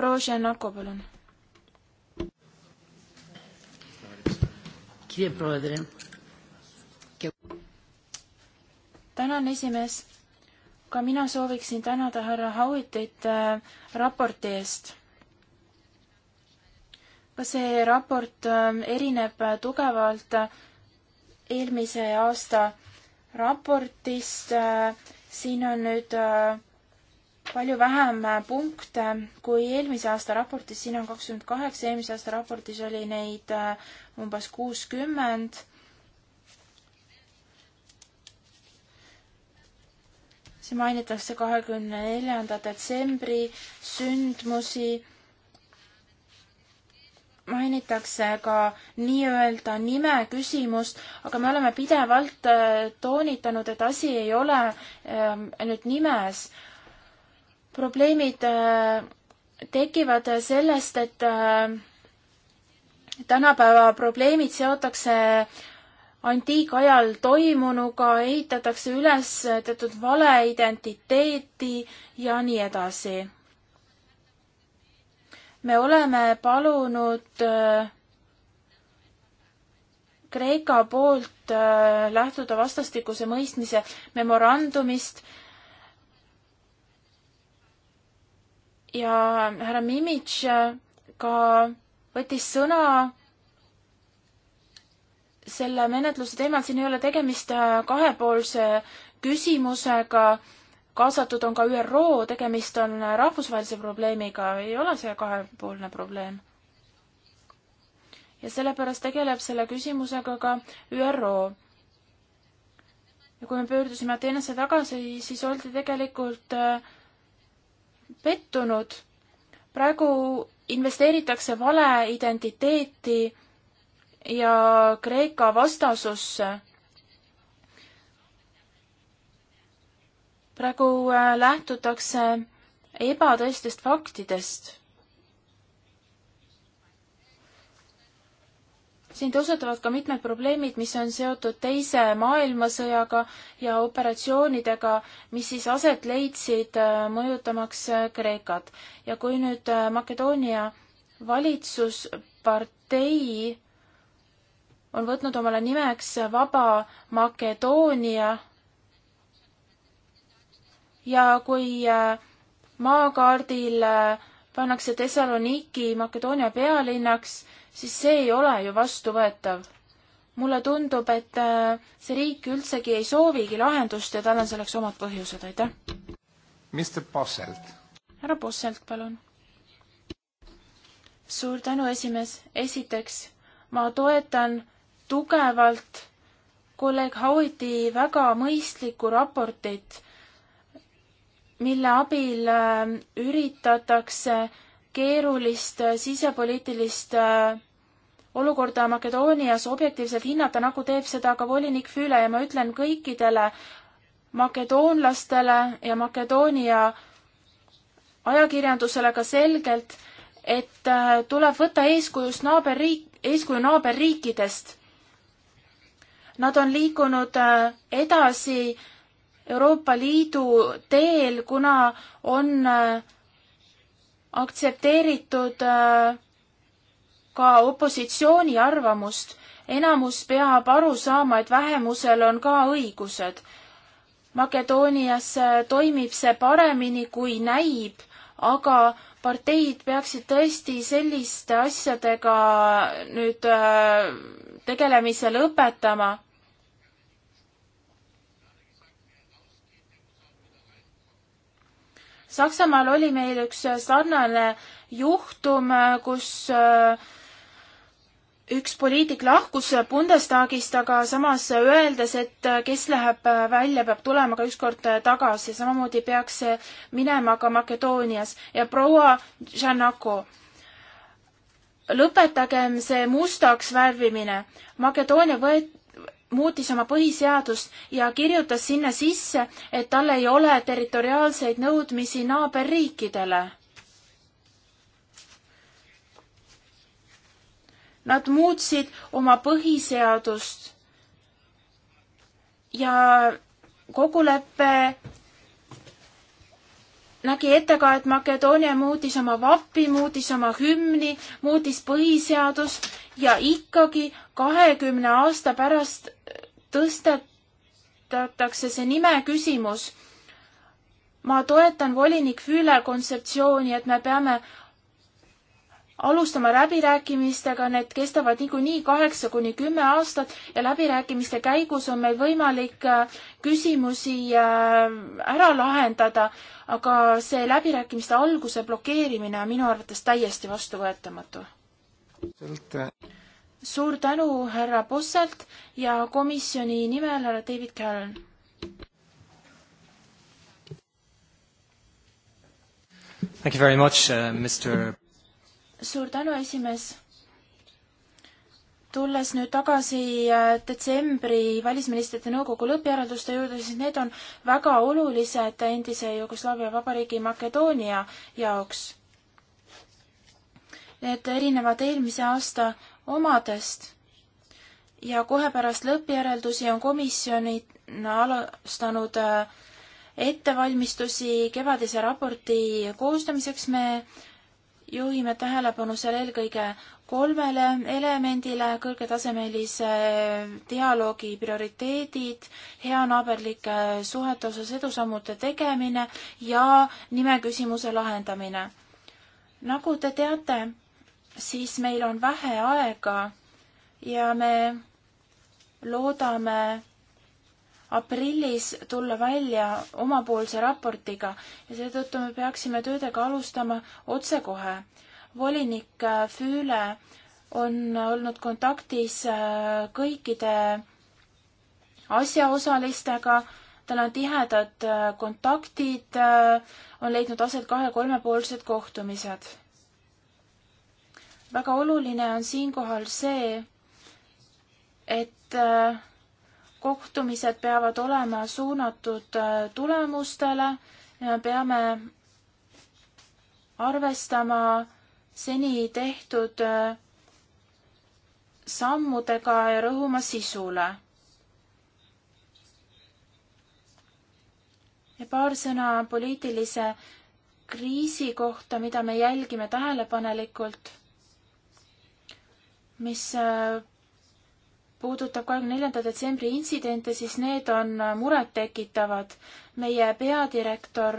proua Žennako, palun. tänan, esimees. ka mina sooviksin tänada härra Howitit äh, raporti eest ka see raport äh, erineb äh, tugevalt äh, eelmise aasta raportist. Äh, siin on nüüd äh, palju vähem äh, punkte kui eelmise aasta raportis, siin on kakskümmend kaheksa, eelmise aasta raportis oli neid umbes kuuskümmend. siin mainitakse kahekümne neljanda detsembri sündmusi mainitakse ka nii-öelda nime küsimust, aga me oleme pidevalt äh, toonitanud, et asi ei ole ähm, nüüd nimes. probleemid äh, tekivad sellest, et äh, tänapäeva probleemid seotakse antiikajal toimunuga, ehitatakse üles teatud valeidentiteeti ja nii edasi me oleme palunud äh, Kreeka poolt äh, lähtuda vastastikuse mõistmise memorandumist ja härra Mimitš äh, ka võttis sõna selle menetluse teemal, siin ei ole tegemist kahepoolse küsimusega kaasatud on ka ÜRO, tegemist on rahvusvahelise probleemiga, ei ole see kahepoolne probleem. ja sellepärast tegeleb selle küsimusega ka ÜRO. ja kui me pöördusime Ateenasse tagasi, siis oldi tegelikult äh, pettunud. praegu investeeritakse vale identiteeti ja Kreeka vastasusse praegu äh, lähtutakse ebatõestest faktidest. siin tõusetuvad ka mitmed probleemid, mis on seotud Teise maailmasõjaga ja operatsioonidega, mis siis aset leidsid, äh, mõjutamaks äh, Kreekat. ja kui nüüd Makedoonia valitsuspartei on võtnud omale nimeks Vaba Makedoonia ja kui äh, maakaardil äh, pannakse Thessaloniki Makedoonia pealinnaks, siis see ei ole ju vastuvõetav. mulle tundub, et äh, see riik üldsegi ei soovigi lahendust ja tal on selleks omad põhjused, aitäh. Mr Posselt. härra Posselt, palun. suur tänu, esimees. esiteks, ma toetan tugevalt kolleeg Hauiti väga mõistlikku raportit mille abil äh, üritatakse keerulist äh, sisepoliitilist äh, olukorda Makedoonias objektiivselt hinnata, nagu teeb seda ka volinik Füle ja ma ütlen kõikidele makedoonlastele ja Makedoonia ajakirjandusele ka selgelt, et tuleb võtta eeskujust naaberriik, eeskuju naaberriikidest. Nad on liikunud edasi Euroopa Liidu teel, kuna on äh, aktsepteeritud äh, ka opositsiooni arvamust. enamus peab aru saama, et vähemusel on ka õigused. Makedoonias äh, toimib see paremini, kui näib, aga parteid peaksid tõesti selliste asjadega nüüd tegelemise lõpetama Saksamaal oli meil üks äh, sarnane juhtum, äh, kus äh, üks poliitik lahkus Bundestagist, aga samas öeldes, et kes läheb välja, peab tulema ka ükskord tagasi, samamoodi peaks see minema ka Makedoonias ja proua Žanako lõpetagem see mustaks värvimine. Makedoonia võet-, muutis oma põhiseadust ja kirjutas sinna sisse, et tal ei ole territoriaalseid nõudmisi naaberriikidele. Nad muutsid oma põhiseadust ja kokkulepe nägi ette ka, et Makedoonia muutis oma vappi, muutis oma hümni, muutis põhiseadust ja ikkagi kahekümne aasta pärast äh, tõstetatakse see nime küsimus. ma toetan volinik Füüle kontseptsiooni, et me peame alustama läbirääkimistega, need kestavad niikuinii kaheksa kuni kümme aastat ja läbirääkimiste käigus on meil võimalik äh, küsimusi äh, ära lahendada, aga see läbirääkimiste alguse blokeerimine on minu arvates täiesti vastuvõetamatu. suur tänu härra Posselt ja komisjoni nimel härra David Callan. Thank you very much, uh, Mr suur tänu, esimees. tulles nüüd tagasi äh, detsembri välisministrite nõukogu lõppjärelduste juurde, siis need on väga olulised endise Jugoslaavia vabariigi Makedoonia jaoks. Need erinevad eelmise aasta omadest ja kohe pärast lõppjäreldusi on komisjonid alustanud äh, ettevalmistusi kevadise raporti koostamiseks. me juhime tähelepanu seal eelkõige kolmele elemendile, kõrgetasemelise äh, dialoogi prioriteedid, heanaaberlike äh, suhete osas edusammude tegemine ja nimeküsimuse lahendamine. nagu te teate, siis meil on vähe aega ja me loodame aprillis tulla välja omapoolse raportiga ja seetõttu me peaksime töödega alustama otsekohe. volinik äh, Füüle on olnud kontaktis äh, kõikide asjaosalistega, tal on tihedad äh, kontaktid, on leidnud aset kahe-kolmepoolsed kohtumised. väga oluline on siinkohal see, et äh, kohtumised peavad olema suunatud äh, tulemustele ja peame arvestama seni tehtud äh, sammudega ja rõhuma sisule. ja paar sõna poliitilise kriisi kohta, mida me jälgime tähelepanelikult, mis äh, puudutab kahekümne neljanda detsembri intsidente, siis need on murettekitavad. meie peadirektor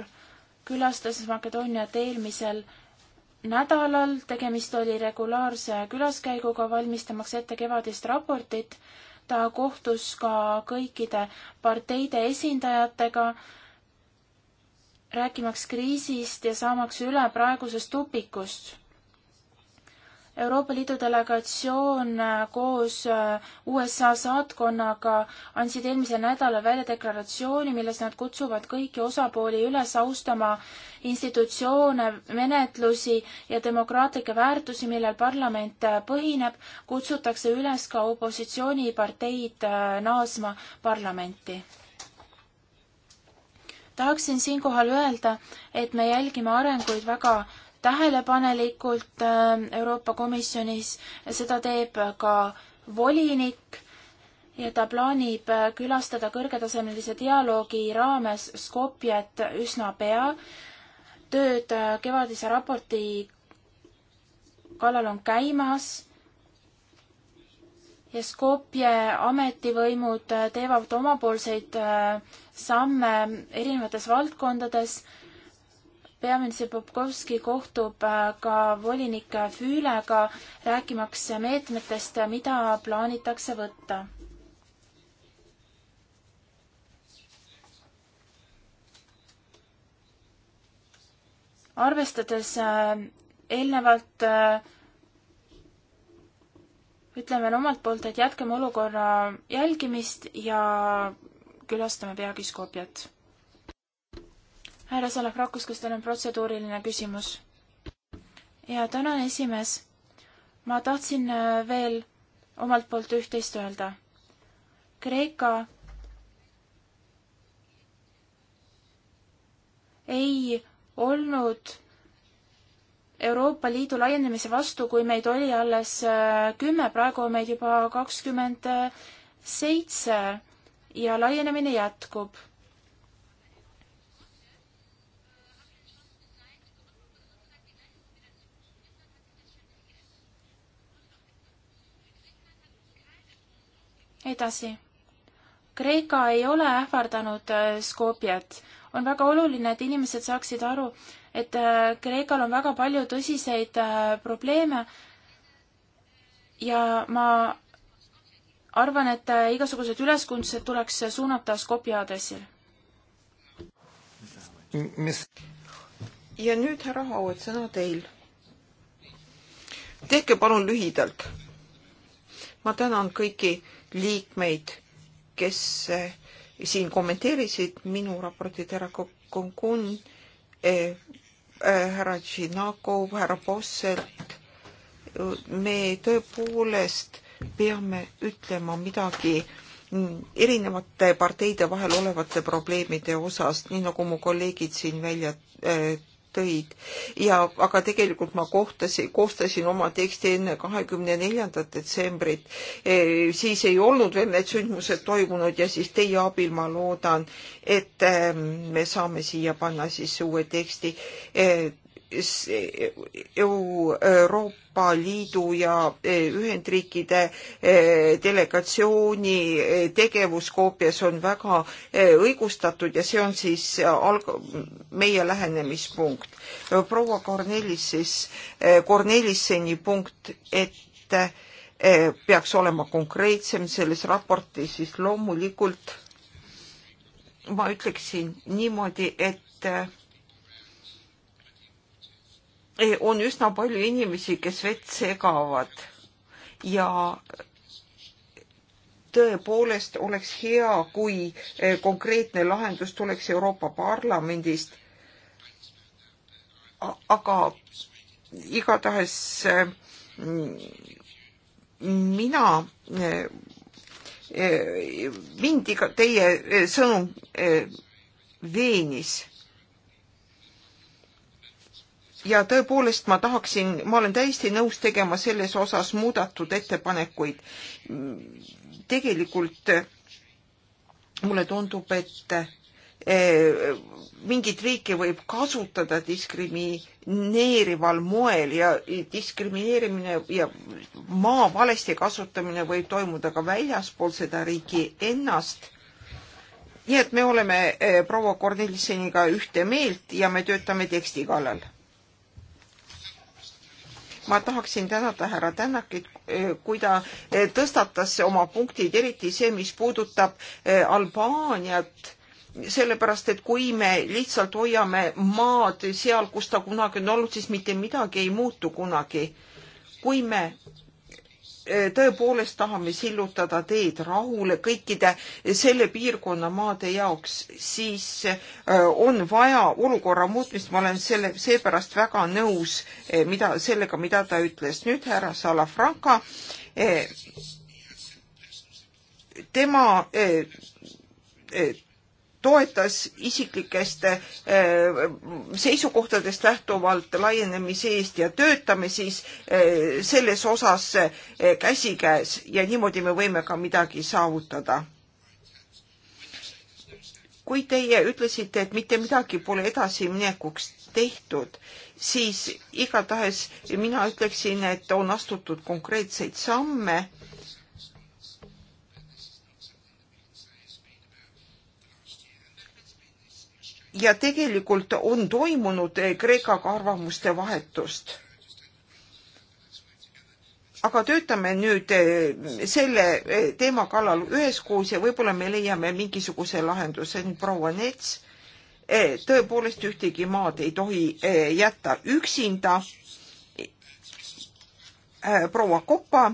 külastas Makedooniat eelmisel nädalal, tegemist oli regulaarse külaskäiguga, valmistamaks ette kevadist raportit. ta kohtus ka kõikide parteide esindajatega, rääkimaks kriisist ja saamaks üle praegusest tupikust Euroopa Liidu delegatsioon äh, koos äh, USA saatkonnaga andsid eelmisel nädalal välja deklaratsiooni, milles nad kutsuvad kõiki osapooli üles austama institutsioone, menetlusi ja demokraatlikke väärtusi, millel parlament äh, põhineb, kutsutakse üles ka opositsiooniparteid naasma parlamenti tahaksin siinkohal öelda, et me jälgime arenguid väga tähelepanelikult äh, Euroopa Komisjonis, seda teeb ka volinik ja ta plaanib äh, külastada kõrgetasemelise dialoogi raames Skopjet üsna pea. tööd äh, kevadise raporti kallal on käimas ja Skopje ametivõimud teevad omapoolseid samme erinevates valdkondades peaminister Popkovski kohtub äh, ka volinik Füülega, rääkimaks meetmetest, mida plaanitakse võtta. arvestades äh, eelnevalt äh, ütleme omalt poolt, et jätkame olukorra jälgimist ja külastame peagi Skopjat härra Salafrakos, kas teil on protseduuriline küsimus? ja tänan, esimees. ma tahtsin äh, veel omalt poolt üht-teist öelda. Kreeka ei olnud Euroopa Liidu laienemise vastu, kui meid oli alles äh, kümme, praegu on meid juba kakskümmend äh, seitse ja laienemine jätkub edasi. Kreeka ei ole ähvardanud äh, Skopjat. on väga oluline, et inimesed saaksid aru, et äh, Kreekal on väga palju tõsiseid äh, probleeme ja ma arvan, et igasugused üleskutsed tuleks suunata Skopje aadressil. ja nüüd, härra Hauet, sõna teil. tehke palun lühidalt. ma tänan kõiki liikmeid, kes eh, siin kommenteerisid minu raportit, härra Konkun, eh, eh, härra Tšinakov, härra Posselt. me tõepoolest peame ütlema midagi mm, erinevate parteide vahel olevate probleemide osas, nii nagu mu kolleegid siin välja tõid ja, aga tegelikult ma kohtasin, koostasin oma teksti enne kahekümne neljandat detsembrit e,. siis ei olnud veel need sündmused toimunud ja siis teie abil ma loodan, et e, me saame siia panna siis uue teksti e, Euroopa Liidu ja e, Ühendriikide e, delegatsiooni e, tegevus Koopias on väga õigustatud ja see on siis alg-, meie lähenemispunkt. proua Kornelis siis, Kornelisseni punkt, et peaks olema konkreetsem selles raportis, siis loomulikult ma ütleksin niimoodi, et Eh, on üsna palju inimesi, kes vett segavad ja tõepoolest oleks hea, kui eh, konkreetne lahendus tuleks Euroopa Parlamendist. aga igatahes eh, mina mind iga, teie sõnum veenis ja tõepoolest ma tahaksin, ma olen täiesti nõus tegema selles osas muudatud ettepanekuid. tegelikult mulle tundub, et e, mingit riiki võib kasutada diskrimineerival moel ja diskrimineerimine ja maa valesti kasutamine võib toimuda ka väljaspool seda riiki ennast nii et me oleme e, proua Kornelisseniga ühte meelt ja me töötame teksti kallal ma tahaksin tänada härra Tännakit, eh, kui ta eh, tõstatas oma punktid, eriti see, mis puudutab eh, Albaaniat sellepärast, et kui me lihtsalt hoiame maad seal, kus ta kunagi on olnud, siis mitte midagi ei muutu kunagi. kui me Äh, tõepoolest tahame sillutada teed rahule kõikide selle piirkonna maade jaoks, siis äh, on vaja olukorra muutmist, ma olen selle, seepärast väga nõus, äh, mida, sellega, mida ta ütles. nüüd härra Salafranca, tema toetas isiklikest eh, seisukohtadest lähtuvalt laienemise eest ja töötame siis eh, selles osas eh, käsikäes ja niimoodi me võime ka midagi saavutada. kui teie ütlesite, et mitte midagi pole edasiminekuks tehtud, siis igatahes mina ütleksin, et on astutud konkreetseid samme ja tegelikult on toimunud eh, Kreekaga arvamuste vahetust. aga töötame nüüd eh, selle eh, teema kallal üheskoos ja võib-olla me leiame mingisuguse lahenduse. proua Nets, tõepoolest ühtegi maad ei tohi jätta üksinda. proua Kopa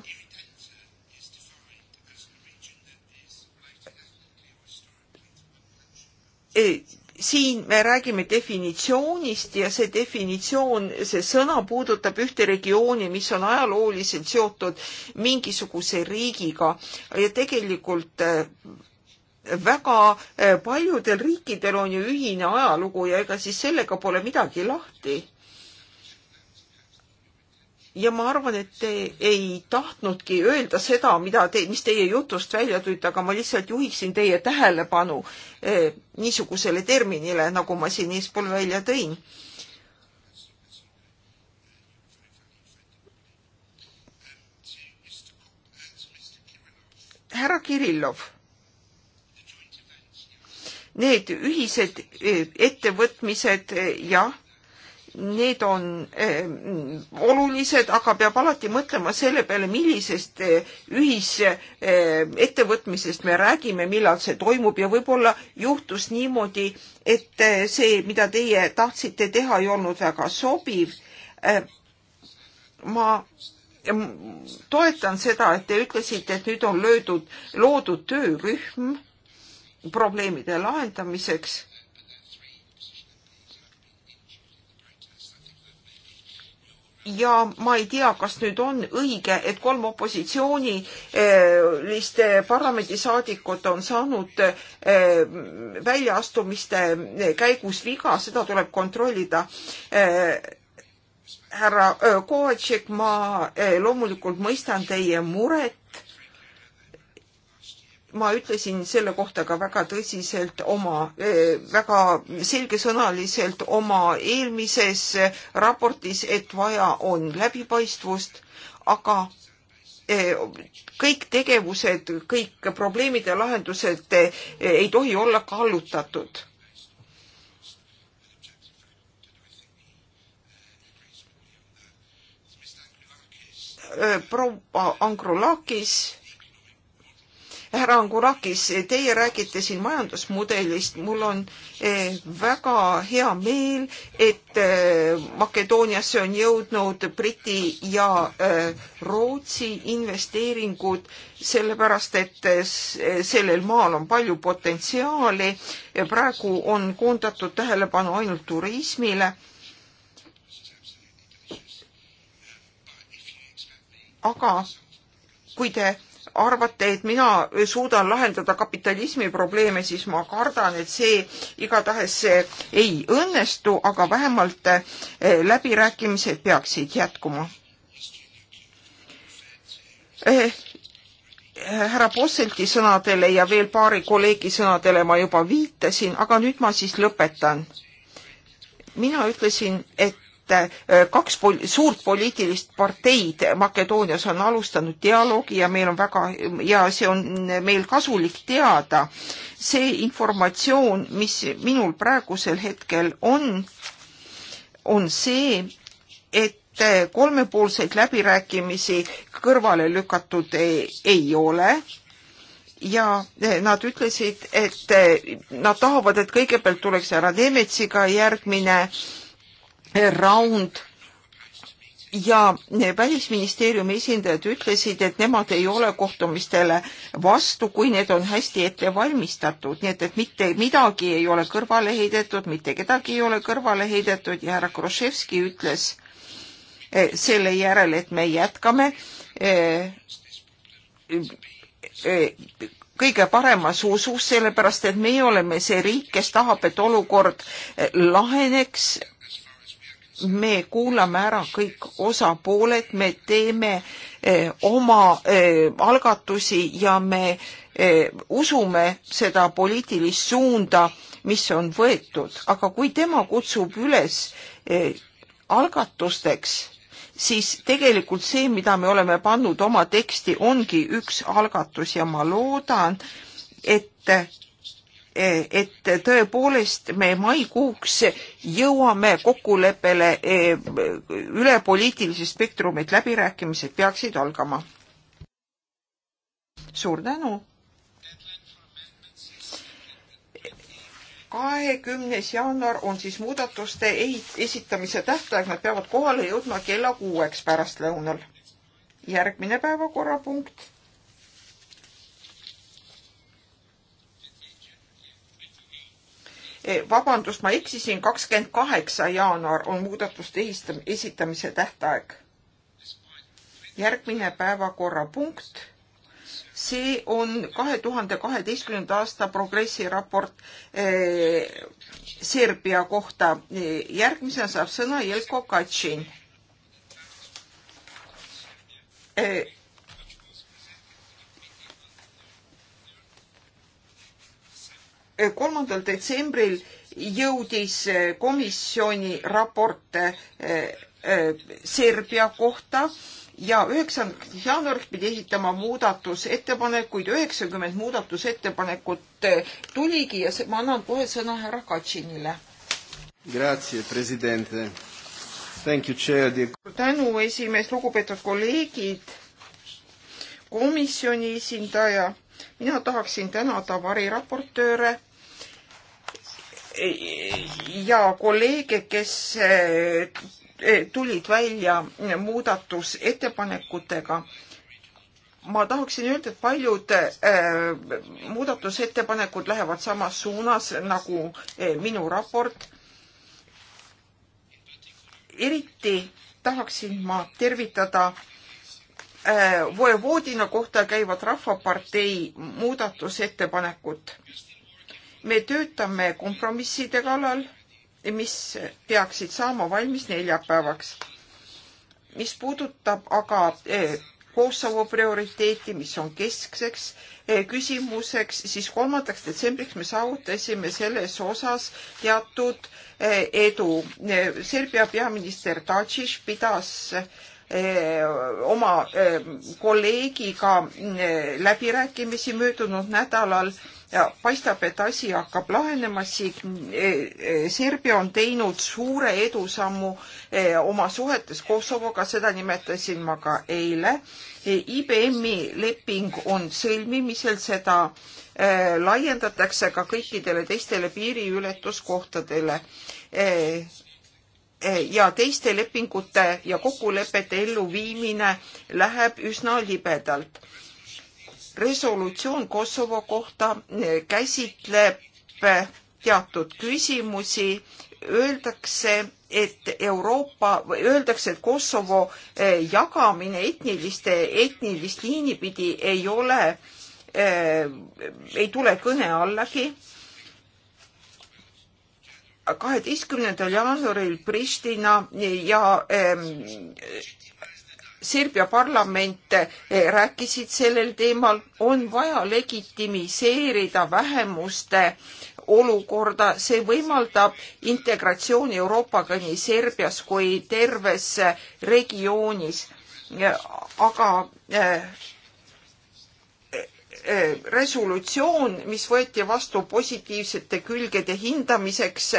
siin me räägime definitsioonist ja see definitsioon, see sõna puudutab ühte regiooni, mis on ajalooliselt seotud mingisuguse riigiga ja tegelikult äh, väga äh, paljudel riikidel on ju ühine ajalugu ja ega siis sellega pole midagi lahti ja ma arvan, et te ei tahtnudki öelda seda, mida te, mis teie jutust välja tulid, aga ma lihtsalt juhiksin teie tähelepanu eh, niisugusele terminile, nagu ma siin eespool välja tõin. härra Kirillov need ühised eh, ettevõtmised, eh, jah, need on eh, olulised, aga peab alati mõtlema selle peale, millisest eh, ühisettevõtmisest eh, me räägime, millal see toimub ja võib-olla juhtus niimoodi, et see, mida teie tahtsite teha, ei olnud väga sobiv. ma mm, toetan seda, et te ütlesite, et nüüd on löödud, loodud töörühm probleemide lahendamiseks ja ma ei tea, kas nüüd on õige, et kolm opositsioonilist parlamendisaadikut on saanud eh, väljaastumiste käigus viga, seda tuleb kontrollida eh, härra eh, Kovatšik, ma loomulikult mõistan teie muret ma ütlesin selle kohta ka väga tõsiselt oma, väga selgesõnaliselt oma eelmises raportis, et vaja on läbipaistvust, aga e, kõik tegevused, kõik probleemide lahendused e, ei tohi olla kallutatud e, proua Angrulakis härra Angurakis, teie räägite siin majandusmudelist, mul on eh, väga hea meel, et eh, Makedooniasse on jõudnud Briti ja eh, Rootsi investeeringud, sellepärast et sellel maal on palju potentsiaali. praegu on koondatud tähelepanu ainult turismile aga kui te arvate, et mina suudan lahendada kapitalismi probleeme, siis ma kardan, et see igatahes eh, ei õnnestu, aga vähemalt eh, läbirääkimised peaksid jätkuma. Eh, härra Posselti sõnadele ja veel paari kolleegi sõnadele ma juba viitasin, aga nüüd ma siis lõpetan. mina ütlesin, et et äh, kaks pol suurt poliitilist parteid Makedoonias on alustanud dialoogi ja meil on väga ja see on meil kasulik teada. see informatsioon, mis minul praegusel hetkel on, on see, et äh, kolmepoolseid läbirääkimisi kõrvale lükatud ei, äh, ei ole ja nad ütlesid, et nad tahavad, et kõigepealt tuleks härra Nemetsiga järgmine äh, raund ja välisministeeriumi esindajad ütlesid, et nemad ei ole kohtumistele vastu, kui need on hästi ette valmistatud, nii et, et mitte midagi ei ole kõrvale heidetud, mitte kedagi ei ole kõrvale heidetud ja härra Kroševski ütles eh, selle järel, et me jätkame eh, eh, kõige paremas usus, sellepärast et meie oleme see riik, kes tahab, et olukord laheneks me kuulame ära kõik osapooled, me teeme eh, oma eh, algatusi ja me eh, usume seda poliitilist suunda, mis on võetud, aga kui tema kutsub üles eh, algatusteks, siis tegelikult see, mida me oleme pannud oma teksti, ongi üks algatus ja ma loodan, et et tõepoolest me maikuuks jõuame kokkuleppele e, üle poliitilise spektrumi, et läbirääkimised peaksid algama. suur tänu. kahekümnes jaanuar on siis muudatuste esitamise tähtaeg, nad peavad kohale jõudma kella kuueks pärastlõunal. järgmine päevakorrapunkt Eh, vabandust, ma eksisin, kakskümmend kaheksa jaanuar on muudatuste esitamise tähtaeg. järgmine päevakorrapunkt, see on kahe tuhande kaheteistkümnenda aasta progressi raport eh, Serbia kohta. Eh, järgmisena saab sõna Jelko Katšin eh, kolmandal detsembril jõudis eh, komisjoni raport eh, eh, Serbia kohta ja üheksandaks jaanuariks pidi esitama muudatusettepanekuid, üheksakümmend muudatusettepanekut tuligi ja see, ma annan kohe sõna härra Katšinile. tänu, esimees, lugupeetud kolleegid, komisjoni esindaja, mina tahaksin tänada variraportööre ja kolleege, kes eh, tulid välja muudatusettepanekutega. ma tahaksin öelda, et paljud eh, muudatusettepanekud lähevad samas suunas nagu eh, minu raport. eriti tahaksin ma tervitada Voevoodina kohta käivat Rahvapartei muudatusettepanekut me töötame kompromisside kallal, mis peaksid saama valmis neljapäevaks. mis puudutab aga eh, Kosovo prioriteeti, mis on keskseks eh, küsimuseks, siis kolmandaks detsembriks me saavutasime selles osas teatud eh, edu. Serbia peaminister Tadžiš pidas oma kolleegiga läbirääkimisi möödunud nädalal ja paistab, et asi hakkab lahenema. E, e, Serbia on teinud suure edusammu e, oma suhetes Kosovoga, seda nimetasin ma ka eile. IBM-i leping on sõlmimisel, seda laiendatakse ka kõikidele teistele piiriületuskohtadele ja teiste lepingute ja kokkulepete elluviimine läheb üsna libedalt resolutsioon Kosovo kohta eh, käsitleb eh, teatud küsimusi, öeldakse, et Euroopa, öeldakse, et Kosovo eh, jagamine etniliste, etnilist liini pidi ei ole, ei tule kõne allagi. kaheteistkümnendal jaanuaril Pristina ja Serbia parlament eh, rääkisid sellel teemal, on vaja legitimiseerida vähemuste olukorda, see võimaldab integratsiooni Euroopaga nii Serbias kui terves eh, regioonis. aga eh, resolutsioon, mis võeti vastu positiivsete külgede hindamiseks,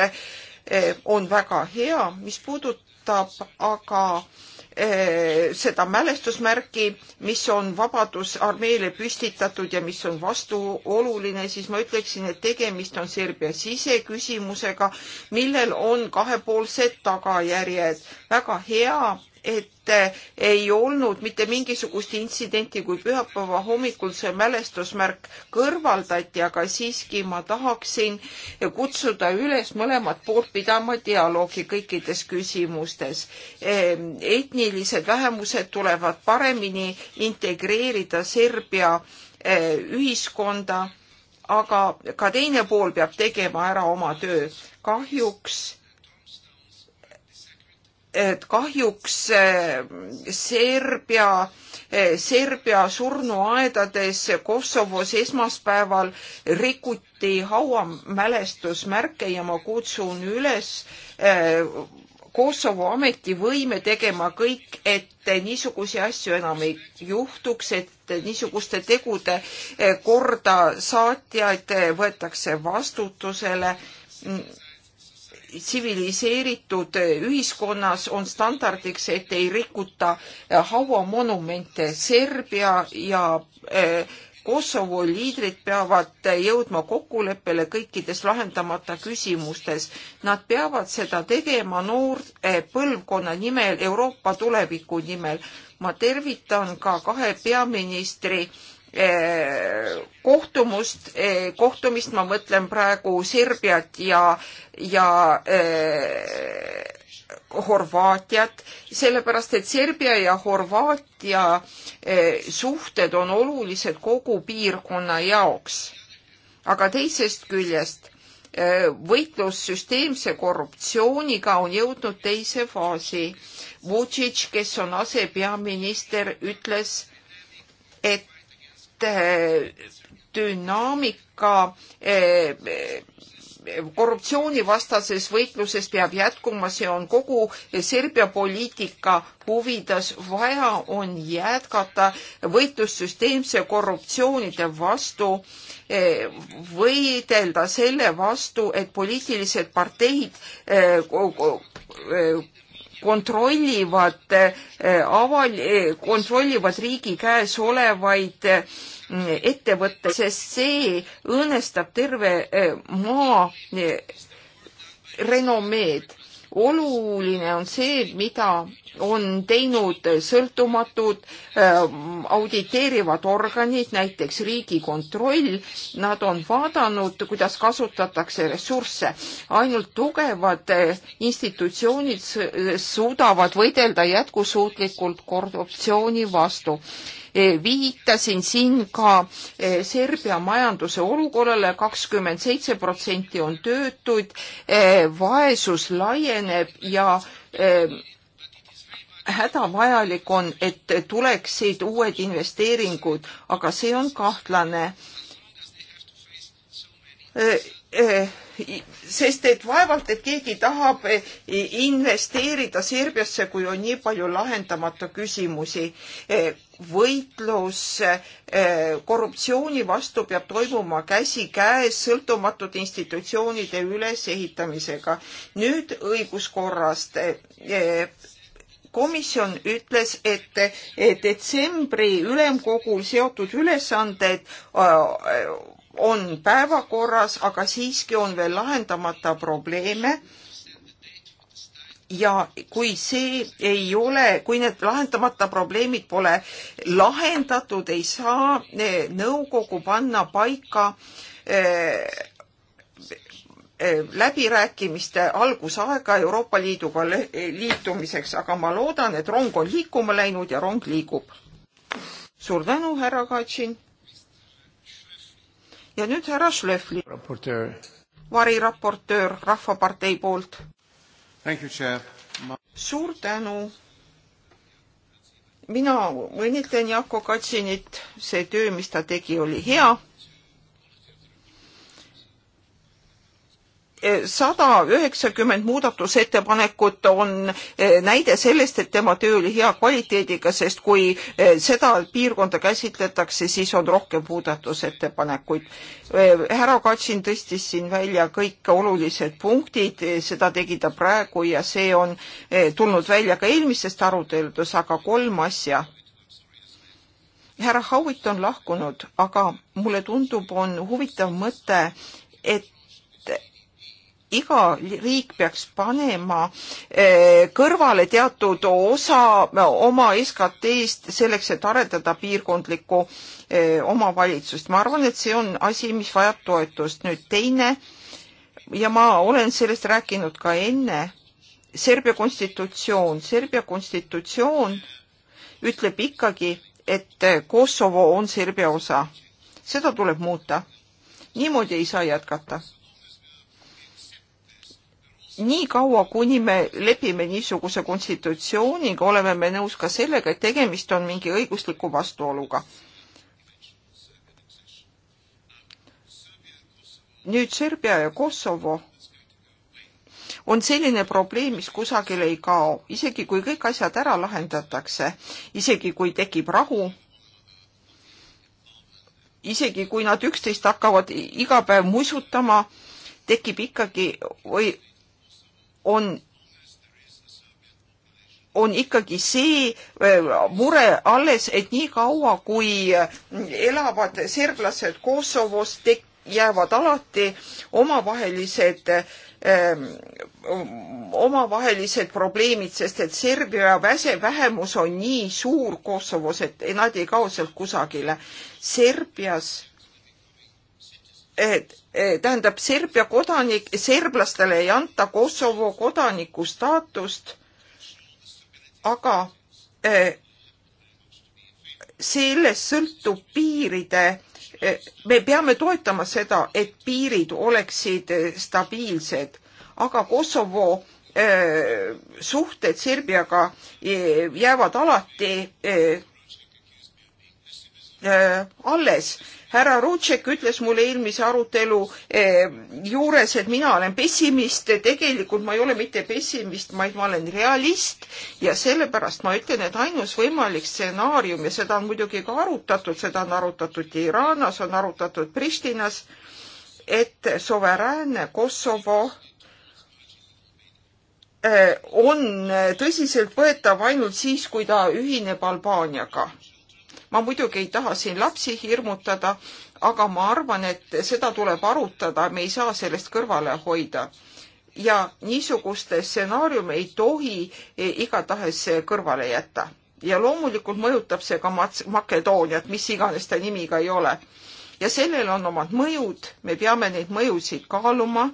on väga hea, mis puudutab aga äh, Eh, seda mälestusmärki, mis on Vabadusarmeele püstitatud ja mis on vastuoluline, siis ma ütleksin, et tegemist on Serbia siseküsimusega, millel on kahepoolsed tagajärjed. väga hea et äh, ei olnud mitte mingisugust intsidenti, kui pühapäeva hommikul see mälestusmärk kõrvaldati, aga siiski ma tahaksin kutsuda üles mõlemat poolt pidama dialoogi kõikides küsimustes. Ehm, etnilised vähemused tulevad paremini integreerida Serbia äh, ühiskonda, aga ka teine pool peab tegema ära oma töö. kahjuks et kahjuks eh, Serbia, eh, Serbia surnuaedades Kosovos esmaspäeval rikuti hauamälestusmärke ja ma kutsun üles eh, Kosovo ametivõime tegema kõik, et niisuguseid asju enam ei juhtuks, et niisuguste tegude korda saatjad võetakse vastutusele tsiviliseeritud ühiskonnas on standardiks, et ei rikuta eh, hauamonumente. Serbia ja eh, Kosovo liidrid peavad jõudma kokkuleppele kõikides lahendamata küsimustes. Nad peavad seda tegema noore eh, põlvkonna nimel, Euroopa tuleviku nimel. ma tervitan ka kahe peaministri Eh, kohtumust, eh, kohtumist, ma mõtlen praegu Serbiat ja, ja eh, Horvaatiat, sellepärast et Serbia ja Horvaatia eh, suhted on olulised kogu piirkonna jaoks. aga teisest küljest eh, võitlus süsteemse korruptsiooniga on jõudnud teise faasi. Vučić, kes on asepeaminister, ütles, et dünaamika eh, eh, korruptsioonivastases võitluses peab jätkuma, see on kogu Serbia poliitika huvides, vaja on jätkata võitlussüsteemse korruptsioonide vastu, eh, võidelda selle vastu, et poliitilised parteid kontrollivad eh, aval-, eh, kontrollivad riigi käes olevaid eh, ettevõtteid, sest see õõnestab terve maa renomeed oluline on see, mida on teinud sõltumatud ähm, auditeerivad organid, näiteks Riigikontroll. Nad on vaadanud, kuidas kasutatakse ressursse. ainult tugevad äh, institutsioonid suudavad võidelda jätkusuutlikult korruptsiooni vastu Eh, viitasin siin ka eh, Serbia majanduse olukorrale, kakskümmend seitse protsenti on töötuid, eh, vaesus laieneb ja hädavajalik on, et tuleksid uued investeeringud, aga see on kahtlane sest et vaevalt, et keegi tahab eh, investeerida Serbiasse, kui on nii palju lahendamata küsimusi. Eh, võitlus eh, korruptsiooni vastu peab toimuma käsikäes sõltumatute institutsioonide ülesehitamisega. nüüd õiguskorrast komisjon ütles, et detsembri ülemkogul seotud ülesanded on päevakorras, aga siiski on veel lahendamata probleeme. ja kui see ei ole, kui need lahendamata probleemid pole lahendatud, ei saa eh, nõukogu panna paika eh, eh, läbirääkimiste algusaega Euroopa Liiduga liitumiseks, aga ma loodan, et rong on liikuma läinud ja rong liigub. suur tänu, härra Katšin ja nüüd härra Šlefli, variraportöör Rahvapartei poolt. Ma... suur tänu. mina õnnitlen Jako Katsinit, see töö, mis ta tegi, oli hea sada üheksakümmend muudatusettepanekut on eh, näide sellest, et tema töö oli hea kvaliteediga, sest kui eh, seda piirkonda käsitletakse, siis on rohkem muudatusettepanekuid. Eh, härra Katsin tõstis siin välja kõik olulised punktid, seda tegi ta praegu ja see on tulnud välja ka eelmisest aruteludest, aga kolm asja härra Howitt on lahkunud, aga mulle tundub, on huvitav mõte, et iga riik peaks panema eh, kõrvale teatud osa eh, oma SKT-st selleks, et arendada piirkondlikku eh, omavalitsust. ma arvan, et see on asi, mis vajab toetust. nüüd teine ja ma olen sellest rääkinud ka enne, Serbia konstitutsioon, Serbia konstitutsioon ütleb ikkagi, et Kosovo on Serbia osa. seda tuleb muuta. niimoodi ei saa jätkata nii kaua, kuni me lepime niisuguse konstitutsiooniga, oleme me nõus ka sellega, et tegemist on mingi õigusliku vastuoluga. nüüd Serbia ja Kosovo on selline probleem, mis kusagile ei kao, isegi kui kõik asjad ära lahendatakse, isegi kui tekib rahu, isegi kui nad üksteist hakkavad iga päev musutama, tekib ikkagi või on on ikkagi see äh, mure alles, et nii kaua, kui elavad serblased Kosovos, jäävad alati omavahelised ähm, omavahelised probleemid, sest et Serbia väse, vähemus on nii suur Kosovos, et nad ei kao sealt kusagile. Serbias Eh, tähendab, Serbia kodanik, serblastele ei anta Kosovo kodaniku staatust, aga eh, sellest sõltub piiride, eh, me peame toetama seda, et piirid oleksid stabiilsed, aga Kosovo suhted Serbiaga jäävad alati alles härra Rutšek ütles mulle eelmise arutelu eh, juures, et mina olen pessimist, tegelikult ma ei ole mitte pessimist, vaid ma olen realist ja sellepärast ma ütlen, et ainus võimalik stsenaarium ja seda on muidugi ka arutatud, seda on arutatud Iraanas, on arutatud Pristinas, et suveräänne Kosovo eh, on tõsiseltvõetav ainult siis, kui ta ühineb Albaaniaga ma muidugi ei taha siin lapsi hirmutada, aga ma arvan, et seda tuleb arutada, me ei saa sellest kõrvale hoida. ja niisuguste stsenaariume ei tohi e, igatahes kõrvale jätta. ja loomulikult mõjutab see ka Makedooniat, mis iganes ta nimi ka ei ole ja sellel on omad mõjud, me peame neid mõjusid kaaluma,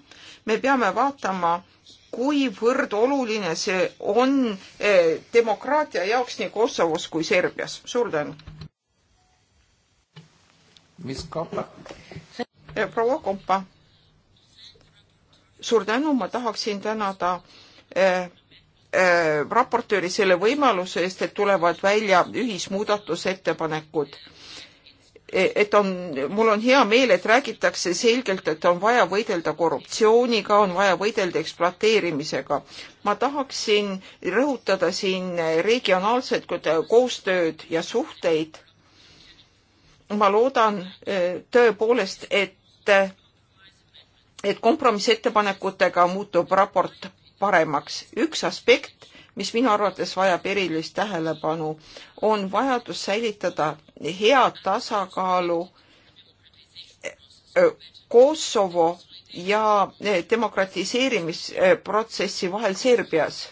me peame vaatama, kuivõrd oluline see on e, demokraatia jaoks nii Kosovos kui Serbias. suur tänu! mis Kopa? proua Kopa. suur tänu, ma tahaksin tänada äh, äh, raportööri selle võimaluse eest, et tulevad välja ühismuudatusettepanekud eh, et on, mul on hea meel, et räägitakse selgelt, et on vaja võidelda korruptsiooniga, on vaja võidelda ekspluateerimisega. ma tahaksin rõhutada siin regionaalset koostööd ja suhteid ma loodan eh, tõepoolest, et, eh, et kompromissettepanekutega muutub raport paremaks. üks aspekt, mis minu arvates vajab erilist tähelepanu, on vajadus säilitada head tasakaalu eh, Kosovo ja demokratiseerimisprotsessi vahel Serbias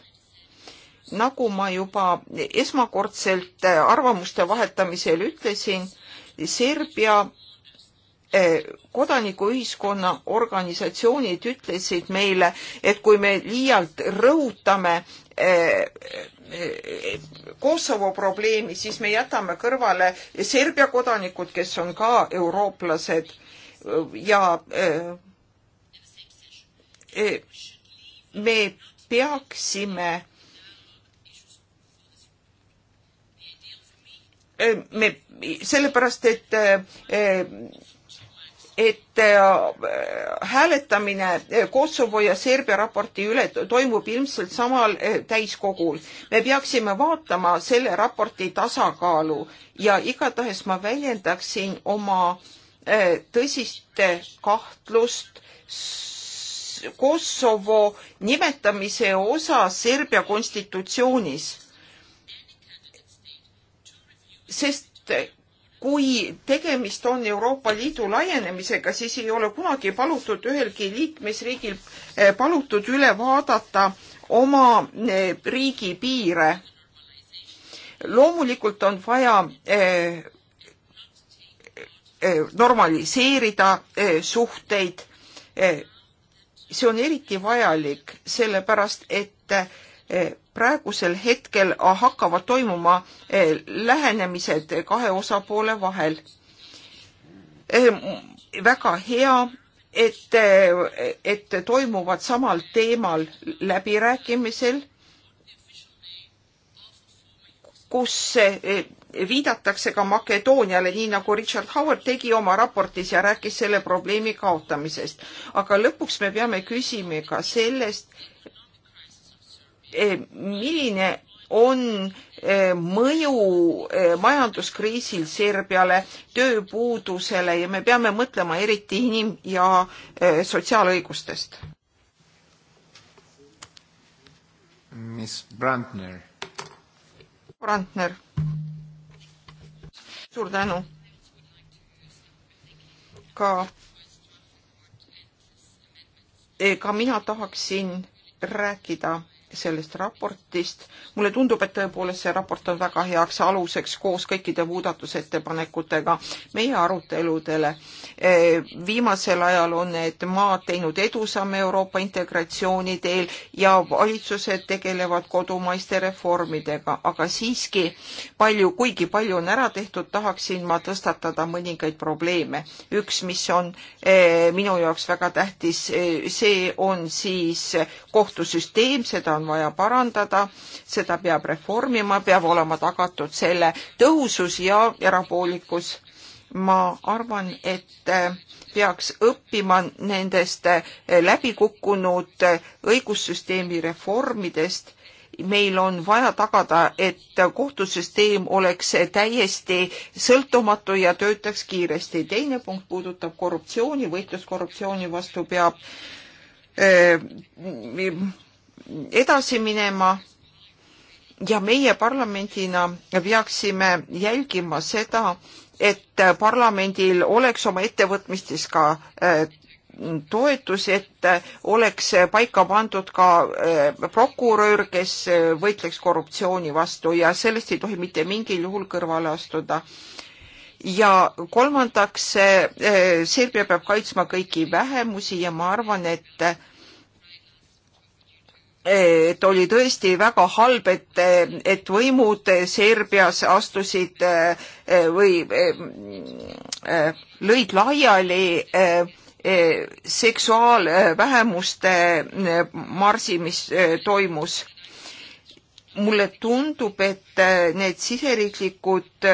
nagu ma juba esmakordselt arvamuste vahetamisel ütlesin, Serbia eh, kodanikuühiskonna organisatsioonid ütlesid meile, et kui me liialt rõhutame eh, eh, Kosovo probleemi, siis me jätame kõrvale Serbia kodanikud, kes on ka eurooplased ja me peaksime me, sellepärast et, et hääletamine Kosovo ja Serbia raporti üle toimub ilmselt samal täiskogul. me peaksime vaatama selle raporti tasakaalu ja igatahes ma väljendaksin oma tõsist kahtlust Kosovo nimetamise osa Serbia konstitutsioonis sest kui tegemist on Euroopa Liidu laienemisega, siis ei ole kunagi palutud ühelgi liikmesriigil eh, palutud üle vaadata oma eh, riigi piire. loomulikult on vaja eh, normaliseerida suhteid. see on eriti vajalik, sellepärast et praegusel hetkel hakkavad toimuma eh, lähenemised kahe osapoole vahel. Eh, väga hea, et, eh, et toimuvad samal teemal läbirääkimisel, kus viidatakse ka Makedooniale, nii nagu Richard Howard tegi oma raportis ja rääkis selle probleemi kaotamisest. aga lõpuks me peame küsima ka sellest, Eh, milline on eh, mõju eh, majanduskriisil Serbiale, tööpuudusele ja me peame mõtlema eriti inim- ja sotsiaalõigustest. Miss Brandner. Brandner. suur tänu. ka, ka mina tahaksin rääkida sellest raportist. mulle tundub, et tõepoolest see raport on väga heaks aluseks koos kõikide muudatusettepanekutega meie aruteludele. E, viimasel ajal on need maad teinud edusamme Euroopa integratsiooni teel ja valitsused tegelevad kodumaiste reformidega, aga siiski palju, kuigi palju on ära tehtud, tahaksin ma tõstatada mõningaid probleeme. üks, mis on e, minu jaoks väga tähtis, e, see on siis kohtusüsteem, seda on on vaja parandada, seda peab reformima, peab olema tagatud selle tõhusus ja erapoolikus. ma arvan, et äh, peaks õppima nendest äh, läbikukkunud äh, õigussüsteemi reformidest meil on vaja tagada, et kohtusüsteem oleks täiesti sõltumatu ja töötaks kiiresti. teine punkt puudutab korruptsiooni, võitlus korruptsiooni vastu peab edasi minema ja meie parlamendina peaksime jälgima seda, et parlamendil oleks oma ettevõtmistes ka äh, toetus, et äh, oleks paika pandud ka äh, prokurör, kes võitleks korruptsiooni vastu ja sellest ei tohi mitte mingil juhul kõrvale astuda. ja kolmandaks, Serbia peab kaitsma kõiki vähemusi ja ma arvan, et et oli tõesti väga halb, et, et võimud Serbias astusid eh, või eh, eh, lõid laiali seksuaalvähemuste marsi, mis toimus. mulle tundub, et need siseriiklikud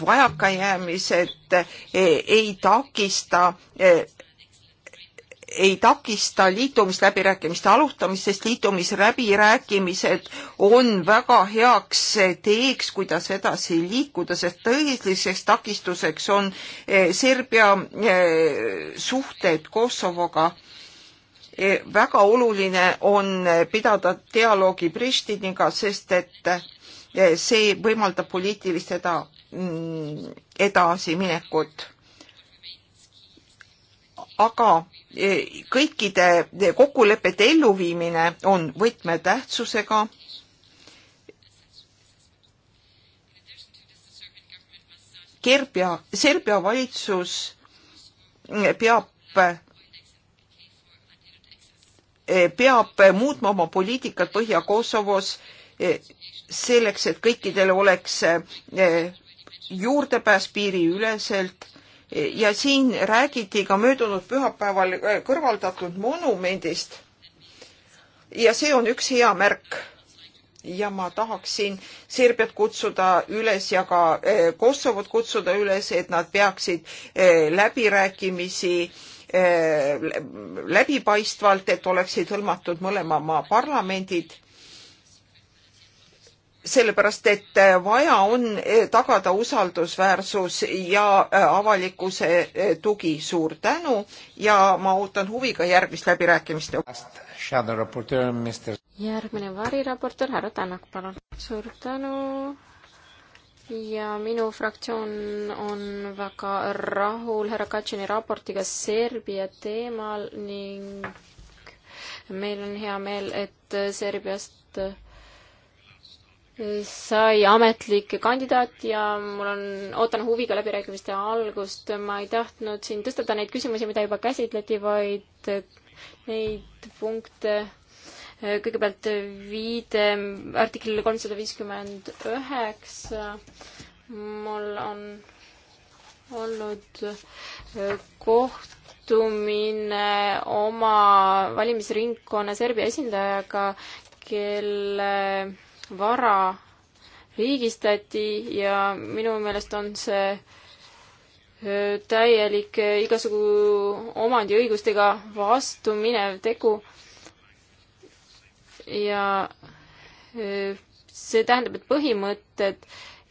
vajakajäämised ei takista ei takista liitumisläbirääkimiste alustamist, sest liitumisläbirääkimised on väga heaks teeks, kuidas edasi liikuda, sest tõeliseks takistuseks on eh, Serbia eh, suhted Kosovoga eh, väga oluline on pidada dialoogi Pristiniga, sest et see võimaldab poliitilist eda, mm, edasiminekut aga e, kõikide kokkulepete elluviimine on võtmetähtsusega. Kerbia, Serbia valitsus peab, e, peab muutma oma poliitikat Põhja-Kosovos e, selleks, et kõikidel oleks juurdepääs piiriüleselt ja siin räägiti ka möödunud pühapäeval äh, kõrvaldatud monumendist. ja see on üks hea märk. ja ma tahaksin Serbiat kutsuda üles ja ka äh, Kosovot kutsuda üles, et nad peaksid äh, läbirääkimisi läbipaistvalt, et oleksid hõlmatud mõlema maa parlamendid sellepärast, et vaja on eh, tagada usaldusväärsus ja eh, avalikkuse eh, tugi. suur tänu ja ma ootan huviga järgmist läbirääkimist. järgmine variraportöör, härra Tänak, palun. suur tänu ja minu fraktsioon on väga rahul härra Katšini raportiga Serbia teemal ning meil on hea meel, et Serbiast sai ametlik kandidaat ja mul on, ootan huviga läbirääkimiste algust. ma ei tahtnud siin tõstata neid küsimusi, mida juba käsitleti, vaid neid punkte. kõigepealt viide artiklile kolmsada viiskümmend üheksa. mul on olnud äh, kohtumine oma valimisringkonna Serbia esindajaga, kelle vara riigistati ja minu meelest on see täielik igasugu omandiõigustega vastuminev tegu. ja see tähendab, et põhimõtted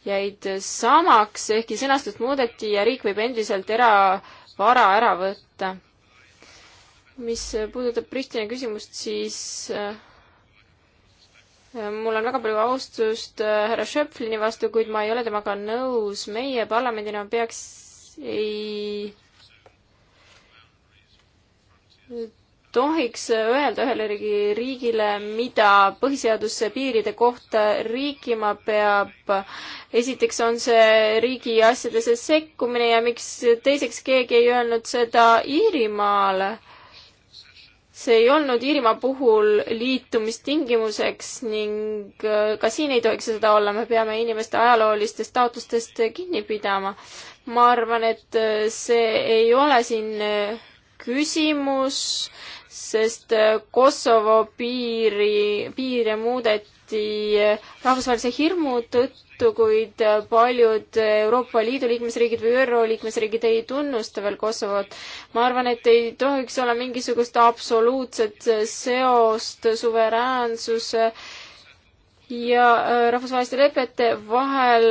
jäid samaks, ehkki sõnastust muudeti ja riik võib endiselt eravara ära võtta. mis puudutab Pristina küsimust, siis mul on väga palju austust äh, härra Schöpflini vastu, kuid ma ei ole temaga nõus. meie parlamendina peaks, ei tohiks öelda ühele riigi, riigile, mida põhiseaduse piiride kohta riikima peab. esiteks on see riigi asjadesse sekkumine ja miks teiseks keegi ei öelnud seda Iirimaale see ei olnud Iirimaa puhul liitumistingimuseks ning äh, ka siin ei tohiks seda olla, me peame inimeste ajaloolistest taotlustest kinni pidama. ma arvan, et äh, see ei ole siin äh, küsimus, sest Kosovo piiri, piire muudeti rahvusvahelise hirmu tõttu Liitu, kuid paljud Euroopa Liidu liikmesriigid või ÜRO liikmesriigid ei tunnusta veel Kosovot. ma arvan, et ei tohiks olla mingisugust absoluutset seost suveräänsuse ja äh, rahvusvaheliste lepete vahel,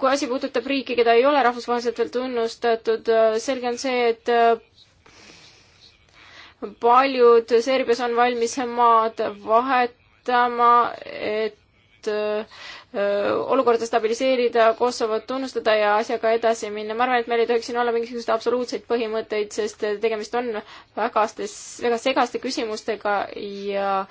kui asi puudutab riiki, keda ei ole rahvusvaheliselt veel tunnustatud, äh, selge on see, et äh, paljud Serbias on valmis maad vahetama, et olukorda stabiliseerida, Kosovot tunnustada ja asjaga edasi minna. ma arvan, et meil ei tohiks siin olla mingisuguseid absoluutseid põhimõtteid, sest äh, tegemist on vägastes, väga segaste küsimustega ja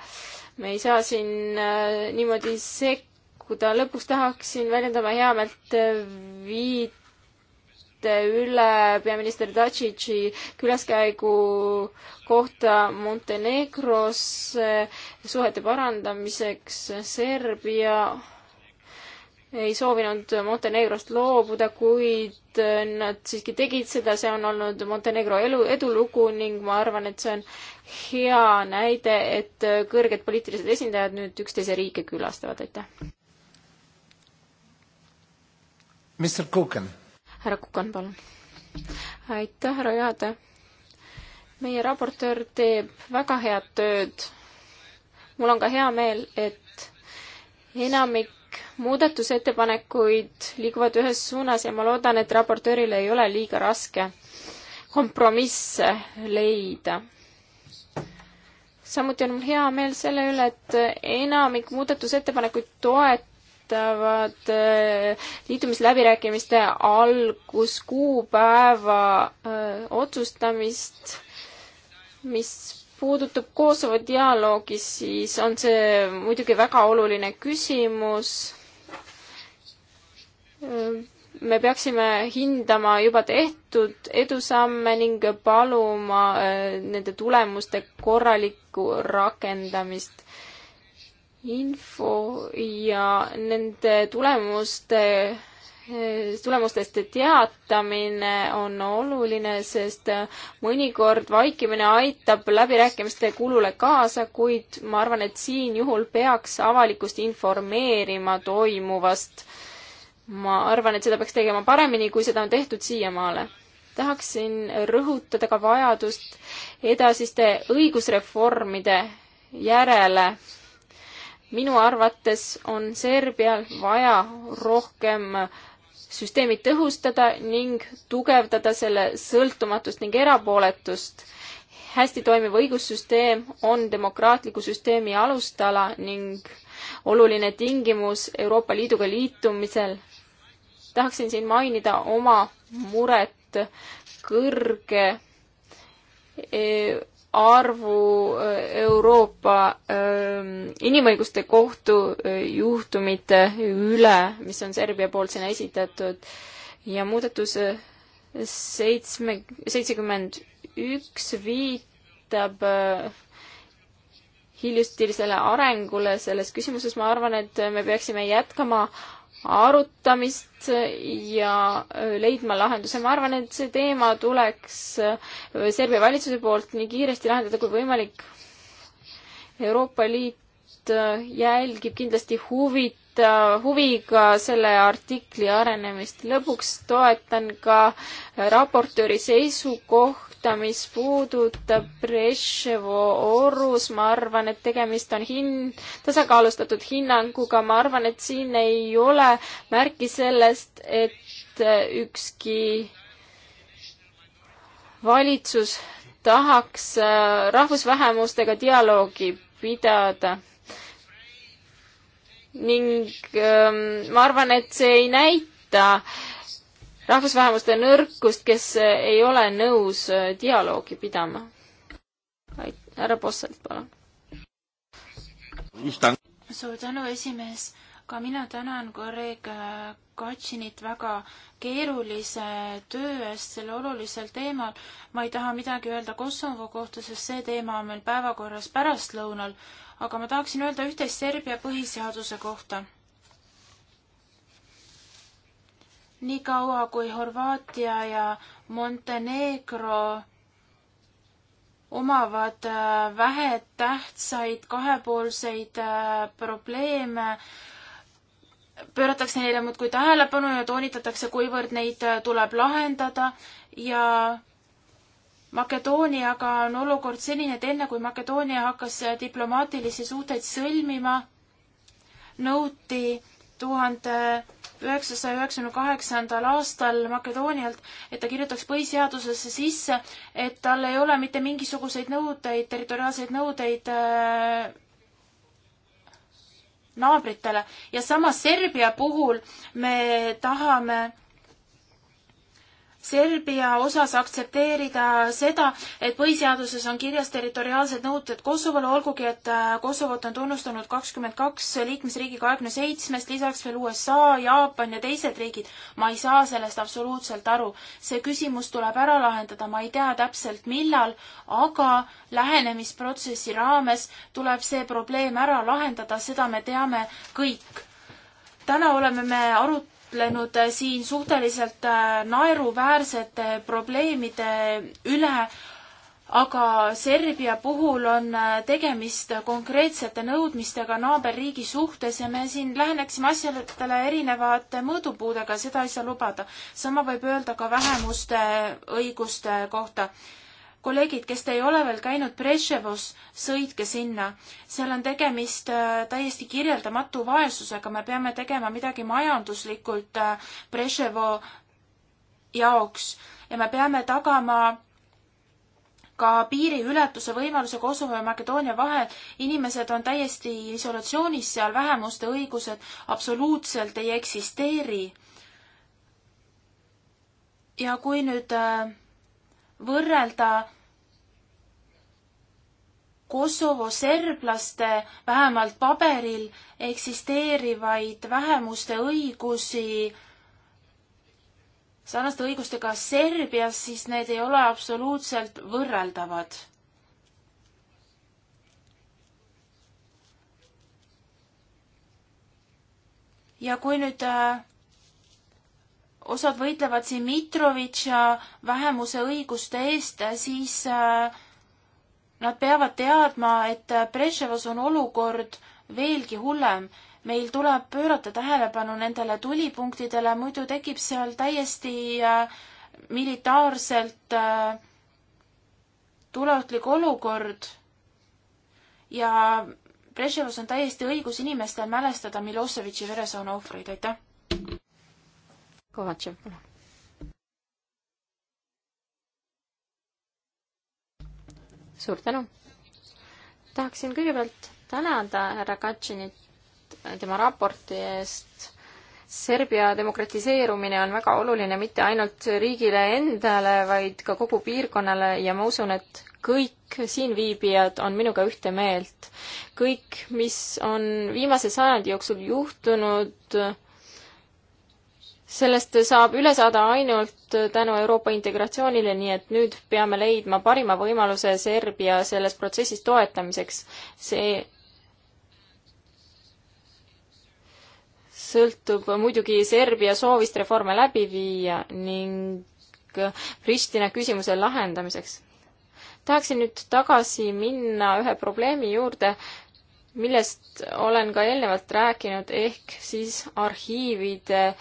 me ei saa siin äh, niimoodi sekkuda. lõpuks tahaksin väljendama heameelt äh, viite üle peaminister Tadžitši külaskäigu kohta Montenegros suhete parandamiseks Serbia ei soovinud Montenegrost loobuda, kuid äh, nad siiski tegid seda, see on olnud Montenegro elu, edulugu ning ma arvan, et see on hea näide, et äh, kõrged poliitilised esindajad nüüd üksteise riike külastavad, aitäh. Mr Kukan. härra Kukan, palun. aitäh, härra juhataja. meie raportöör teeb väga head tööd. mul on ka hea meel, et enamik muudatusettepanekuid liiguvad ühes suunas ja ma loodan, et raportööril ei ole liiga raske kompromisse leida. samuti on mul hea meel selle üle, et enamik muudatusettepanekuid toetavad äh, liitumisläbirääkimiste alguskuupäeva äh, otsustamist, mis puudutab Kosovo dialoogi, siis on see muidugi väga oluline küsimus. me peaksime hindama juba tehtud edusamme ning paluma äh, nende tulemuste korralikku rakendamist. info ja nende tulemuste tulemustest teatamine on oluline, sest mõnikord vaikimine aitab läbirääkimiste kulule kaasa, kuid ma arvan, et siin juhul peaks avalikkust informeerima toimuvast. ma arvan, et seda peaks tegema paremini, kui seda on tehtud siiamaale. tahaksin rõhutada ka vajadust edasiste õigusreformide järele minu arvates on Serbial vaja rohkem äh, süsteemi tõhustada ning tugevdada selle sõltumatust ning erapooletust. hästi toimiv õigussüsteem on demokraatliku süsteemi alustala ning oluline tingimus Euroopa Liiduga liitumisel. tahaksin siin mainida oma muret kõrge eh, arvu äh, Euroopa ähm, Inimõiguste Kohtu äh, juhtumite üle, mis on Serbia poolt sinna esitatud ja muudatus äh, seitsme, seitsekümmend üks viitab hiljustilisele arengule selles küsimuses, ma arvan, et me peaksime jätkama arutamist ja leidma lahenduse. ma arvan, et see teema tuleks Serbia valitsuse poolt nii kiiresti lahendada kui võimalik. Euroopa Liit jälgib kindlasti huvid, huviga selle artikli arenemist. lõpuks toetan ka raportööri seisukohta, kohta, mis puudutab Brežnevo orus, ma arvan, et tegemist on hin-, tasakaalustatud hinnanguga, ma arvan, et siin ei ole märki sellest, et ükski valitsus tahaks äh, rahvusvähemustega dialoogi pidada ning ähm, ma arvan, et see ei näita rahvusvähemuste nõrkust, kes ei ole nõus äh, dialoogi pidama. härra Posselt, palun. suur tänu, esimees. ka mina tänan kolleeg äh, Katšinit väga keerulise töö eest sel olulisel teemal. ma ei taha midagi öelda Kosovo kohta, sest see teema on meil päevakorras pärastlõunal, aga ma tahaksin öelda üht-teist Serbia põhiseaduse kohta niikaua kui Horvaatia ja Montenegro omavad äh, vähetähtsaid kahepoolseid äh, probleeme, pööratakse neile muudkui tähelepanu ja toonitatakse, kuivõrd neid äh, tuleb lahendada ja Makedooniaga on olukord selline, et enne kui Makedoonia hakkas diplomaatilisi suhteid sõlmima, nõuti tuhande 000 üheksasaja üheksakümne kaheksandal aastal Makedoonialt, et ta kirjutaks põhiseadusesse sisse, et tal ei ole mitte mingisuguseid nõudeid, territoriaalseid nõudeid äh, naabritele ja samas Serbia puhul me tahame Serbia osas aktsepteerida seda, et põhiseaduses on kirjas territoriaalsed nõuded Kosovole, olgugi et äh, Kosovot on tunnustanud kakskümmend kaks liikmesriigi kahekümne seitsmest, lisaks veel USA, Jaapan ja teised riigid. ma ei saa sellest absoluutselt aru. see küsimus tuleb ära lahendada, ma ei tea täpselt, millal, aga lähenemisprotsessi raames tuleb see probleem ära lahendada, seda me teame kõik täna oleme me arut-, arutlenud äh, siin suhteliselt äh, naeruväärsete probleemide üle, aga Serbia puhul on äh, tegemist konkreetsete nõudmistega naaberriigi suhtes ja me siin läheneksime asjadele erinevate mõõdupuudega, seda ei saa lubada. sama võib öelda ka vähemuste õiguste kohta kolleegid, kes te ei ole veel käinud Brežnevos, sõitke sinna. seal on tegemist äh, täiesti kirjeldamatu vaesusega, me peame tegema midagi majanduslikult Brežnevo äh, jaoks ja me peame tagama ka piiriületuse võimaluse Kosovo ja Makedoonia vahel. inimesed on täiesti isolatsioonis seal, vähemuste õigused absoluutselt ei eksisteeri. ja kui nüüd äh, võrrelda Kosovo serblaste vähemalt paberil eksisteerivaid vähemuste õigusi sarnaste õigustega Serbias, siis need ei ole absoluutselt võrreldavad. ja kui nüüd äh, osad võitlevad siin Mitrovitša vähemuse õiguste eest, siis äh, nad peavad teadma, et Brežnevas on olukord veelgi hullem. meil tuleb pöörata tähelepanu nendele tulipunktidele, muidu tekib seal täiesti äh, militaarselt äh, tuleohtlik olukord ja Brežnevas on täiesti õigus inimestel mälestada Miloševitši veresauna ohvreid, aitäh! Kovatšev, palun. suur tänu. tahaksin kõigepealt tänada härra Katšinit tema raporti eest. Serbia demokratiseerumine on väga oluline mitte ainult riigile endale, vaid ka kogu piirkonnale ja ma usun, et kõik siinviibijad on minuga ühte meelt. kõik, mis on viimase sajandi jooksul juhtunud, sellest saab üle saada ainult tänu Euroopa integratsioonile, nii et nüüd peame leidma parima võimaluse Serbia selles protsessis toetamiseks. see sõltub muidugi Serbia soovist reforme läbi viia ning Pristina küsimuse lahendamiseks. tahaksin nüüd tagasi minna ühe probleemi juurde, millest olen ka eelnevalt rääkinud, ehk siis arhiivide äh,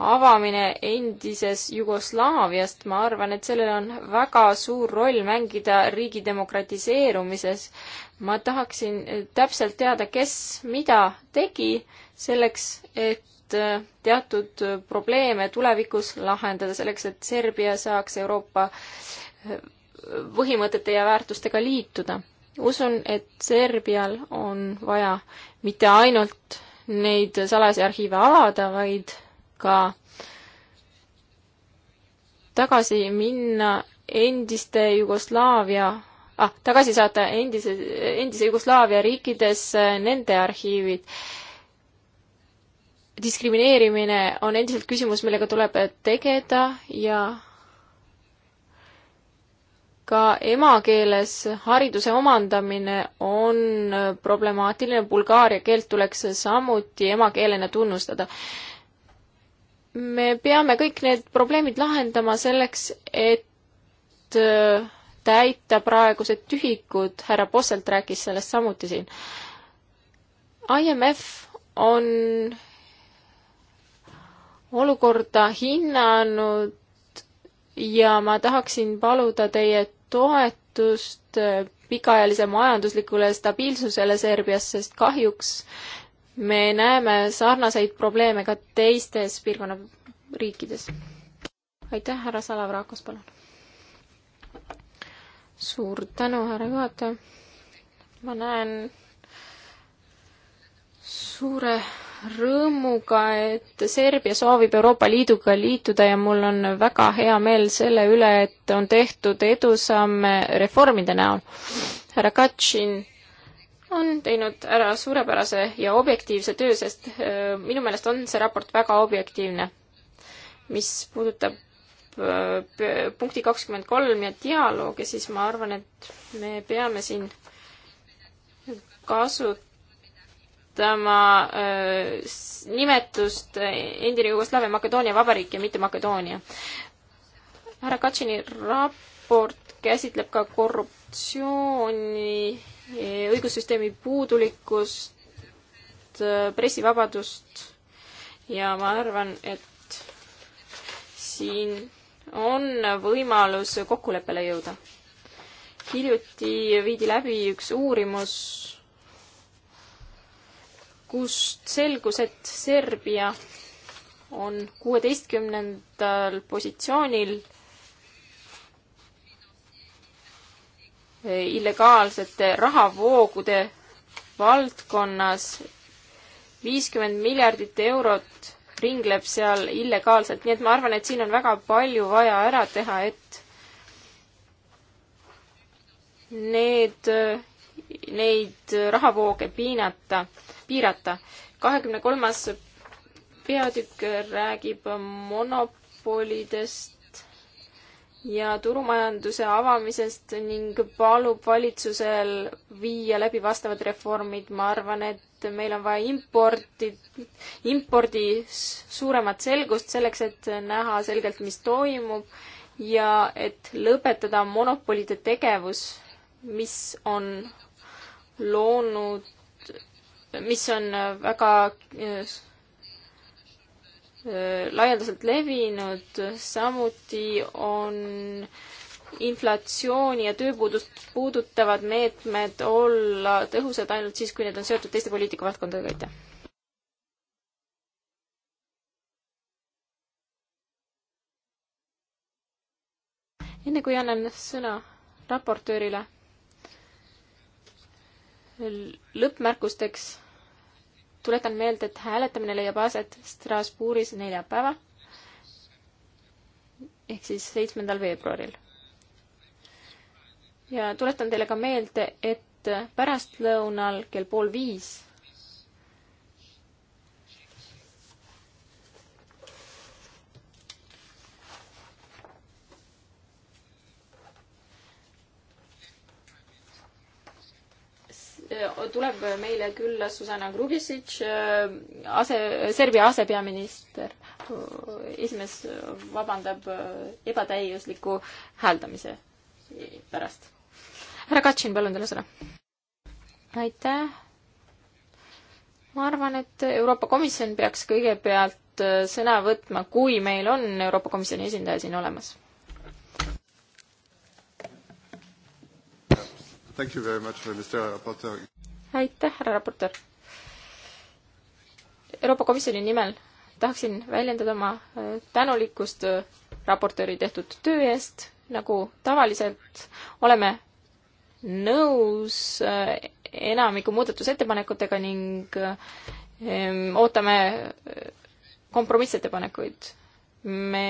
avamine endises Jugoslaaviast, ma arvan, et sellel on väga suur roll mängida riigi demokratiseerumises. ma tahaksin eh, täpselt teada, kes mida tegi selleks, et eh, teatud eh, probleeme tulevikus lahendada, selleks et Serbia saaks Euroopa põhimõtete ja väärtustega liituda. usun, et Serbial on vaja mitte ainult neid salajasi arhiive avada, vaid ka tagasi minna endiste Jugoslaavia ah, tagasi saata endise, endise Jugoslaavia riikidesse nende arhiivid. diskrimineerimine on endiselt küsimus, millega tuleb tegeda ja ka emakeeles hariduse omandamine on problemaatiline, bulgaaria keelt tuleks samuti emakeelena tunnustada me peame kõik need probleemid lahendama selleks, et äh, täita praegused tühikud, härra Posselt rääkis sellest samuti siin. IMF on olukorda hinnanud ja ma tahaksin paluda teie toetust äh, pikaajalise majanduslikule stabiilsusele Serbias, sest kahjuks me näeme sarnaseid probleeme ka teistes piirkonna riikides. aitäh, härra Salavrakos, palun. suur tänu, härra juhataja. ma näen suure rõõmuga, et Serbia soovib Euroopa Liiduga liituda ja mul on väga hea meel selle üle, et on tehtud edusamme reformide näol. härra Katšin on teinud ära suurepärase ja objektiivse töö, sest äh, minu meelest on see raport väga objektiivne. mis puudutab äh, punkti kakskümmend kolm ja dialoogi, siis ma arvan, et me peame siin kasutama äh, nimetust endine Jugoslaavia Makedoonia Vabariik ja mitte Makedoonia. härra Katšini raport käsitleb ka korruptsiooni Eh, õigussüsteemi puudulikkust, eh, pressivabadust ja ma arvan, et siin on võimalus kokkuleppele jõuda. hiljuti viidi läbi üks uurimus, kust selgus, et Serbia on kuueteistkümnendal positsioonil illegaalsete rahavoogude valdkonnas. viiskümmend miljardit eurot ringleb seal illegaalselt, nii et ma arvan, et siin on väga palju vaja ära teha, et need, neid rahavooge piinata, piirata. kahekümne kolmas peatükk räägib monopolidest ja turumajanduse avamisest ning palub valitsusel viia läbi vastavad reformid. ma arvan, et meil on vaja importi, impordi suuremat selgust selleks, et näha selgelt, mis toimub ja et lõpetada monopolide tegevus, mis on loonud, mis on väga Äh, laialdaselt levinud, samuti on inflatsiooni ja tööpuudust puudutavad meetmed olla tõhusad ainult siis, kui need on seotud teiste poliitikavaldkondadega, aitäh! enne kui annan sõna raportöörile lõppmärkusteks tuletan meelde, et hääletamine leiab aset Strasbourgis neljapäeva ehk siis seitsmendal veebruaril. ja tuletan teile ka meelde, et pärastlõunal kell pool viis Äh, tuleb meile külla Susanna Grubisic, äh, ase, Serbia asepeaminister. esimees vabandab äh, ebatäiusliku hääldamise pärast. härra Katšin, palun teile sõna. aitäh. ma arvan, et Euroopa Komisjon peaks kõigepealt sõna võtma, kui meil on Euroopa Komisjoni esindaja siin olemas Thank you very much, Mr Raportöör. aitäh, härra raportöör. Euroopa Komisjoni nimel tahaksin väljendada oma äh, tänulikkust äh, raportööri tehtud töö eest, nagu tavaliselt oleme nõus äh, enamiku muudatusettepanekutega ning ootame kompromissettepanekuid. me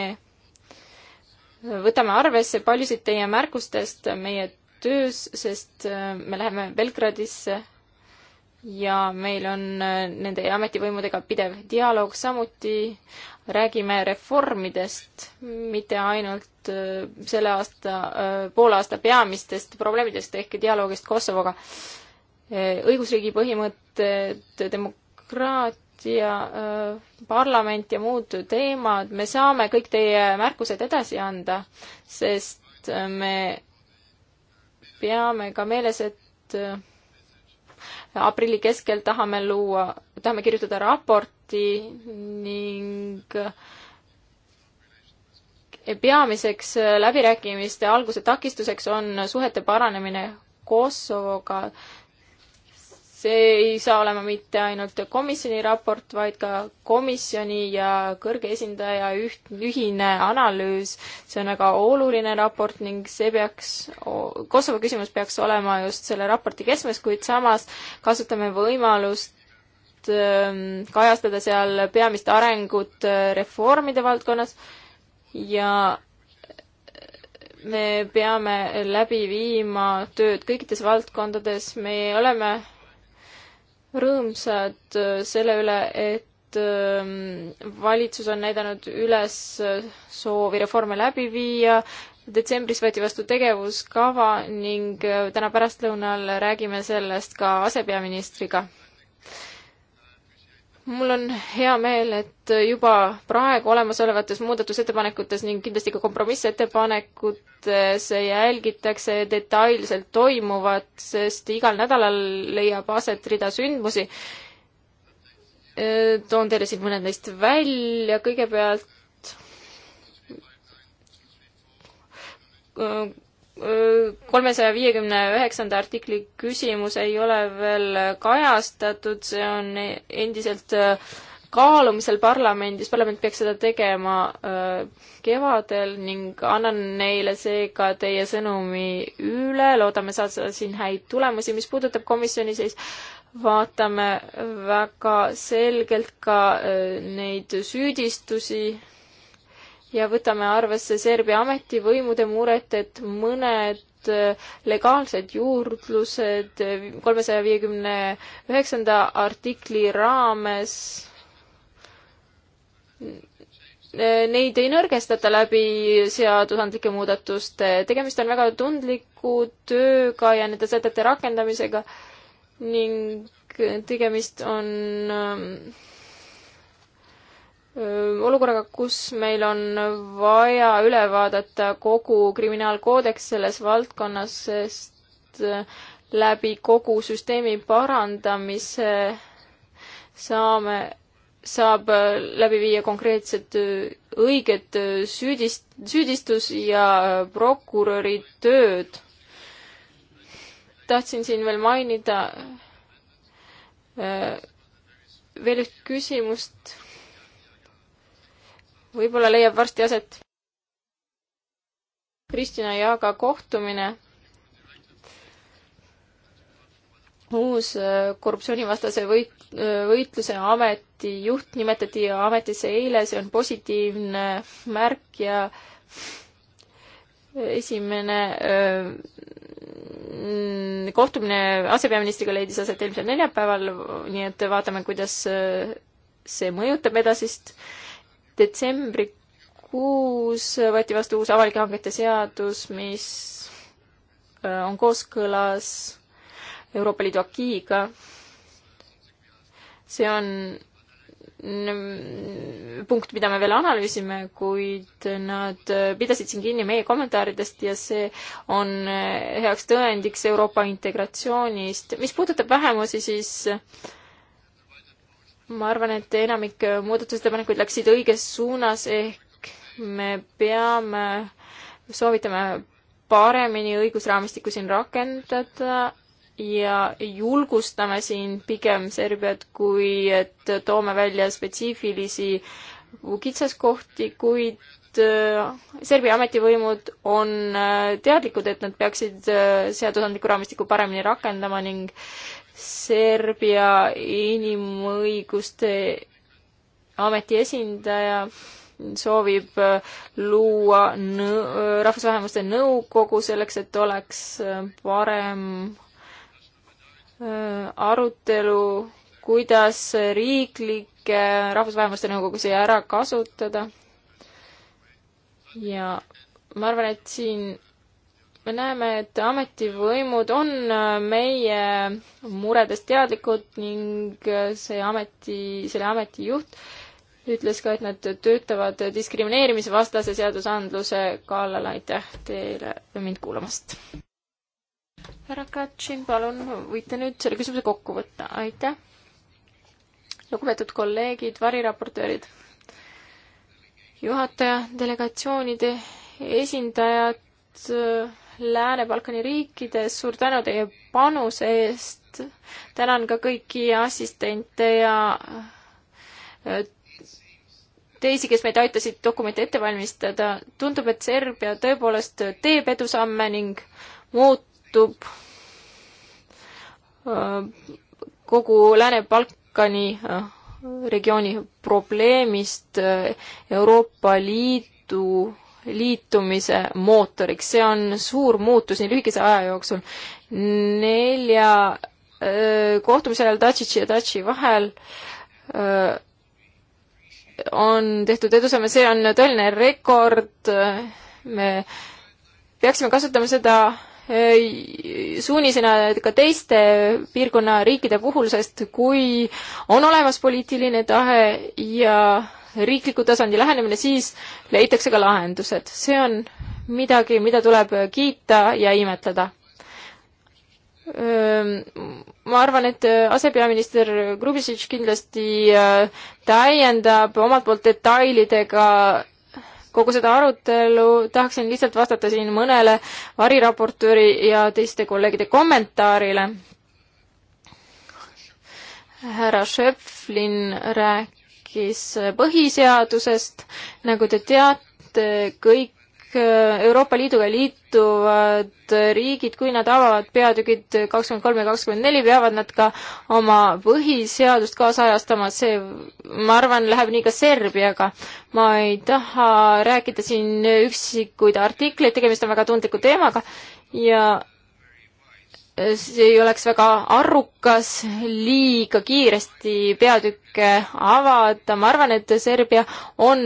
võtame arvesse paljusid teie märkustest meie töös, sest äh, me läheme Belgradisse ja meil on äh, nende ametivõimudega pidev dialoog, samuti räägime reformidest, mitte ainult äh, selle aasta, poole aasta peamistest probleemidest ehk dialoogist Kosovoga. õigusriigi põhimõtted, demokraatia, parlament ja muud teemad, me saame kõik teie märkused edasi anda, sest me peame ka meeles, et äh, aprilli keskel tahame luua, tahame kirjutada raporti ning äh, peamiseks äh, läbirääkimiste alguse takistuseks on suhete paranemine Kosovoga see ei saa olema mitte ainult komisjoni raport, vaid ka komisjoni ja kõrge esindaja üht, ühine analüüs. see on väga oluline raport ning see peaks, Kosovo küsimus peaks olema just selle raporti keskmes, kuid samas kasutame võimalust ähm, kajastada seal peamist arengut äh, reformide valdkonnas ja äh, me peame läbi viima tööd kõikides valdkondades, me oleme rõõmsad äh, selle üle, et ähm, valitsus on näidanud üles äh, soovi reforme läbi viia, detsembris võeti vastu tegevuskava ning äh, täna pärastlõunal räägime sellest ka asepeaministriga mul on hea meel, et juba praegu olemasolevates muudatusettepanekutes ning kindlasti ka kompromissettepanekutes jälgitakse detailselt toimuvat, sest igal nädalal leiab aset rida sündmusi. toon teile siin mõned neist välja, kõigepealt kolmesaja viiekümne üheksanda artikli küsimus ei ole veel kajastatud, see on endiselt äh, kaalumisel parlamendis, parlament peaks seda tegema äh, kevadel ning annan neile seega teie sõnumi üle, loodame saada siin häid tulemusi, mis puudutab komisjoni, siis vaatame väga selgelt ka äh, neid süüdistusi, ja võtame arvesse Serbia ametivõimude muret, et mõned äh, legaalsed juurdlused äh, kolmesaja viiekümne üheksanda artikli raames äh, neid ei nõrgestata läbi seadusandlike muudatuste. tegemist on väga tundliku tööga ja nende sätete rakendamisega ning tegemist on ähm, olukorraga, kus meil on vaja üle vaadata kogu kriminaalkoodeks selles valdkonnas, sest läbi kogu süsteemi parandamise saame, saab läbi viia konkreetsed õiged süüdist-, süüdistus ja prokuröri tööd. tahtsin siin veel mainida veel üht küsimust võib-olla leiab varsti aset Kristina Jaaga kohtumine. uus äh, korruptsioonivastase võit, äh, võitluse ameti juht nimetati ametisse eile, see on positiivne märk ja esimene öö, äh, kohtumine asepeaministriga leidis aset eelmisel neljapäeval, nii et vaatame, kuidas see mõjutab edasist äh, detsembrikuus võeti vastu uus avalike hangete seadus, mis äh, on kooskõlas Euroopa Liidu akiiga. see on punkt, mida me veel analüüsime, kuid nad äh, pidasid siin kinni meie kommentaaridest ja see on äh, heaks tõendiks Euroopa integratsioonist. mis puudutab vähemusi, siis ma arvan, et enamik muudatusettepanekuid läksid õiges suunas, ehk me peame, soovitame paremini õigusraamistikku siin rakendada ja julgustame siin pigem Serbiat, kui et toome välja spetsiifilisi kitsaskohti, kuid äh, Serbia ametivõimud on äh, teadlikud, et nad peaksid äh, seadusandliku raamistiku paremini rakendama ning Serbia inimõiguste ameti esindaja soovib äh, luua nõ-, äh, rahvusvähemuste nõukogu selleks, et oleks äh, parem arutelu, kuidas riiklikke rahvusvähemuste nõukogusid ära kasutada. ja ma arvan, et siin me näeme, et ametivõimud on äh, meie muredest teadlikud ning äh, see ameti, selle ameti juht ütles ka, et nad töötavad diskrimineerimise vastase seadusandluse kallal. aitäh teile mind kuulamast! härra Katšin, palun, võite nüüd selle küsimuse kokku võtta, aitäh! lugupeetud kolleegid, variraportöörid, juhataja, delegatsioonide esindajad, Lääne-Balkani riikides. suur tänu teie panuse eest. tänan ka kõiki assistente ja äh, teisi, kes meid aitasid dokumente ette valmistada. tundub, et Serbia tõepoolest teeb edusamme ning muutub äh, kogu Lääne-Balkani äh, regiooni probleemist Euroopa Liidu liitumise mootoriks, see on suur muutus nii lühikese aja jooksul. nelja kohtumise ajal Tadžitši ja Tadži vahel öö, on tehtud edusamme, see on tõeline rekord, me peaksime kasutama seda suunisena ka teiste piirkonna riikide puhul, sest kui on olemas poliitiline tahe ja riikliku tasandi lähenemine, siis leitakse ka lahendused. see on midagi, mida tuleb kiita ja imetleda. Ma arvan, et asepeaminister Grubisic kindlasti täiendab omalt poolt detailidega kogu seda arutelu, tahaksin lihtsalt vastata siin mõnele variraportööri ja teiste kolleegide kommentaarile. härra Šeflin rääkis rääkis põhiseadusest, nagu te teate, kõik äh, Euroopa Liiduga liituvad riigid, kui nad avavad peatükid kakskümmend kolm ja kakskümmend neli, peavad nad ka oma põhiseadust kaasajastama, see, ma arvan, läheb nii ka Serbiaga. ma ei taha rääkida siin üksikuid artikleid, tegemist on väga tundliku teemaga ja see ei oleks väga arrukas liiga kiiresti peatükke avada, ma arvan, et Serbia on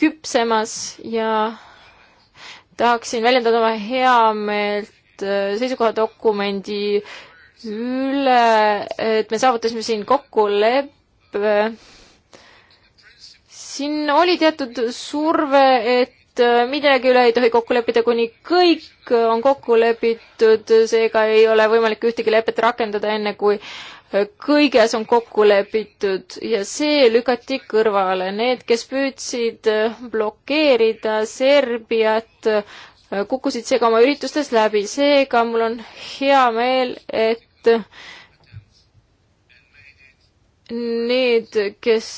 küpsemas ja tahaksin väljendada oma heameelt äh, seisukohadokumendi üle, et me saavutasime siin kokkuleppe. siin oli teatud surve, et et äh, midagi üle ei tohi kokku leppida, kuni kõik on kokku lepitud, seega ei ole võimalik ühtegi lepet rakendada, enne kui äh, kõiges on kokku lepitud ja see lükati kõrvale. Need, kes püüdsid äh, blokeerida Serbiat, kukkusid seega oma üritustes läbi, seega mul on hea meel, et need, kes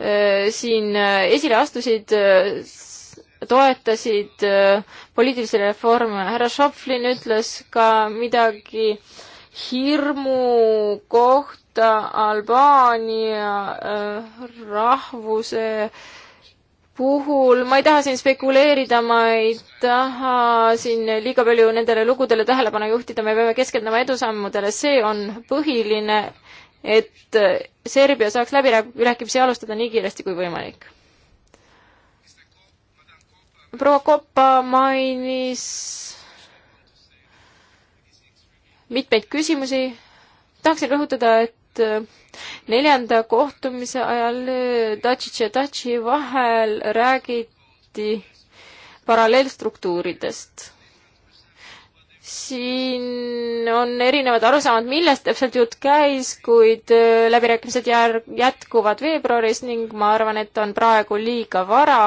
Äh, siin äh, esile astusid, äh, toetasid poliitilisi reforme. härra Šoflin ütles ka midagi hirmu kohta Albaania rahvuse puhul, ma ei taha siin spekuleerida, ma ei taha siin liiga palju nendele lugudele tähelepanu juhtida, me peame keskenduma edusammudele, see on põhiline et äh, Serbia saaks läbirääkimisi alustada nii kiiresti kui võimalik. proua Koppa mainis mitmeid küsimusi. tahaksin rõhutada, et äh, neljanda kohtumise ajal Tadžitš äh, ja Tadži vahel räägiti paralleelstruktuuridest siin on erinevad arusaamad, millest täpselt jutt käis, kuid äh, läbirääkimised jär-, jätkuvad veebruaris ning ma arvan, et on praegu liiga vara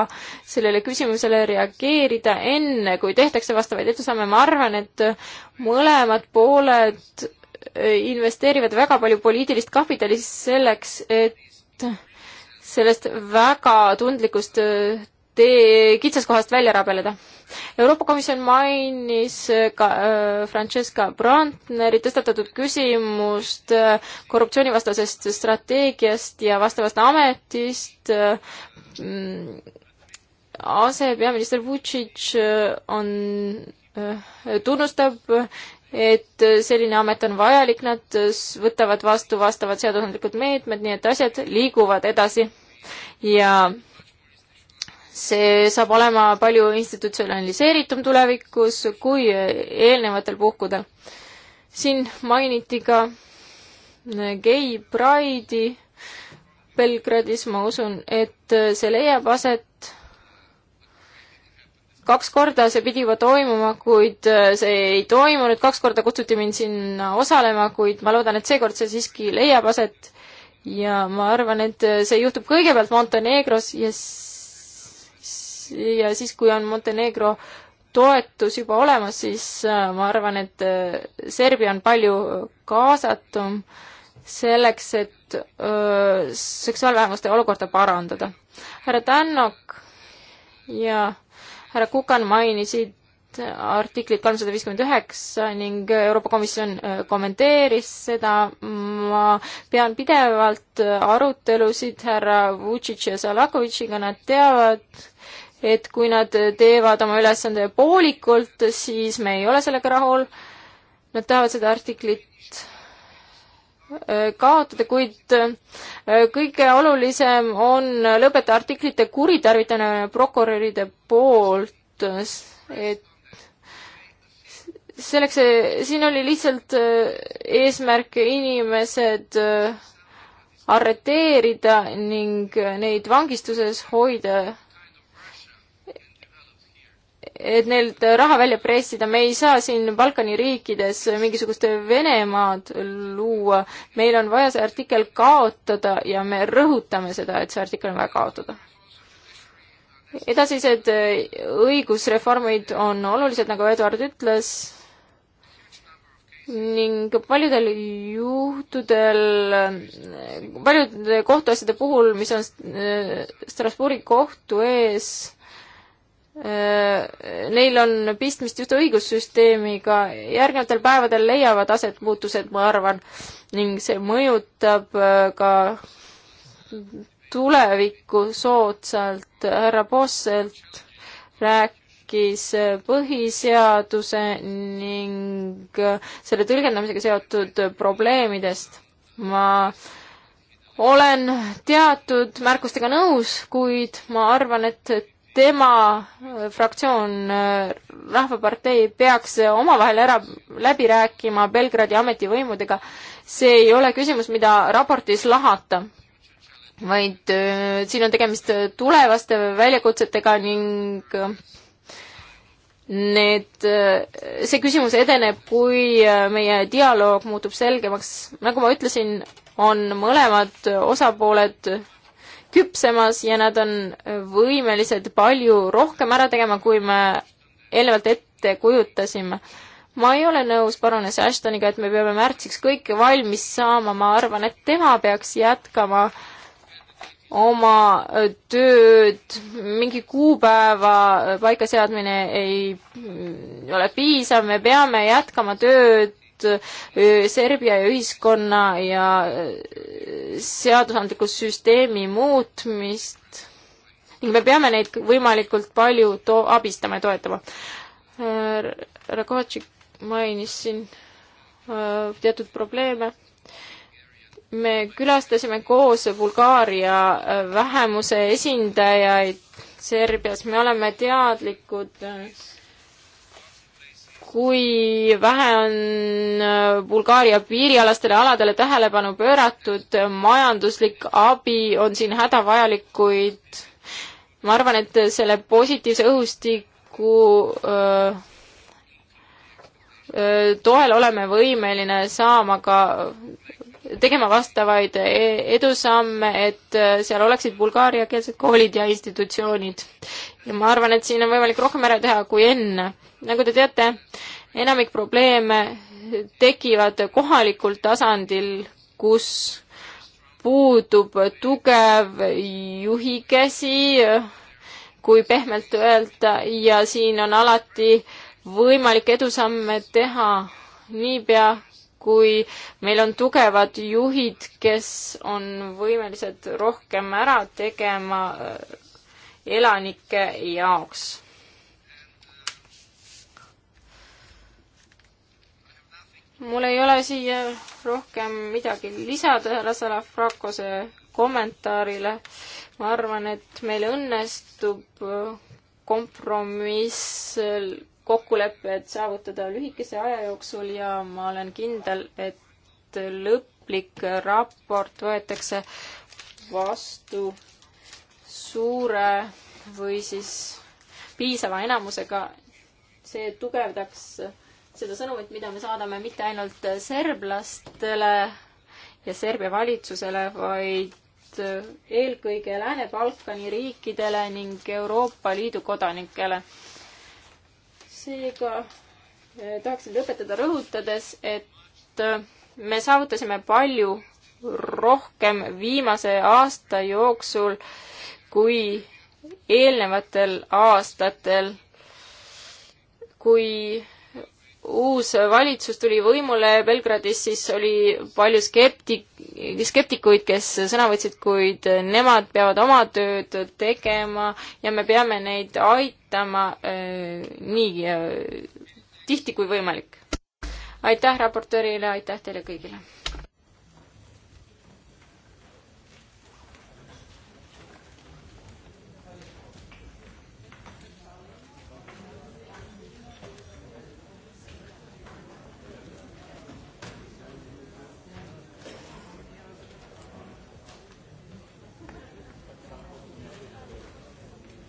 sellele küsimusele reageerida, enne kui tehtakse vastavaid edusamme. ma arvan, et mõlemad pooled äh, investeerivad väga palju poliitilist kapitali selleks, et sellest väga tundlikust äh, tee kitsaskohast välja rabeleda. Euroopa Komisjon mainis ka äh, Francesca Brandneri tõstatatud küsimust äh, korruptsioonivastasest strateegiast ja vastavast ametist äh,. Mm, asepeaminister Vutšitš äh, on äh,, tunnustab et selline amet on vajalik, nad võtavad vastu vastavad seadusandlikud meetmed, nii et asjad liiguvad edasi ja see saab olema palju institutsionaliseeritum tulevikus kui eelnevatel puhkudel. siin mainiti ka gei pride'i Belgradis, ma usun, et see leiab aset kaks korda see pidiva toimuma, kuid see ei toimunud, kaks korda kutsuti mind sinna osalema, kuid ma loodan, et seekord see siiski leiab aset ja ma arvan, et see juhtub kõigepealt Montenegros ja yes ja siis, kui on Montenegro toetus juba olemas, siis äh, ma arvan, et äh, Serbia on palju kaasatum selleks, et öö, äh, seksuaalvähemuste olukorda parandada. härra Tännok ja härra Kukan mainisid artiklit kolmsada viiskümmend üheksa ning Euroopa Komisjon kommenteeris seda. ma pean pidevalt arutelusid härra Vutšitši ja Salakovitšiga, nad teavad, et kui nad teevad oma ülesande poolikult, siis me ei ole sellega rahul. Nad tahavad seda artiklit äh, kaotada, kuid äh, kõige olulisem on lõpetada artiklite kuritarvitamine prokuröride poolt, et selleks, siin oli lihtsalt äh, eesmärk inimesed arreteerida ning neid vangistuses hoida et neilt raha välja pressida, me ei saa siin Balkani riikides mingisugust Venemaad luua, meil on vaja see artikkel kaotada ja me rõhutame seda, et see artikkel on vaja kaotada. edasised õigusreformid on olulised, nagu Eduard ütles, ning paljudel juhtudel, paljude kohtuasjade puhul, mis on äh, Strasbourgi kohtu ees, Äh, neil on pistmist just õigussüsteemiga, järgnevatel päevadel leiavad aset muutused, ma arvan, ning see mõjutab äh, ka tulevikku soodsalt. härra Posselt rääkis äh, põhiseaduse ning selle tõlgendamisega seotud probleemidest. ma olen teatud märkustega nõus, kuid ma arvan, et tema äh, fraktsioon, äh, Rahvapartei, peaks äh, omavahel ära läbi rääkima Belgradi ametivõimudega. see ei ole küsimus, mida raportis lahata, vaid siin on tegemist tulevaste väljakutsetega ning need, see küsimus edeneb, kui meie dialoog muutub selgemaks. nagu ma ütlesin, on mõlemad osapooled küpsemas ja nad on võimelised palju rohkem ära tegema, kui me eelnevalt ette kujutasime. ma ei ole nõus paronesse Ashtoniga, et me peame märtsiks kõik valmis saama, ma arvan, et tema peaks jätkama oma tööd, mingi kuupäeva paikaseadmine ei ole piisav, me peame jätkama tööd Serbia ühiskonna ja seadusandliku süsteemi muutmist ning me peame neid võimalikult palju to-, abistama ja toetama. härra Kovatšik mainis siin teatud probleeme. me külastasime koos Bulgaaria vähemuse esindajaid Serbias, me oleme teadlikud kui vähe on äh, Bulgaaria piirialastele aladele tähelepanu pööratud, majanduslik abi on siin hädavajalik, kuid ma arvan, et selle positiivse õhustiku öö, äh, öö, äh, toel oleme võimeline saama ka, tegema vastavaid e-, edusamme, et seal oleksid bulgaariakeelsed koolid ja institutsioonid. ja ma arvan, et siin on võimalik rohkem ära teha kui enne nagu te teate, enamik probleeme tekivad kohalikul tasandil, kus puudub tugev juhikäsi, kui pehmelt öelda, ja siin on alati võimalik edusamme teha niipea, kui meil on tugevad juhid, kes on võimelised rohkem ära tegema äh, elanike jaoks. mul ei ole siia rohkem midagi lisada härra Salafrakose kommentaarile. ma arvan, et meil õnnestub äh, kompromiss, äh, kokkulepped saavutada lühikese aja jooksul ja ma olen kindel, et lõplik raport võetakse vastu suure või siis piisava enamusega. see tugevdaks seda sõnumit, mida me saadame mitte ainult serblastele ja Serbia valitsusele, vaid eelkõige Lääne-Balkani riikidele ning Euroopa Liidu kodanikele. seega eh, tahaksin lõpetada rõhutades, et eh, me saavutasime palju rohkem viimase aasta jooksul kui eelnevatel aastatel, kui uus valitsus tuli võimule Belgradis, siis oli palju skeptik-, skeptikuid, kes sõna võtsid, kuid nemad peavad oma tööd tegema ja me peame neid aitama äh, nii äh, tihti kui võimalik. aitäh raportöörile, aitäh teile kõigile!